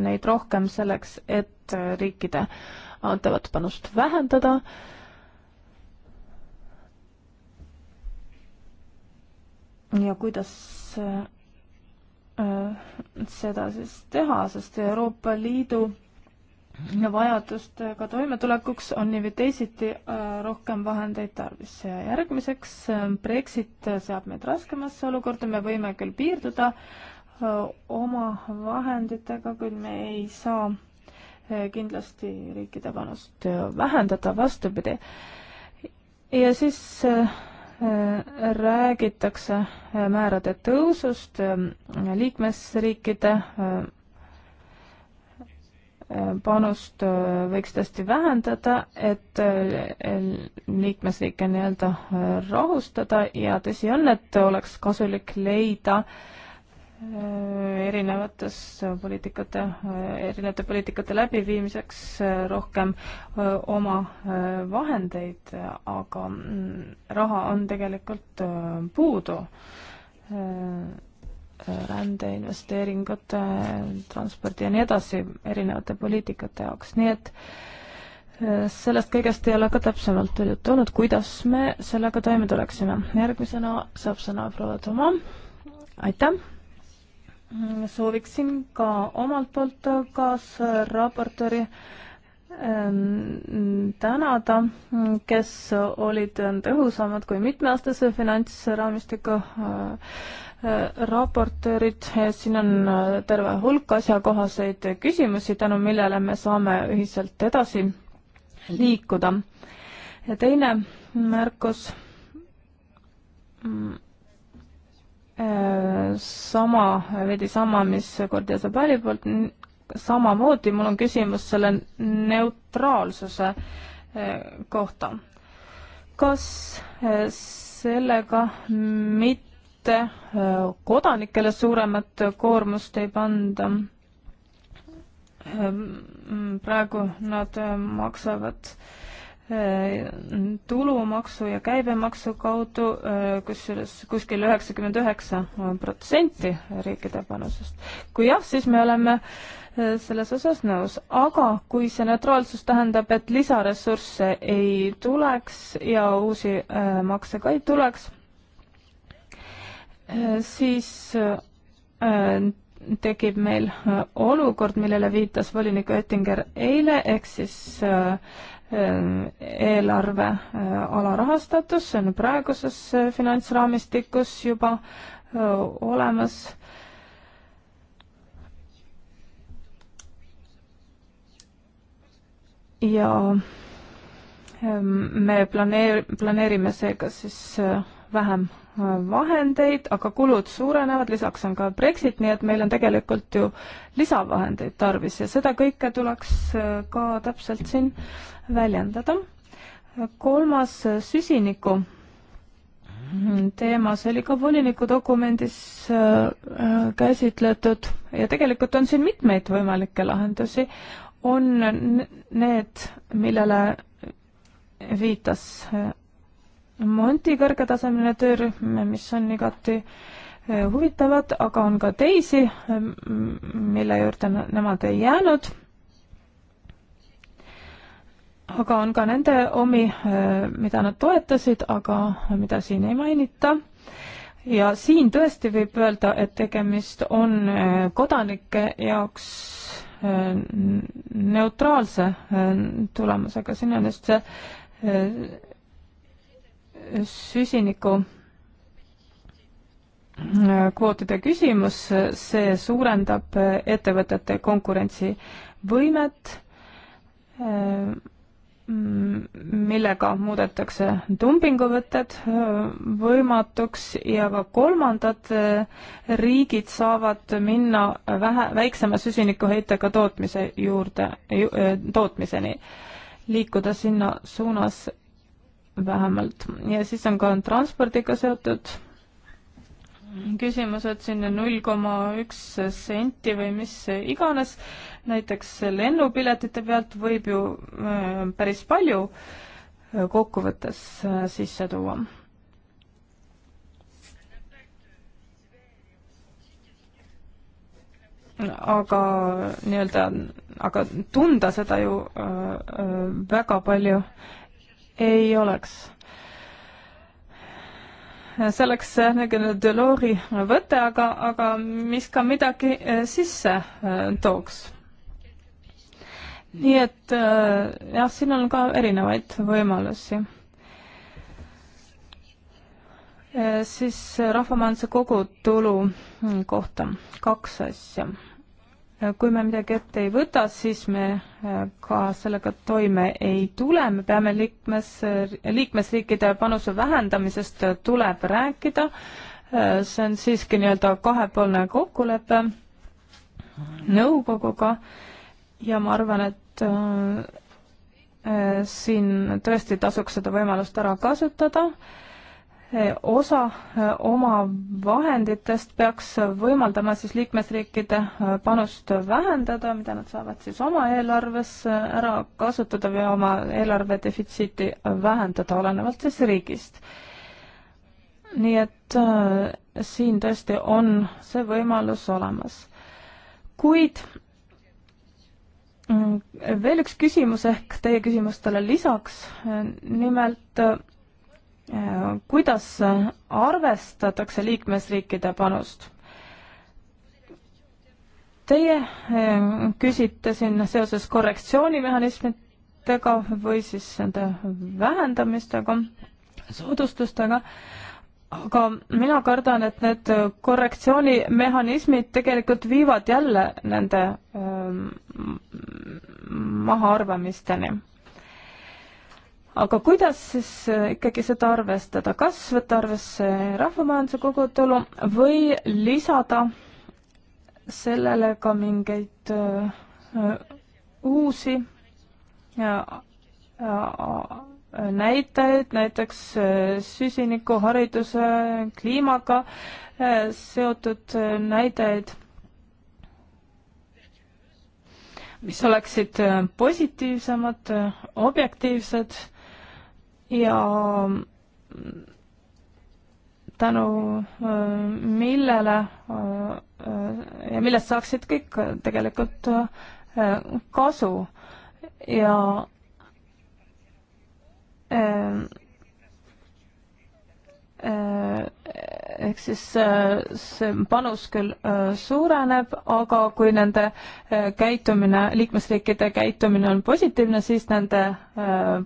neid rohkem selleks, et riikide antavat panust vähendada äh, ja kuidas äh, seda siis teha, sest Euroopa Liidu vajadustega toimetulekuks on nii või teisiti äh, rohkem vahendeid tarvis. ja järgmiseks, äh, Brexit seab meid raskemasse olukorda, me võime küll piirduda oma vahenditega, küll me ei saa kindlasti riikide panust vähendada, vastupidi. ja siis äh, Äh, räägitakse äh, määrade tõusust äh, liikmesriikide panust võiks tõesti vähendada, et liikmesriike nii-öelda rahustada ja tõsi on, et oleks kasulik leida äh, erinevates poliitikate, erinevate poliitikate läbiviimiseks äh, rohkem äh, oma äh, vahendeid, aga mm, raha on tegelikult puudu. rände, investeeringute, transpordi ja nii edasi erinevate poliitikate jaoks, nii et sellest kõigest ei ole ka täpsemalt veel juttu olnud, kuidas me sellega toime tuleksime. järgmisena saab sõna proua Toma. aitäh! sooviksin ka omalt poolt kaasraportööri ähm, tänada, kes olid tõhusamad kui mitmeaastase finantsraamistiku äh, äh, raportöörid, siin on äh, terve hulk asjakohaseid küsimusi, tänu millele me saame ühiselt edasi liikuda. ja teine märkus mm. Äh, sama, veidi sama, mis Gordia Zabali poolt, samamoodi mul on küsimus selle neutraalsuse äh, kohta. kas äh, sellega mitte kodanikele suuremat koormust ei panda? praegu nad maksavad äh, Äh, tulumaksu ja käibemaksu kaudu äh, kusjuures kuskil üheksakümmend üheksa protsenti riikide panusest. kui jah, siis me oleme äh, selles osas nõus, aga kui see neutraalsus tähendab, et lisaressursse ei tuleks ja uusi makse ka ei tuleks, siis tekib meil olukord, millele viitas volinik Oettinger eile, ehk siis äh, Ähm, eelarve äh, alarahastatus, see on praeguses äh, finantsraamistikus juba äh, olemas. ja ähm, me planeer-, planeerime seega siis vähem vahendeid, aga kulud suurenevad, lisaks on ka Brexit, nii et meil on tegelikult ju lisavahendeid tarvis ja seda kõike tuleks äh, ka täpselt siin väljendada. kolmas äh, süsiniku teema, see oli ka voliniku dokumendis äh, käsitletud ja tegelikult on siin mitmeid võimalikke lahendusi, on need, millele viitas Monti kõrgetasemeline töörühm, mis on igati eh, huvitavad, aga on ka teisi, mille juurde nemad ei jäänud. aga on ka nende omi, eh, mida nad toetasid, aga mida siin ei mainita ja siin tõesti võib öelda, et tegemist on eh, kodanike jaoks neutraalse tulemusega, siin on just see süsiniku äh, kvootide küsimus, see suurendab äh, ettevõtete konkurentsivõimet, äh, millega muudetakse dumpinguvõtted võimatuks ja ka kolmandad riigid saavad minna vähe, väiksema süsinikuheitega tootmise juurde ju,, tootmiseni, liikuda sinna suunas, vähemalt. ja siis on ka transpordiga seotud küsimused siin null koma üks senti või mis iganes, näiteks lennupiletite pealt võib ju äh, päris palju äh, kokkuvõttes äh, sisse tuua. aga nii-öelda, aga tunda seda ju väga palju ei oleks selleks äh, nagu Delori võte, aga, aga mis ka midagi äh, sisse äh, tooks. nii et jah, siin on ka erinevaid võimalusi. siis rahvamajanduse kogutulu mm, kohta kaks asja kui me midagi ette ei võta, siis me äh, ka sellega toime ei tule, me peame liikmes, äh, liikmesriikide panuse vähendamisest äh, tuleb rääkida, see on siiski nii-öelda kahepoolne kokkulepe nõukoguga ja ma arvan, et siin tõesti tasuks seda võimalust ära kasutada osa eh, oma vahenditest peaks võimaldama siis liikmesriikide eh, panust vähendada, mida nad saavad siis oma eelarves eh, ära kasutada või oma eelarve defitsiiti vähendada, olenevalt siis riigist. nii et äh, siin tõesti on see võimalus olemas. kuid mm, veel üks küsimus ehk teie küsimustele lisaks, nimelt kuidas arvestatakse liikmesriikide panust? Teie eh, küsite siin seoses korrektsioonimehhanismidega või siis nende vähendamistega, soodustustega, aga mina kardan, et need korrektsioonimehhanismid tegelikult viivad jälle nende eh, mahaarvamisteni aga kuidas siis äh, ikkagi seda arvestada, kas võtta arvesse rahvamajanduse kogutulu või lisada sellele ka mingeid äh, äh, uusi näitajaid, näiteks süsiniku, hariduse, kliimaga seotud näitajaid, mis oleksid positiivsemad, objektiivsed ja tänu äh, millele äh, ja millest saaksid kõik tegelikult äh, kasu ja Äh, ehk siis äh, see panus küll äh, suureneb, aga kui nende käitumine, liikmesriikide käitumine on positiivne, siis nende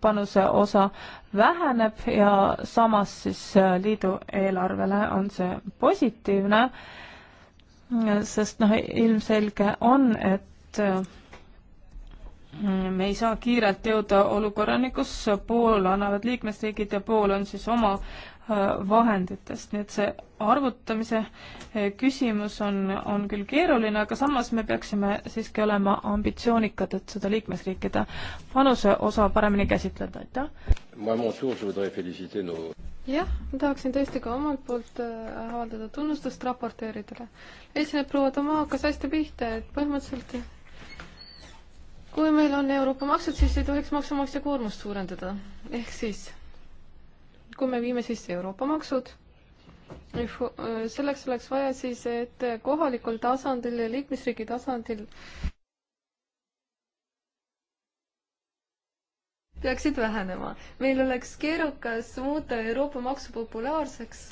panuse osa väheneb ja samas siis liidu eelarvele on see positiivne, sest noh, ilmselge on, et me ei saa kiirelt jõuda olukorrani, kus pool annavad liikmesriigid ja pool on siis oma Äh, vahenditest, nii et see arvutamise äh, küsimus on, on küll keeruline, aga samas me peaksime siiski olema ambitsioonikad, et seda liikmesriikide panuse osa paremini käsitleda, aitäh! jah, ma tahaksin tõesti ka omalt poolt äh, avaldada tunnustust raportööridele. esineb proua Toma hakkas hästi pihta, et põhimõtteliselt kui meil on Euroopa maksud, siis ei tohiks maksumaksja koormust suurendada. ehk siis kui me viime sisse Euroopa maksud äh, selleks oleks vaja siis, et kohalikul tasandil ja liikmesriigi tasandil peaksid vähenema. meil oleks keerukas muuta Euroopa maksu populaarseks,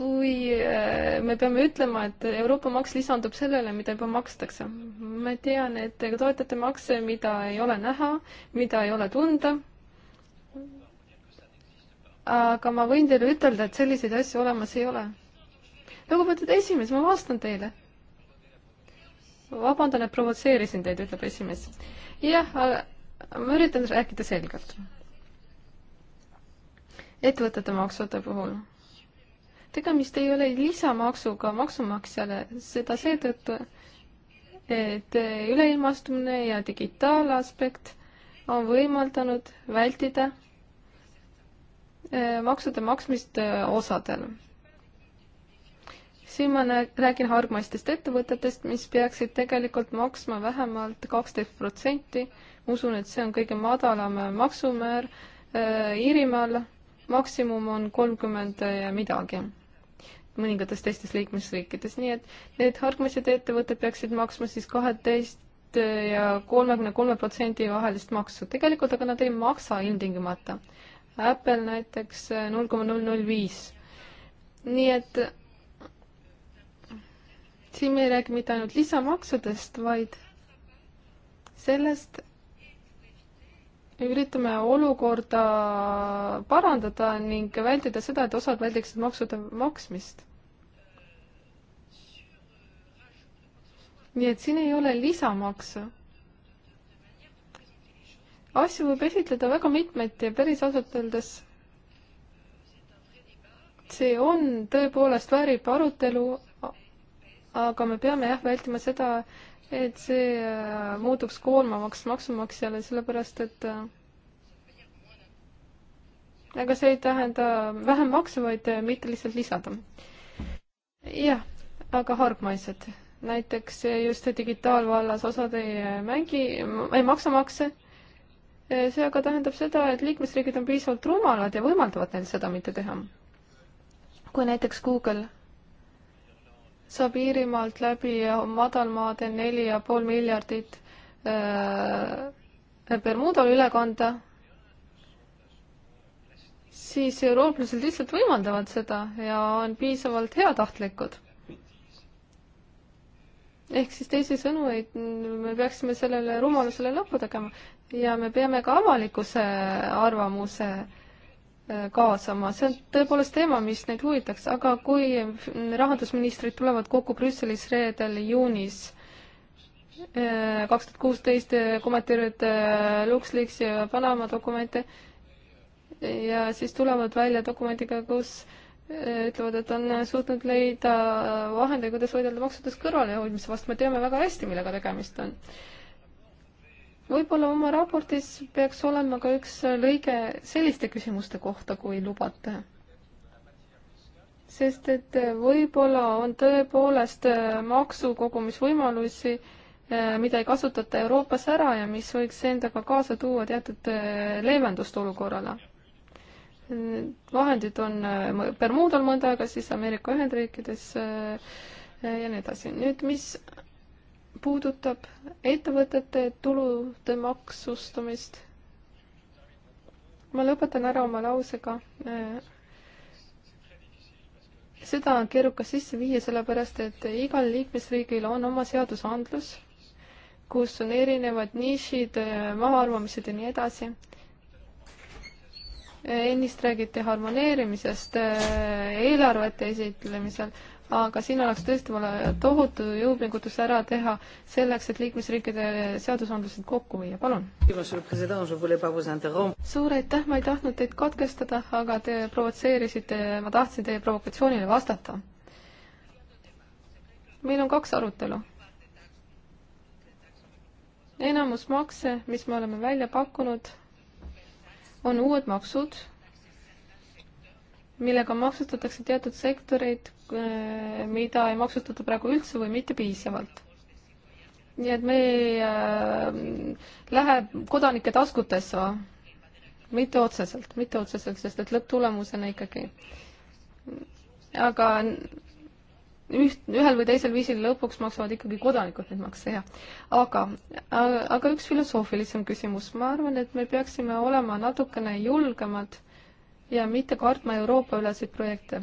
kui äh, me peame ütlema, et Euroopa maks lisandub sellele, mida juba makstakse. ma tean, et te toetate makse, mida ei ole näha, mida ei ole tunda aga ma võin teile ütelda, et selliseid asju olemas ei ole. lugupeetud esimees, ma vastan teile. vabandan, et provotseerisin teid, ütleb esimees. jah, ma üritan rääkida selgelt. ettevõtete maksude puhul. tegemist ei ole lisamaksuga maksumaksjale, seda seetõttu, et üleilmastumine ja digitaalaspekt on võimaldanud vältida Äh, maksude maksmist äh, osadel. siin ma räägin hargmaistest ettevõtetest, mis peaksid tegelikult maksma vähemalt kaksteist protsenti. ma usun, et see on kõige madalam äh, maksumäär Iirimaal, maksimum on kolmkümmend ja midagi mõningates teistes liikmesriikides, nii et need hargmaised ettevõtted peaksid maksma siis kaheteist ja kolmekümne kolme protsendi vahelist maksu, tegelikult aga nad ei maksa ilmtingimata Apple näiteks eh, null koma null null viis. nii et siin me ei räägi mitte ainult lisamaksudest, vaid sellest üritame olukorda parandada ning vältida seda, et osad väldiksid maksude maksmist. nii et siin ei ole lisamaksu asju võib esitleda väga mitmeti ja päris ausalt öeldes see on, tõepoolest väärib arutelu, aga me peame jah vältima seda, et see äh, muutuks koormavaks maksumaksjale, sellepärast et aga äh, see ei tähenda vähem makse, vaid äh, mitte lihtsalt lisada. jah, aga hargmaised, näiteks just digitaalvallas osad ei mängi, ei maksa makse see aga tähendab seda, et liikmesriigid on piisavalt rumalad ja võimaldavad neil seda mitte teha. kui näiteks Google saab Iirimaalt läbi madalmaade neli ja pool miljardit äh, Bermudale üle kanda, siis eurooplased lihtsalt võimaldavad seda ja on piisavalt heatahtlikud ehk siis teisisõnu, et me peaksime sellele rumalusele lõppu tegema ja me peame ka avalikkuse arvamuse äh, kaasama, see on tõepoolest teema, mis neid huvitaks, aga kui rahandusministrid tulevad kokku Brüsselis reedel juunis äh, kaks tuhat kuusteist äh, kommenteerivad LuxLeaks ja Panama dokumente ja siis tulevad välja dokumendiga, kus ütlevad, et on suutnud leida vahendeid, kuidas võidelda maksudest kõrvalehoidmise vastu, me teame väga hästi, millega tegemist on võib-olla oma raportis peaks olema ka üks lõige selliste küsimuste kohta, kui lubate. sest et võib-olla on tõepoolest äh, maksukogumisvõimalusi, äh, mida ei kasutata Euroopas ära ja mis võiks endaga kaasa tuua teatud äh, leevendust olukorrale. vahendid on Bermudal mõnda aega, siis Ameerika Ühendriikides ja nii edasi. nüüd, mis puudutab ettevõtete tulude maksustamist. ma lõpetan ära oma lausega. seda on keerukas sisse viia, sellepärast et igal liikmesriigil on oma seadusandlus, kus on erinevad nišid, mahaarvamised ja nii edasi. ennist räägiti harmoneerimisest eelarvete esitlemisel aga siin oleks tõesti vaja tohutu jõupingutus ära teha selleks, et liikmesriikide seadusandlused kokku viia, palun. suur aitäh, ma ei tahtnud teid katkestada, aga te provotseerisite, ma tahtsin teie provokatsioonile vastata. meil on kaks arutelu enamus makse, mis me oleme välja pakkunud, on uued maksud millega maksustatakse teatud sektoreid, eh, mida ei maksustata praegu üldse või mitte piisavalt. nii et me ei äh, lähe kodanike taskutesse, mitte otseselt, mitte otseselt, sest et lõpptulemusena ikkagi. aga üht, ühel või teisel viisil lõpuks maksavad ikkagi kodanikud neid makse, jah. aga, aga üks filosoofilisem küsimus, ma arvan, et me peaksime olema natukene julgemad ja mitte kartma Euroopa-üleseid projekte.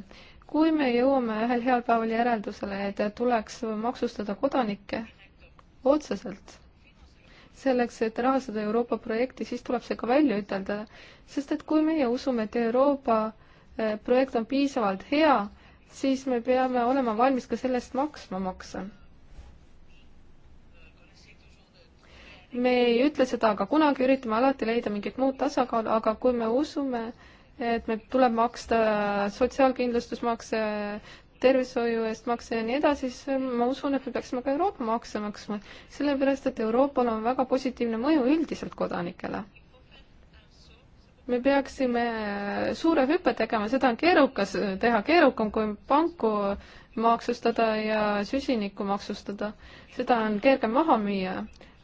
kui me jõuame ühel heal päeval järeldusele, et tuleks maksustada kodanikke otseselt, selleks, et rahastada Euroopa projekti, siis tuleb see ka välja ütelda, sest et kui meie usume, et Euroopa eh, projekt on piisavalt hea, siis me peame olema valmis ka selle eest maksma makse me ei ütle seda aga kunagi, üritame alati leida mingit muud tasakaalu, aga kui me usume, et meil tuleb maksta sotsiaalkindlustusmakse, tervishoiu eest makse ja nii edasi, siis ähm, ma usun, et me peaksime ka Euroopa makse maksma, sellepärast et Euroopal on väga positiivne mõju üldiselt kodanikele. me peaksime äh, suure hüppe tegema, seda on keerukas äh, teha, keerukam kui panku maksustada ja süsinikku maksustada, seda on kergem maha müüa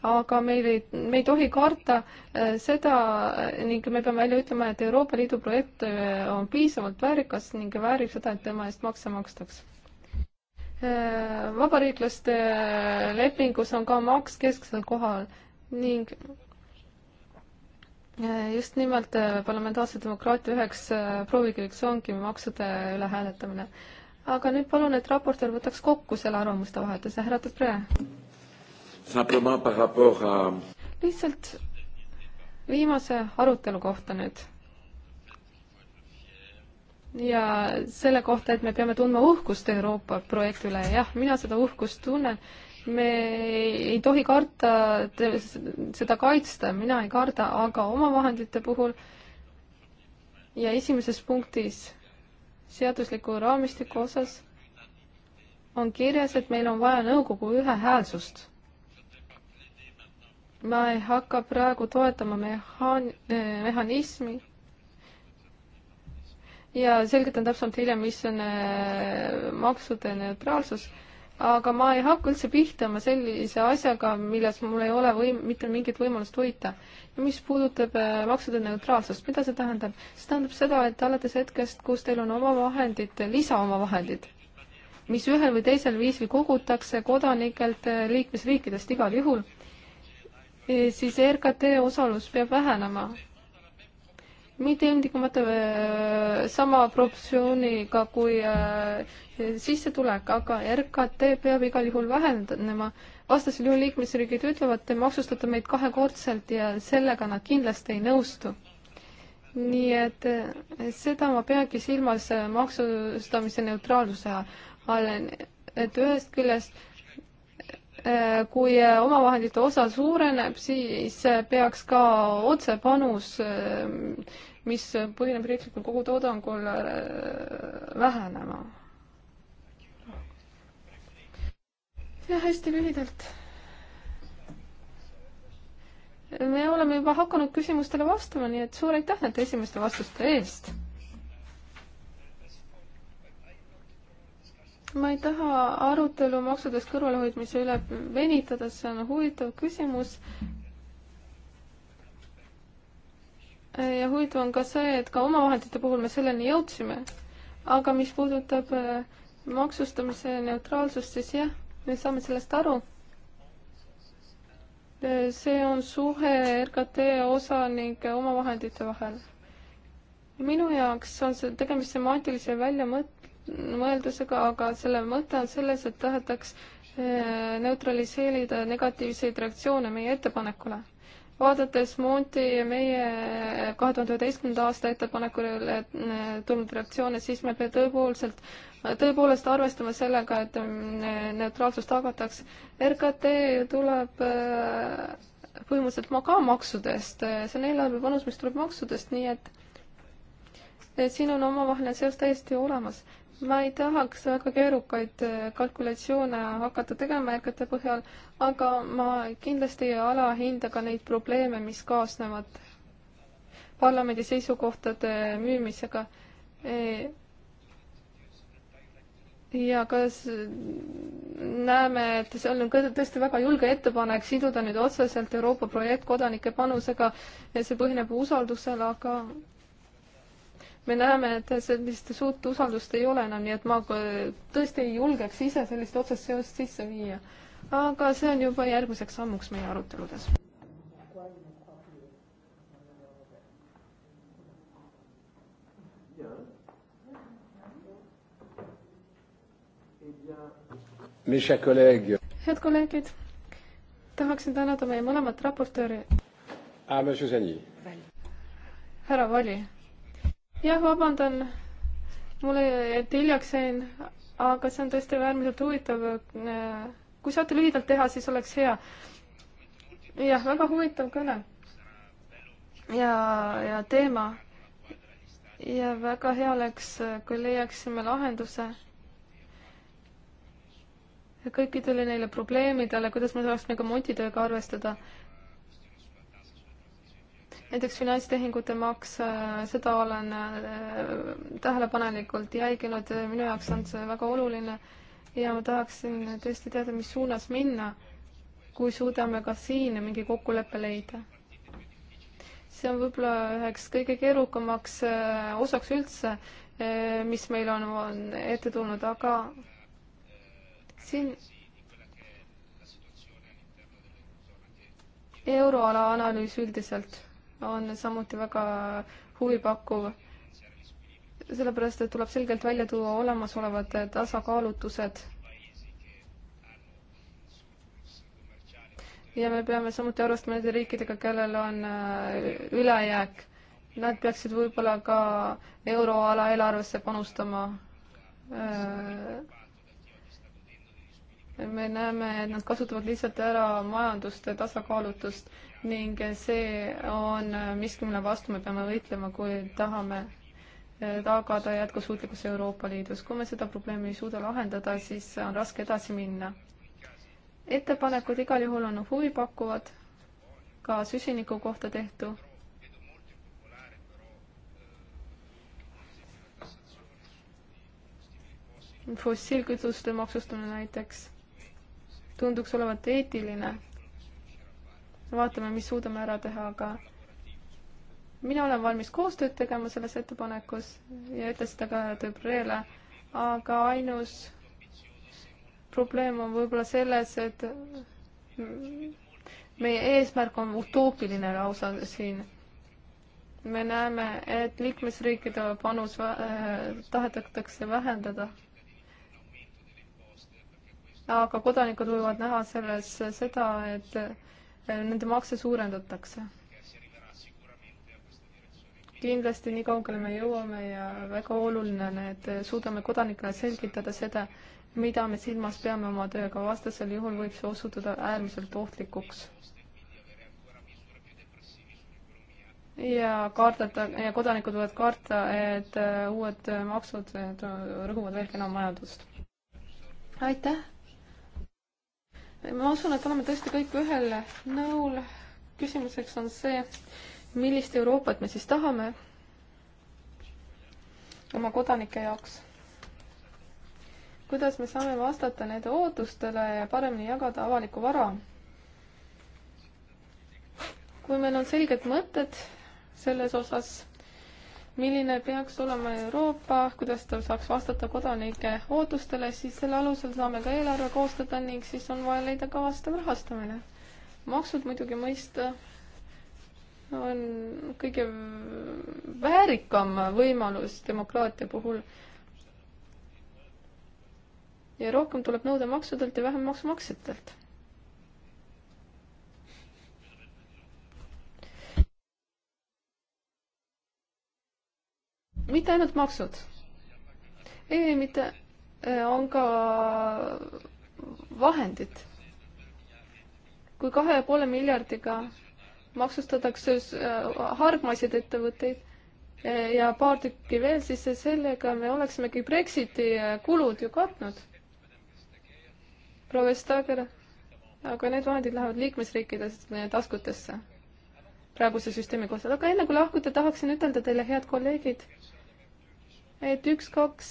aga meil ei, me ei tohi karta äh, seda ning me peame välja ütlema, et Euroopa Liidu projekt äh, on piisavalt väärikas ning väärib seda, et tema eest makse makstaks. Äh, vabariiklaste lepingus on ka maks kesksel kohal ning just nimelt parlamentaarse demokraatia üheks proovikiviks ongi maksude üle hääletamine. aga nüüd palun, et raportöör võtaks kokku selle arvamuste vahetuse, härra Tõpre lihtsalt viimase arutelu kohta nüüd. ja selle kohta, et me peame tundma uhkust Euroopa projekti üle, jah, mina seda uhkust tunnen, me ei tohi karta seda kaitsta, mina ei karda, aga omavahendite puhul ja esimeses punktis seadusliku raamistiku osas on kirjas, et meil on vaja nõukogu ühehäälsust ma ei hakka praegu toetama mehaan-, eh, mehhanismi ja selgitan täpsemalt hiljem, mis on eh, maksude neutraalsus, aga ma ei hakka üldse pihtama sellise asjaga, milles mul ei ole võim-, mitte mingit võimalust võita. ja mis puudutab eh, maksude neutraalsust, mida see tähendab? see tähendab seda, et alates hetkest, kus teil on omavahendid, lisaomavahendid, mis ühel või teisel viisil kogutakse kodanikelt liikmesriikidest igal juhul E siis RKT osalus peab vähenema. mitte ilmtingimata e, sama proportsiooniga kui e, sissetulek, aga RKT peab igal juhul vähenema. vastasel juhul liikmesriigid ütlevad, te maksustate meid kahekordselt ja sellega nad kindlasti ei nõustu nii et seda ma peangi silmas maksustamise neutraalsuse all, et ühest küljest Äh, kui äh, omavahendite osa suureneb, siis äh, peaks ka otsepanus, mis põhineb riiklikul kogutoodangul, vähenema. jah, hästi lühidalt. me oleme juba hakanud küsimustele vastama, nii et suur aitäh nende esimeste vastuste eest ma ei taha arutelu maksudest kõrvalehoidmise üle venitada, see on huvitav küsimus. ja huvitav on ka see, et ka omavahendite puhul me selleni jõudsime. aga mis puudutab äh, maksustamise neutraalsust, siis jah, me saame sellest aru. Äh, see on suhe RKT osanike omavahendite vahel. minu jaoks on see tegemist semaatilise väljamõt-, mõeldusega, aga selle mõte on selles, et tahetaks eh, neutraliseerida negatiivseid reaktsioone meie ettepanekule. vaadates Monti meie kahe tuhande üheteistkümnenda aasta ettepanekule eh, tulnud reaktsioone, siis me peame tõepoolselt, tõepoolest arvestama sellega, et mm, neutraalsus tagatakse. RKT tuleb eh, põhimõtteliselt ma ka maksudest, see on eelarve panus, mis tuleb maksudest, nii et siin on omavaheline seos täiesti olemas ma ei tahaks väga keerukaid äh, kalkulatsioone hakata tegema EKT põhjal, aga ma kindlasti ei alahinda ka neid probleeme, mis kaasnevad parlamendi seisukohtade müümisega. E, ja kas näeme, et see on tõesti väga julge ettepanek siduda nüüd otseselt Euroopa projekt kodanike panusega ja see põhineb usaldusel, aga me näeme, et sellist suurt usaldust ei ole enam, nii et ma tõesti ei julgeks ise sellist otsest seost sisse viia. aga see on juba järgmiseks sammuks meie aruteludes. head kolleegid, tahaksin tänada meie mõlemat raportööri. Ah, härra Vali jah, vabandan, mulle, et hiljaks jäin, aga see on tõesti äärmiselt huvitav. kui saate lühidalt teha, siis oleks hea. jah, väga huvitav kõne. ja, ja teema. ja väga hea oleks, kui leiaksime lahenduse kõikidele neile probleemidele, kuidas me saaksime ka montitööga arvestada näiteks finantstehingute maks, äh, seda olen äh, tähelepanelikult jälginud, minu jaoks on see väga oluline ja ma tahaksin tõesti teada, mis suunas minna, kui suudame ka siin mingi kokkuleppe leida. see on võib-olla üheks kõige keerukamaks äh, osaks üldse, mis meil on, on ette tulnud, aga siin euroala analüüs üldiselt on samuti väga huvipakkuv, sellepärast et tuleb selgelt välja tuua olemasolevad tasakaalutused ja me peame samuti arvestama nende riikidega, kellel on äh, ülejääk. Nad peaksid võib-olla ka euroala eelarvesse panustama. Äh, me näeme, et nad kasutavad lihtsalt ära majanduste tasakaalutust ning see on miski, mille vastu me peame võitlema, kui tahame eh, tagada jätkusuutlikkus Euroopa Liidus. kui me seda probleemi ei suuda lahendada, siis on raske edasi minna. ettepanekud igal juhul on huvipakkuvad, ka süsiniku kohta tehtu. fossiilkütuste maksustamine näiteks tunduks olevat eetiline vaatame, mis suudame ära teha, aga mina olen valmis koostööd tegema selles ettepanekus ja ütlen seda ka Debrele, aga ainus probleem on võib-olla selles, et meie eesmärk on utoopiline lausa siin. me näeme, et liikmesriikide panus äh, tahetakse vähendada. aga kodanikud võivad näha selles seda, et nende makse suurendatakse. kindlasti nii kaugele me jõuame ja väga oluline on, et suudame kodanikele selgitada seda, mida me silmas peame oma tööga, vastasel juhul võib see osutuda äärmiselt ohtlikuks. ja kardeta, ja kodanikud võivad karta, et äh, uued maksud rõhuvad veelgi enam majandust. aitäh! ma usun, et oleme tõesti kõik ühel nõul. küsimuseks on see, millist Euroopat me siis tahame oma kodanike jaoks. kuidas me saame vastata nende ootustele ja paremini jagada avalikku vara? kui meil on selged mõtted selles osas milline peaks olema Euroopa, kuidas ta saaks vastata kodanike ootustele, siis selle alusel saame ka eelarve koostada ning siis on vaja leida ka vastav rahastamine. maksud muidugi mõista on kõige väärikam võimalus demokraatia puhul. ja rohkem tuleb nõuda maksudelt ja vähem maksumaksjatelt mitte ainult maksud. ei, mitte, äh, on ka vahendid. kui kahe ja poole miljardiga maksustatakse äh, hargmaiseid ettevõtteid äh, ja paar tükki veel, siis sellega me oleksimegi Brexiti kulud ju katnud. proua Vestager, aga need vahendid lähevad liikmesriikidest taskutesse praeguse süsteemi kohta, aga enne kui lahkute, tahaksin ütelda teile, head kolleegid, et üks-kaks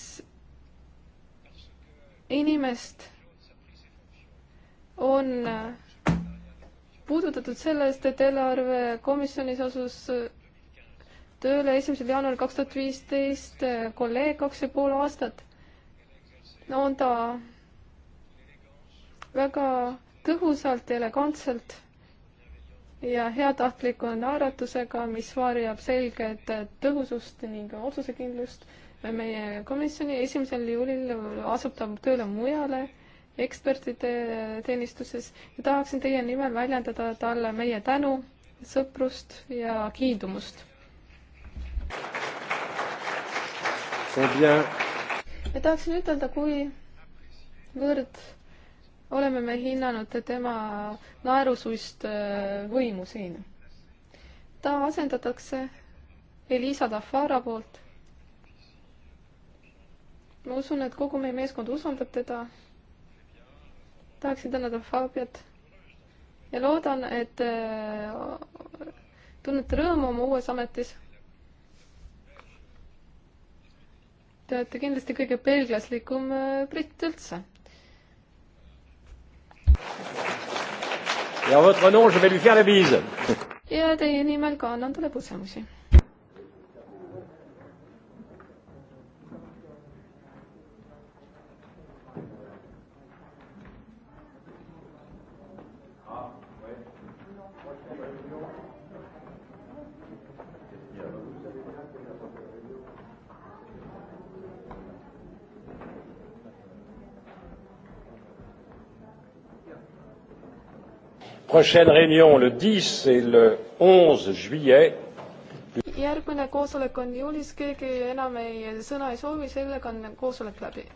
inimest on puudutatud sellest, et eelarve komisjonis asus tööle esimesel jaanuaril kaks tuhat viisteist kolleeg kaks ja pool aastat. no on ta väga tõhusalt ja elegantselt ja heatahtliku naeratusega, mis varjab selget tõhusust ning otsusekindlust meie komisjoni, esimesel juulil asub ta tööle mujale ekspertide teenistuses ja tahaksin teie nimel väljendada talle meie tänu, sõprust ja kiindumust. ja tahaksin ütelda, kui võrd oleme me hinnanud tema naerusuist äh, võimu siin. ta asendatakse Elisa Tafara poolt ma usun, et kogu meie meeskond usaldab teda. tahaksin tänada Fabiat ja loodan, et äh, tunnete rõõmu oma uues ametis. Te olete kindlasti kõige peeglaslikum äh, britt üldse. ja teie nimel ka annan talle pusemusi prochaine réunion le 10 et le 11 juillet. järgmine koosolek on juulis, keegi enam ei, sõna ei soovi, sellega on koosolek läbi.